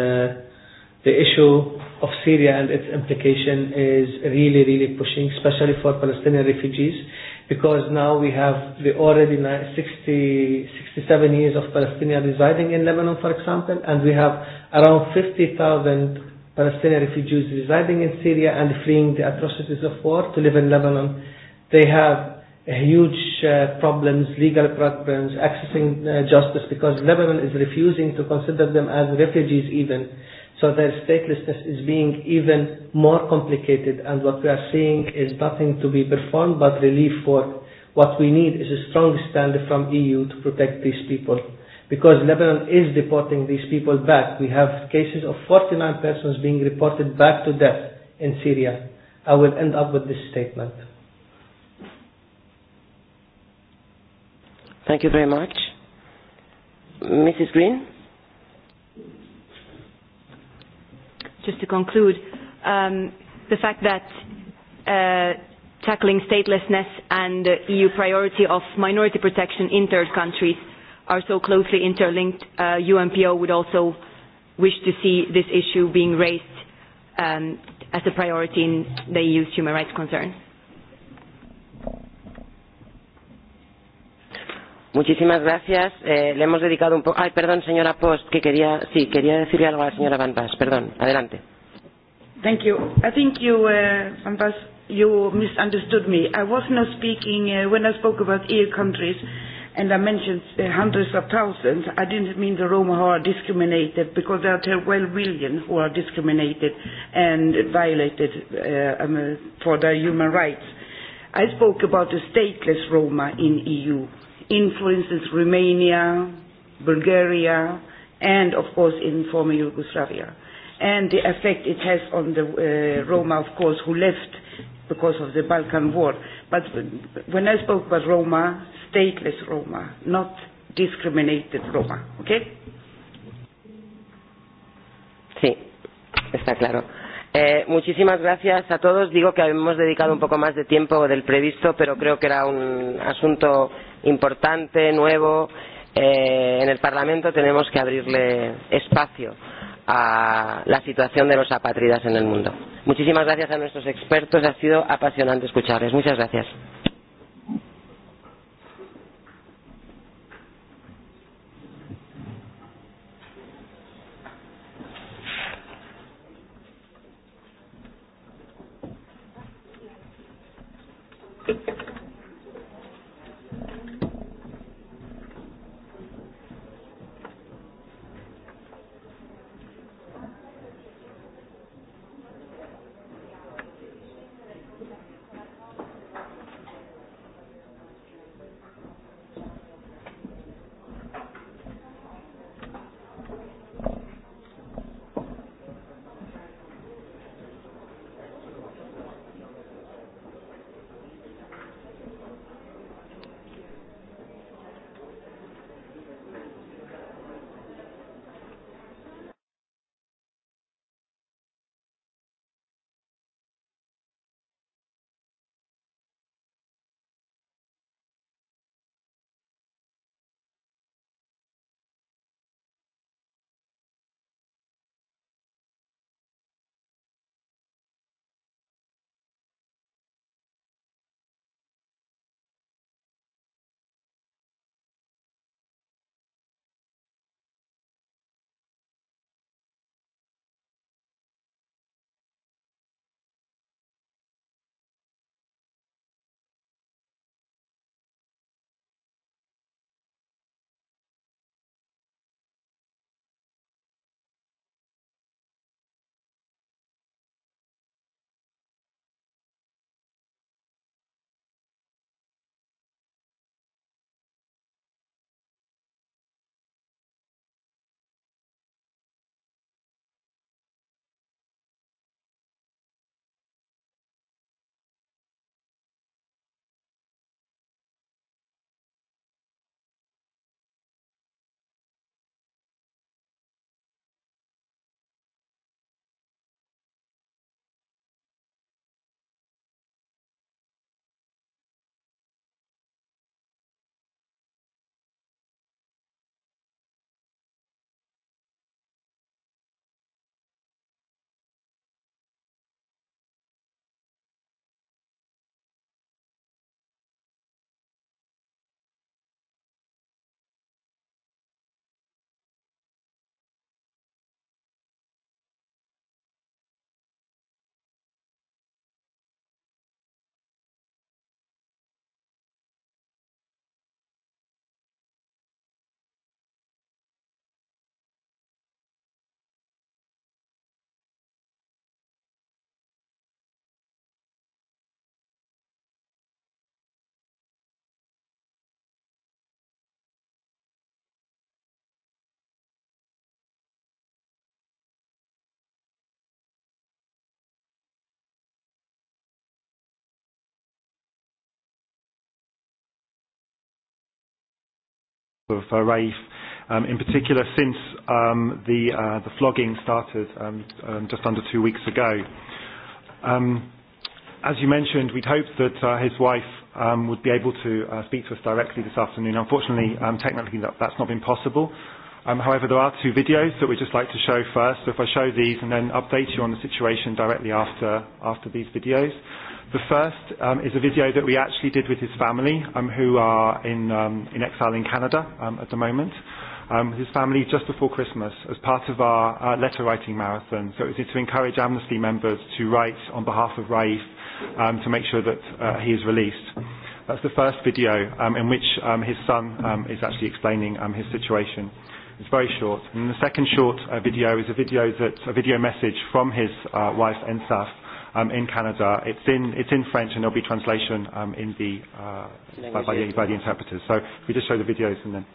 the issue of Syria and its implication is really, really pushing, especially for Palestinian refugees because now we have the already 60, 67 years of Palestinians residing in Lebanon, for example, and we have around 50,000 Palestinian refugees residing in Syria and fleeing the atrocities of war to live in Lebanon. They have uh, huge uh, problems, legal problems, accessing uh, justice because Lebanon is refusing to consider them as refugees even. So their statelessness is being even more complicated and what we are seeing is nothing to be performed but relief for what we need is a strong stand from EU to protect these people. Because Lebanon is deporting these people back. We have cases of 49 persons being reported back to death in Syria. I will end up with this statement. Thank you very much. Mrs. Green? just to conclude, um, the fact that uh, tackling statelessness and the EU priority of minority protection in third countries are so closely interlinked, uh, UNPO would also wish to see this issue being raised um, as a priority in the EU's human rights concerns. Muchísimas gracias. Eh, le hemos dedicado un poco. Ay, perdón, señora Post, que quería. Sí, quería decirle algo a la señora Van Bas. Perdón, adelante. Thank you. I think you, uh, Van Bas you misunderstood me. I was not speaking uh, when I spoke about EU countries and I mentioned uh, hundreds of thousands. I didn't mean the Roma who are discriminated because there are 12 million who are discriminated and violated uh, um, for their human rights. I spoke about the stateless Roma in EU influences Romania, Bulgaria, and of course in former Yugoslavia. And the effect it has on the uh, Roma, of course, who left because of the Balkan War. But when I spoke about Roma, stateless Roma, not discriminated Roma. Okay? Sí, está claro. Eh, muchísimas gracias a todos. Digo que hemos dedicado un poco más de tiempo del previsto, pero creo que era un asunto importante, nuevo, eh, en el Parlamento tenemos que abrirle espacio a la situación de los apátridas en el mundo. Muchísimas gracias a nuestros expertos, ha sido apasionante escucharles. Muchas gracias. of uh, Raif. Um, in particular, since um, the, uh, the flogging started um, um, just under two weeks ago. Um, as you mentioned, we'd hoped that uh, his wife um, would be able to uh, speak to us directly this afternoon. Unfortunately, um, technically, that, that's not been possible. Um, however, there are two videos that we'd just like to show first. So if I show these and then update you on the situation directly after, after these videos. The first um, is a video that we actually did with his family, um, who are in, um, in exile in Canada um, at the moment. Um, his family just before Christmas as part of our uh, letter writing marathon. So it was to encourage Amnesty members to write on behalf of Raif um, to make sure that uh, he is released. That's the first video um, in which um, his son um, is actually explaining um, his situation. It's very short. And the second short uh, video is a video, that, a video message from his uh, wife, Ensaf, um, in Canada. It's in, it's in French and there'll be translation um, in the, uh, by, by, the, by the interpreters. So we just show the videos and then...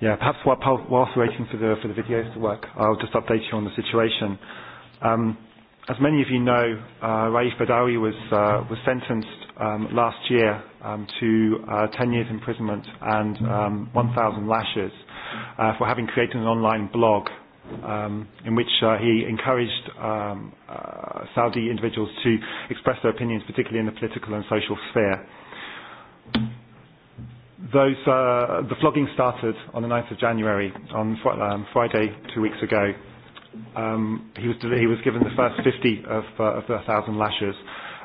Yeah, perhaps whilst waiting for the, for the videos to work, I'll just update you on the situation. Um, as many of you know, uh, Raif Badawi was, uh, was sentenced um, last year um, to uh, 10 years imprisonment and um, 1,000 lashes uh, for having created an online blog um, in which uh, he encouraged um, uh, Saudi individuals to express their opinions, particularly in the political and social sphere those, uh, the flogging started on the 9th of January, on fr um, Friday, two weeks ago. Um, he, was, he was given the first 50 of, uh, of the 1,000 lashes.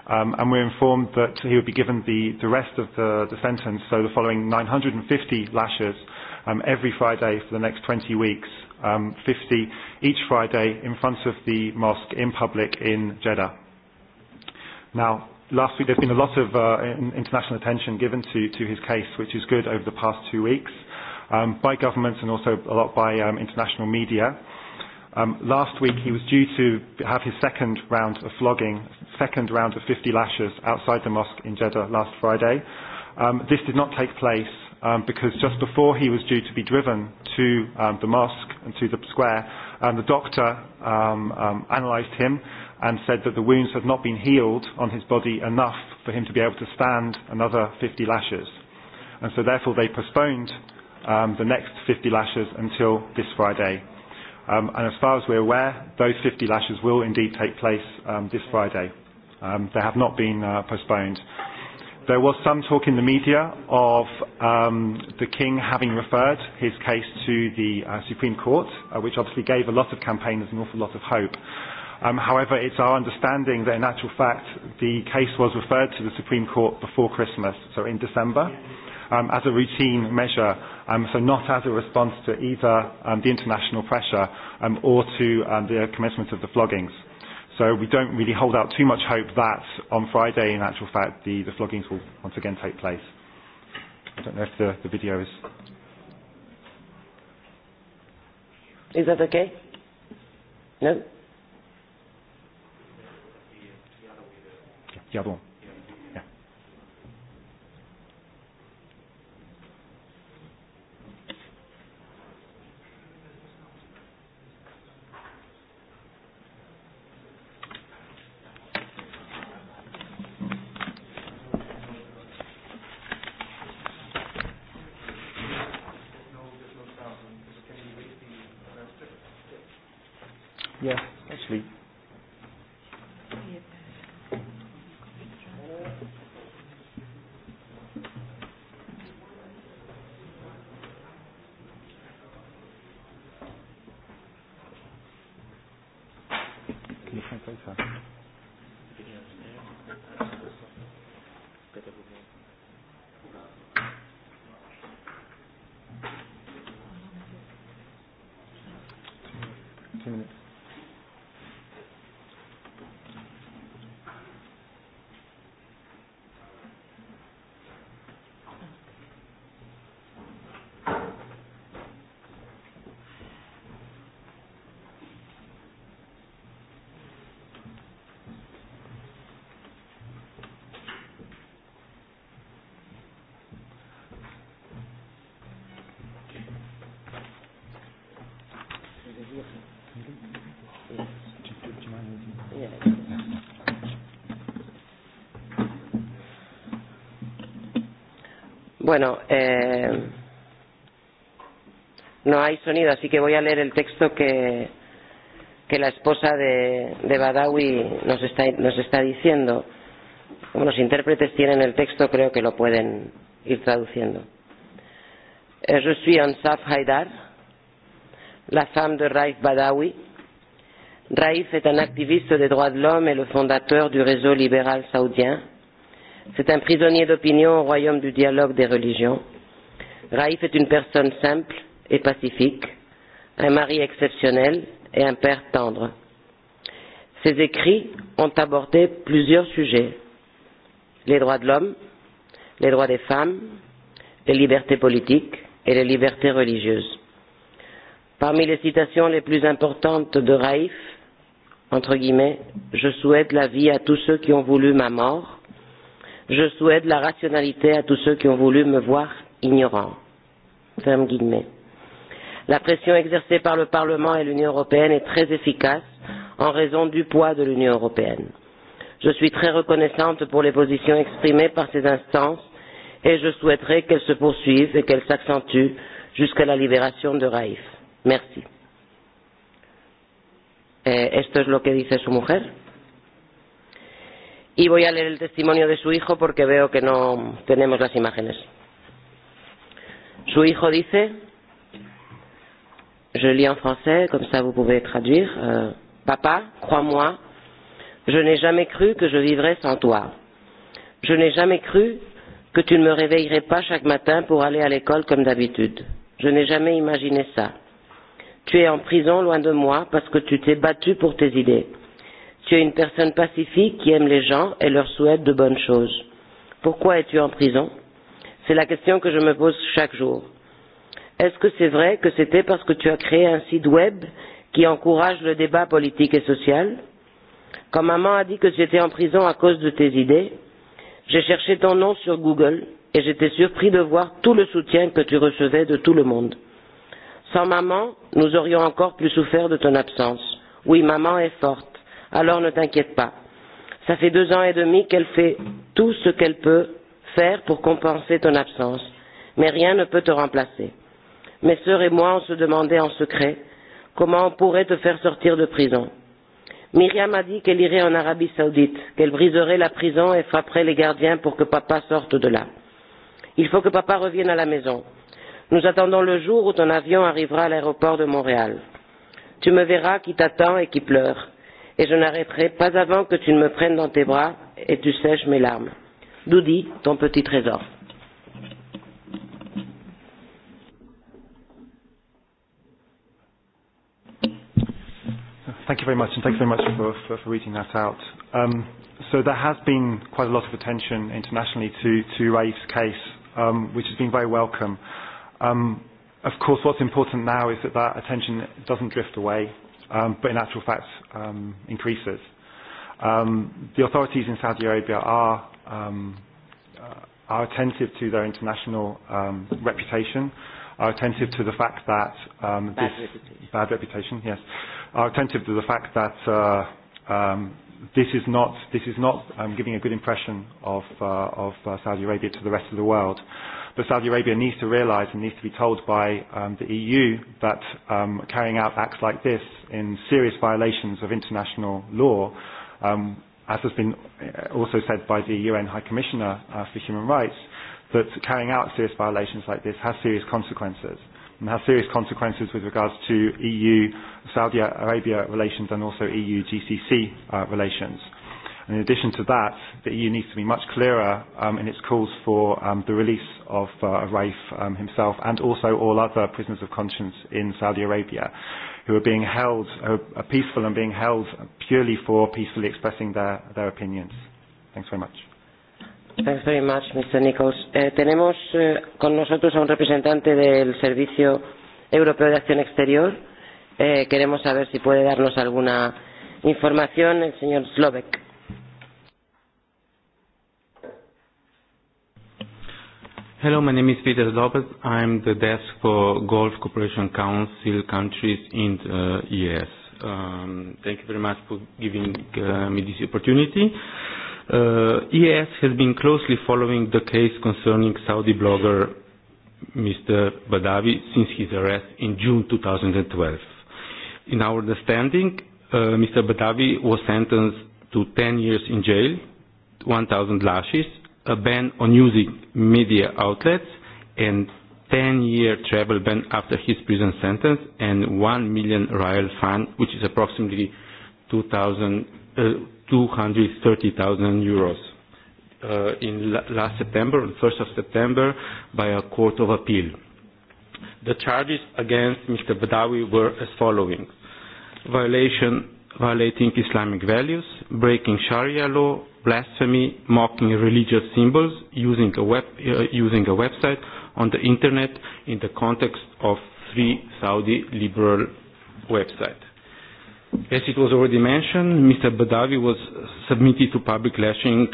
Um, and we're informed that he would be given the, the rest of the, the sentence, so the following 950 lashes um, every Friday for the next 20 weeks, um, 50 each Friday in front of the mosque in public in Jeddah. Now, last week there's been a lot of uh, international attention given to, to his case, which is good over the past two weeks, um, by governments and also a lot by um, international media. Um, last week he was due to have his second round of flogging, second round of 50 lashes outside the mosque in Jeddah last Friday. Um, this did not take place um, because just before he was due to be driven to um, the mosque and to the square, um, the doctor um, um, analysed him and said that the wounds had not been healed on his body enough for him to be able to stand another 50 lashes. And so therefore they postponed um, the next 50 lashes until this Friday. Um, and as far as we're aware, those 50 lashes will indeed take place um, this Friday. Um, they have not been uh, postponed. There was some talk in the media of um, the King having referred his case to the uh, Supreme Court, uh, which obviously gave a lot of campaigners an awful lot of hope. Um, however, it's our understanding that in actual fact the case was referred to the Supreme Court before Christmas, so in December, um, as a routine measure, um, so not as a response to either um, the international pressure um, or to um, the commencement of the floggings. So we don't really hold out too much hope that on Friday, in actual fact, the, the floggings will once again take place. I don't know if the, the video is... Is that okay? No? pardon Bueno, eh, no hay sonido, así que voy a leer el texto que, que la esposa de, de Badawi nos está, nos está diciendo. Como los intérpretes tienen el texto, creo que lo pueden ir traduciendo. Eh, Je suis Ansaf Haidar, la femme de Raif Badawi. Raif est un activiste des droits de l'homme et le fondateur du réseau libéral saoudien C'est un prisonnier d'opinion au royaume du dialogue des religions. Raif est une personne simple et pacifique, un mari exceptionnel et un père tendre. Ses écrits ont abordé plusieurs sujets les droits de l'homme, les droits des femmes, les libertés politiques et les libertés religieuses. Parmi les citations les plus importantes de Raif, entre guillemets, je souhaite la vie à tous ceux qui ont voulu ma mort, je souhaite la rationalité à tous ceux qui ont voulu me voir ignorant. La pression exercée par le Parlement et l'Union européenne est très efficace en raison du poids de l'Union européenne. Je suis très reconnaissante pour les positions exprimées par ces instances et je souhaiterais qu'elles se poursuivent et qu'elles s'accentuent jusqu'à la libération de Raif. Merci. Eh, esto es lo que dice su mujer y voy a leer el testimonio de su hijo porque veo que no tenemos las imágenes. Su hijo dice, je lis en français, comme ça vous pouvez traduire, euh, Papa, crois-moi, je n'ai jamais cru que je vivrais sans toi. Je n'ai jamais cru que tu ne me réveillerais pas chaque matin pour aller à l'école comme d'habitude. Je n'ai jamais imaginé ça. Tu es en prison loin de moi parce que tu t'es battu pour tes idées tu es une personne pacifique qui aime les gens et leur souhaite de bonnes choses. Pourquoi es-tu en prison C'est la question que je me pose chaque jour. Est-ce que c'est vrai que c'était parce que tu as créé un site web qui encourage le débat politique et social Quand maman a dit que tu étais en prison à cause de tes idées, j'ai cherché ton nom sur Google et j'étais surpris de voir tout le soutien que tu recevais de tout le monde. Sans maman, nous aurions encore plus souffert de ton absence. Oui, maman est forte alors ne t'inquiète pas. Ça fait deux ans et demi qu'elle fait tout ce qu'elle peut faire pour compenser ton absence, mais rien ne peut te remplacer. Mes sœurs et moi, on se demandait en secret comment on pourrait te faire sortir de prison. Myriam a dit qu'elle irait en Arabie Saoudite, qu'elle briserait la prison et frapperait les gardiens pour que papa sorte de là. Il faut que papa revienne à la maison. Nous attendons le jour où ton avion arrivera à l'aéroport de Montréal. Tu me verras qui t'attend et qui pleure et je n'arrêterai pas avant que tu ne me prennes dans tes bras et tu sèches mes larmes. Doudi, ton petit trésor. Thank you very much, and thank you very much for, for, for reading that out. Um, so there has been quite a lot of attention internationally to, to Raif's case, um, which has been very welcome. Um, of course, what's important now is that that attention doesn't drift away um, but in actual fact um, increases. Um, the authorities in Saudi Arabia are, um, uh, are attentive to their international um, reputation, are attentive to the fact that um, bad this reputation. bad reputation, yes, are attentive to the fact that uh, um, this is not this is not um, giving a good impression of uh, of uh, Saudi Arabia to the rest of the world. But Saudi Arabia needs to realize and needs to be told by um, the EU that um, carrying out acts like this in serious violations of international law, um, as has been uh, also said by the UN High Commissioner uh, for Human Rights, that carrying out serious violations like this has serious consequences and has serious consequences with regards to EU-Saudi Arabia relations and also EU-GCC uh, relations. In addition to that, the EU needs to be much clearer um, in its calls for um, the release of, uh, Raif um, himself and also all other prisoners of conscience in Saudi Arabia who are being held, uh are peaceful and being held purely for peacefully expressing their, their opinions. Thanks very much. Thanks very much, Mr. Nichols. Eh, tenemos eh, con nosotros a un representante del Servicio Europeo de Acción Exterior. Eh, queremos saber si puede darnos alguna información el señor Slovek. Hello, my name is Peter Lopez. I'm the desk for Gulf Cooperation Council countries in the uh, ES. Um, thank you very much for giving uh, me this opportunity. Uh, EAS has been closely following the case concerning Saudi blogger Mr. Badawi since his arrest in June 2012. In our understanding, uh, Mr. Badawi was sentenced to 10 years in jail, 1,000 lashes, a ban on using media outlets and 10 year travel ban after his prison sentence and 1 million rial fine which is approximately 2000 uh, 230,000 euros uh, in last September on 1st of September by a court of appeal the charges against Mr Badawi were as following violation violating Islamic values breaking sharia law blasphemy, mocking religious symbols using a, web, uh, using a website on the internet in the context of free Saudi liberal website. As it was already mentioned, Mr. Badawi was submitted to public lashing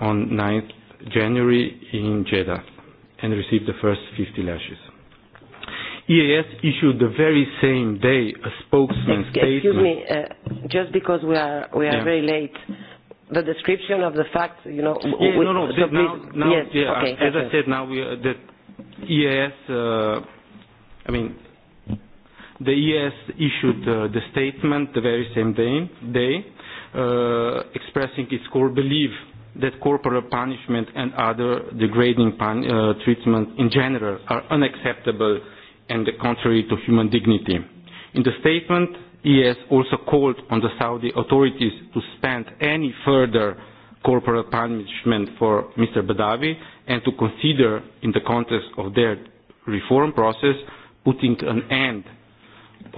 on 9th January in Jeddah and received the first 50 lashes. EAS issued the very same day a spokesman Excuse statement. Excuse me, uh, just because we are, we are yeah. very late, the description of the fact... you know. no, no. yes, as I said, now we, uh, the EAS, uh, I mean, the EAS issued uh, the statement the very same day, day uh, expressing its core belief that corporal punishment and other degrading uh, treatment in general are unacceptable and contrary to human dignity. In the statement, ES also called on the Saudi authorities to spend any further corporal punishment for Mr. Badawi and to consider, in the context of their reform process, putting an end uh,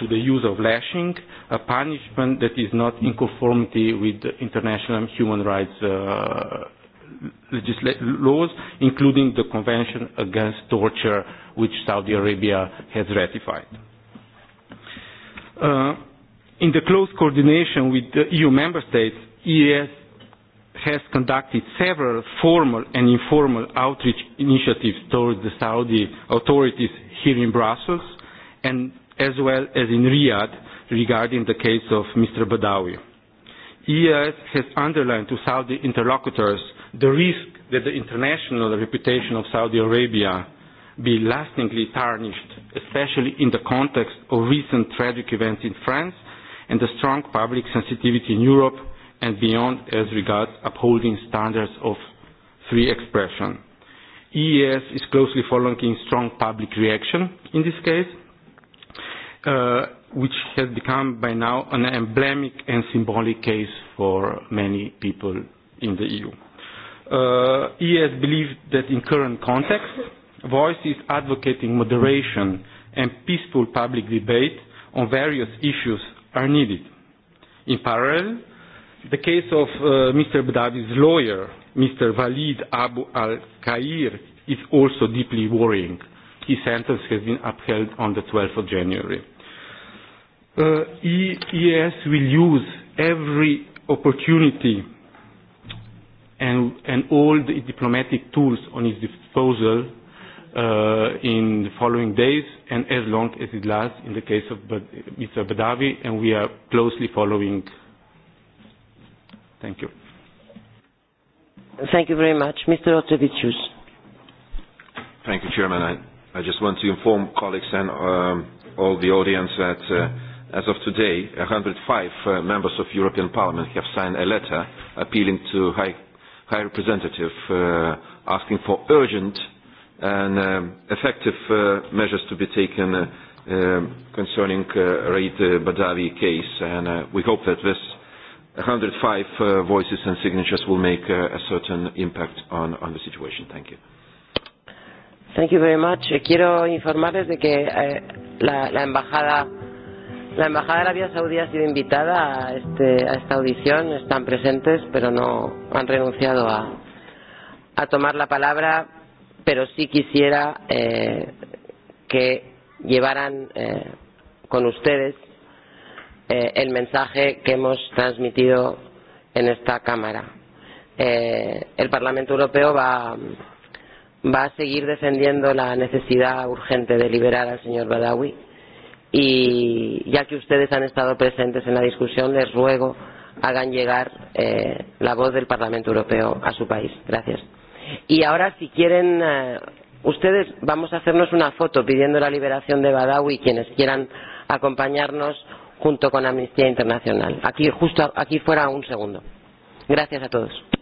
to the use of lashing, a punishment that is not in conformity with international human rights uh, laws, including the Convention Against Torture, which Saudi Arabia has ratified. Uh, in the close coordination with the EU member states, EES has conducted several formal and informal outreach initiatives towards the Saudi authorities here in Brussels and as well as in Riyadh regarding the case of Mr. Badawi. EES has underlined to Saudi interlocutors the risk that the international reputation of Saudi Arabia be lastingly tarnished, especially in the context of recent tragic events in France and the strong public sensitivity in Europe and beyond as regards upholding standards of free expression. EES is closely following strong public reaction in this case, uh, which has become by now an emblemic and symbolic case for many people in the EU. Uh, EES believes that in current context, voices advocating moderation and peaceful public debate on various issues are needed. In parallel, the case of uh, Mr. Badawi's lawyer, Mr. Walid Abu al-Kair, is also deeply worrying. His sentence has been upheld on the 12th of January. Uh, EES will use every opportunity and, and all the diplomatic tools on its disposal uh, in the following days and as long as it lasts in the case of Mr. Badawi, and we are closely following. Thank you. Thank you very much. Mr. Otevicius. Thank you, Chairman. I, I just want to inform colleagues and um, all the audience that uh, as of today, 105 uh, members of European Parliament have signed a letter appealing to High, High Representative uh, asking for urgent and um, effective uh, measures to be taken uh, uh concerning uh, Raid uh, Badawi case. And uh, we hope that this 105 uh, voices and signatures will make uh, a certain impact on, on the situation. Thank you. Thank you very much. Eh, quiero informarles de que eh, la, la embajada la embajada de Arabia Saudí ha sido invitada a, este, a esta audición. Están presentes, pero no han renunciado a, a tomar la palabra pero sí quisiera eh, que llevaran eh, con ustedes eh, el mensaje que hemos transmitido en esta Cámara. Eh, el Parlamento Europeo va, va a seguir defendiendo la necesidad urgente de liberar al señor Badawi y ya que ustedes han estado presentes en la discusión, les ruego hagan llegar eh, la voz del Parlamento Europeo a su país. Gracias. Y ahora, si quieren, eh, ustedes vamos a hacernos una foto pidiendo la liberación de Badawi, quienes quieran acompañarnos junto con Amnistía Internacional. Aquí, justo aquí fuera, un segundo. Gracias a todos.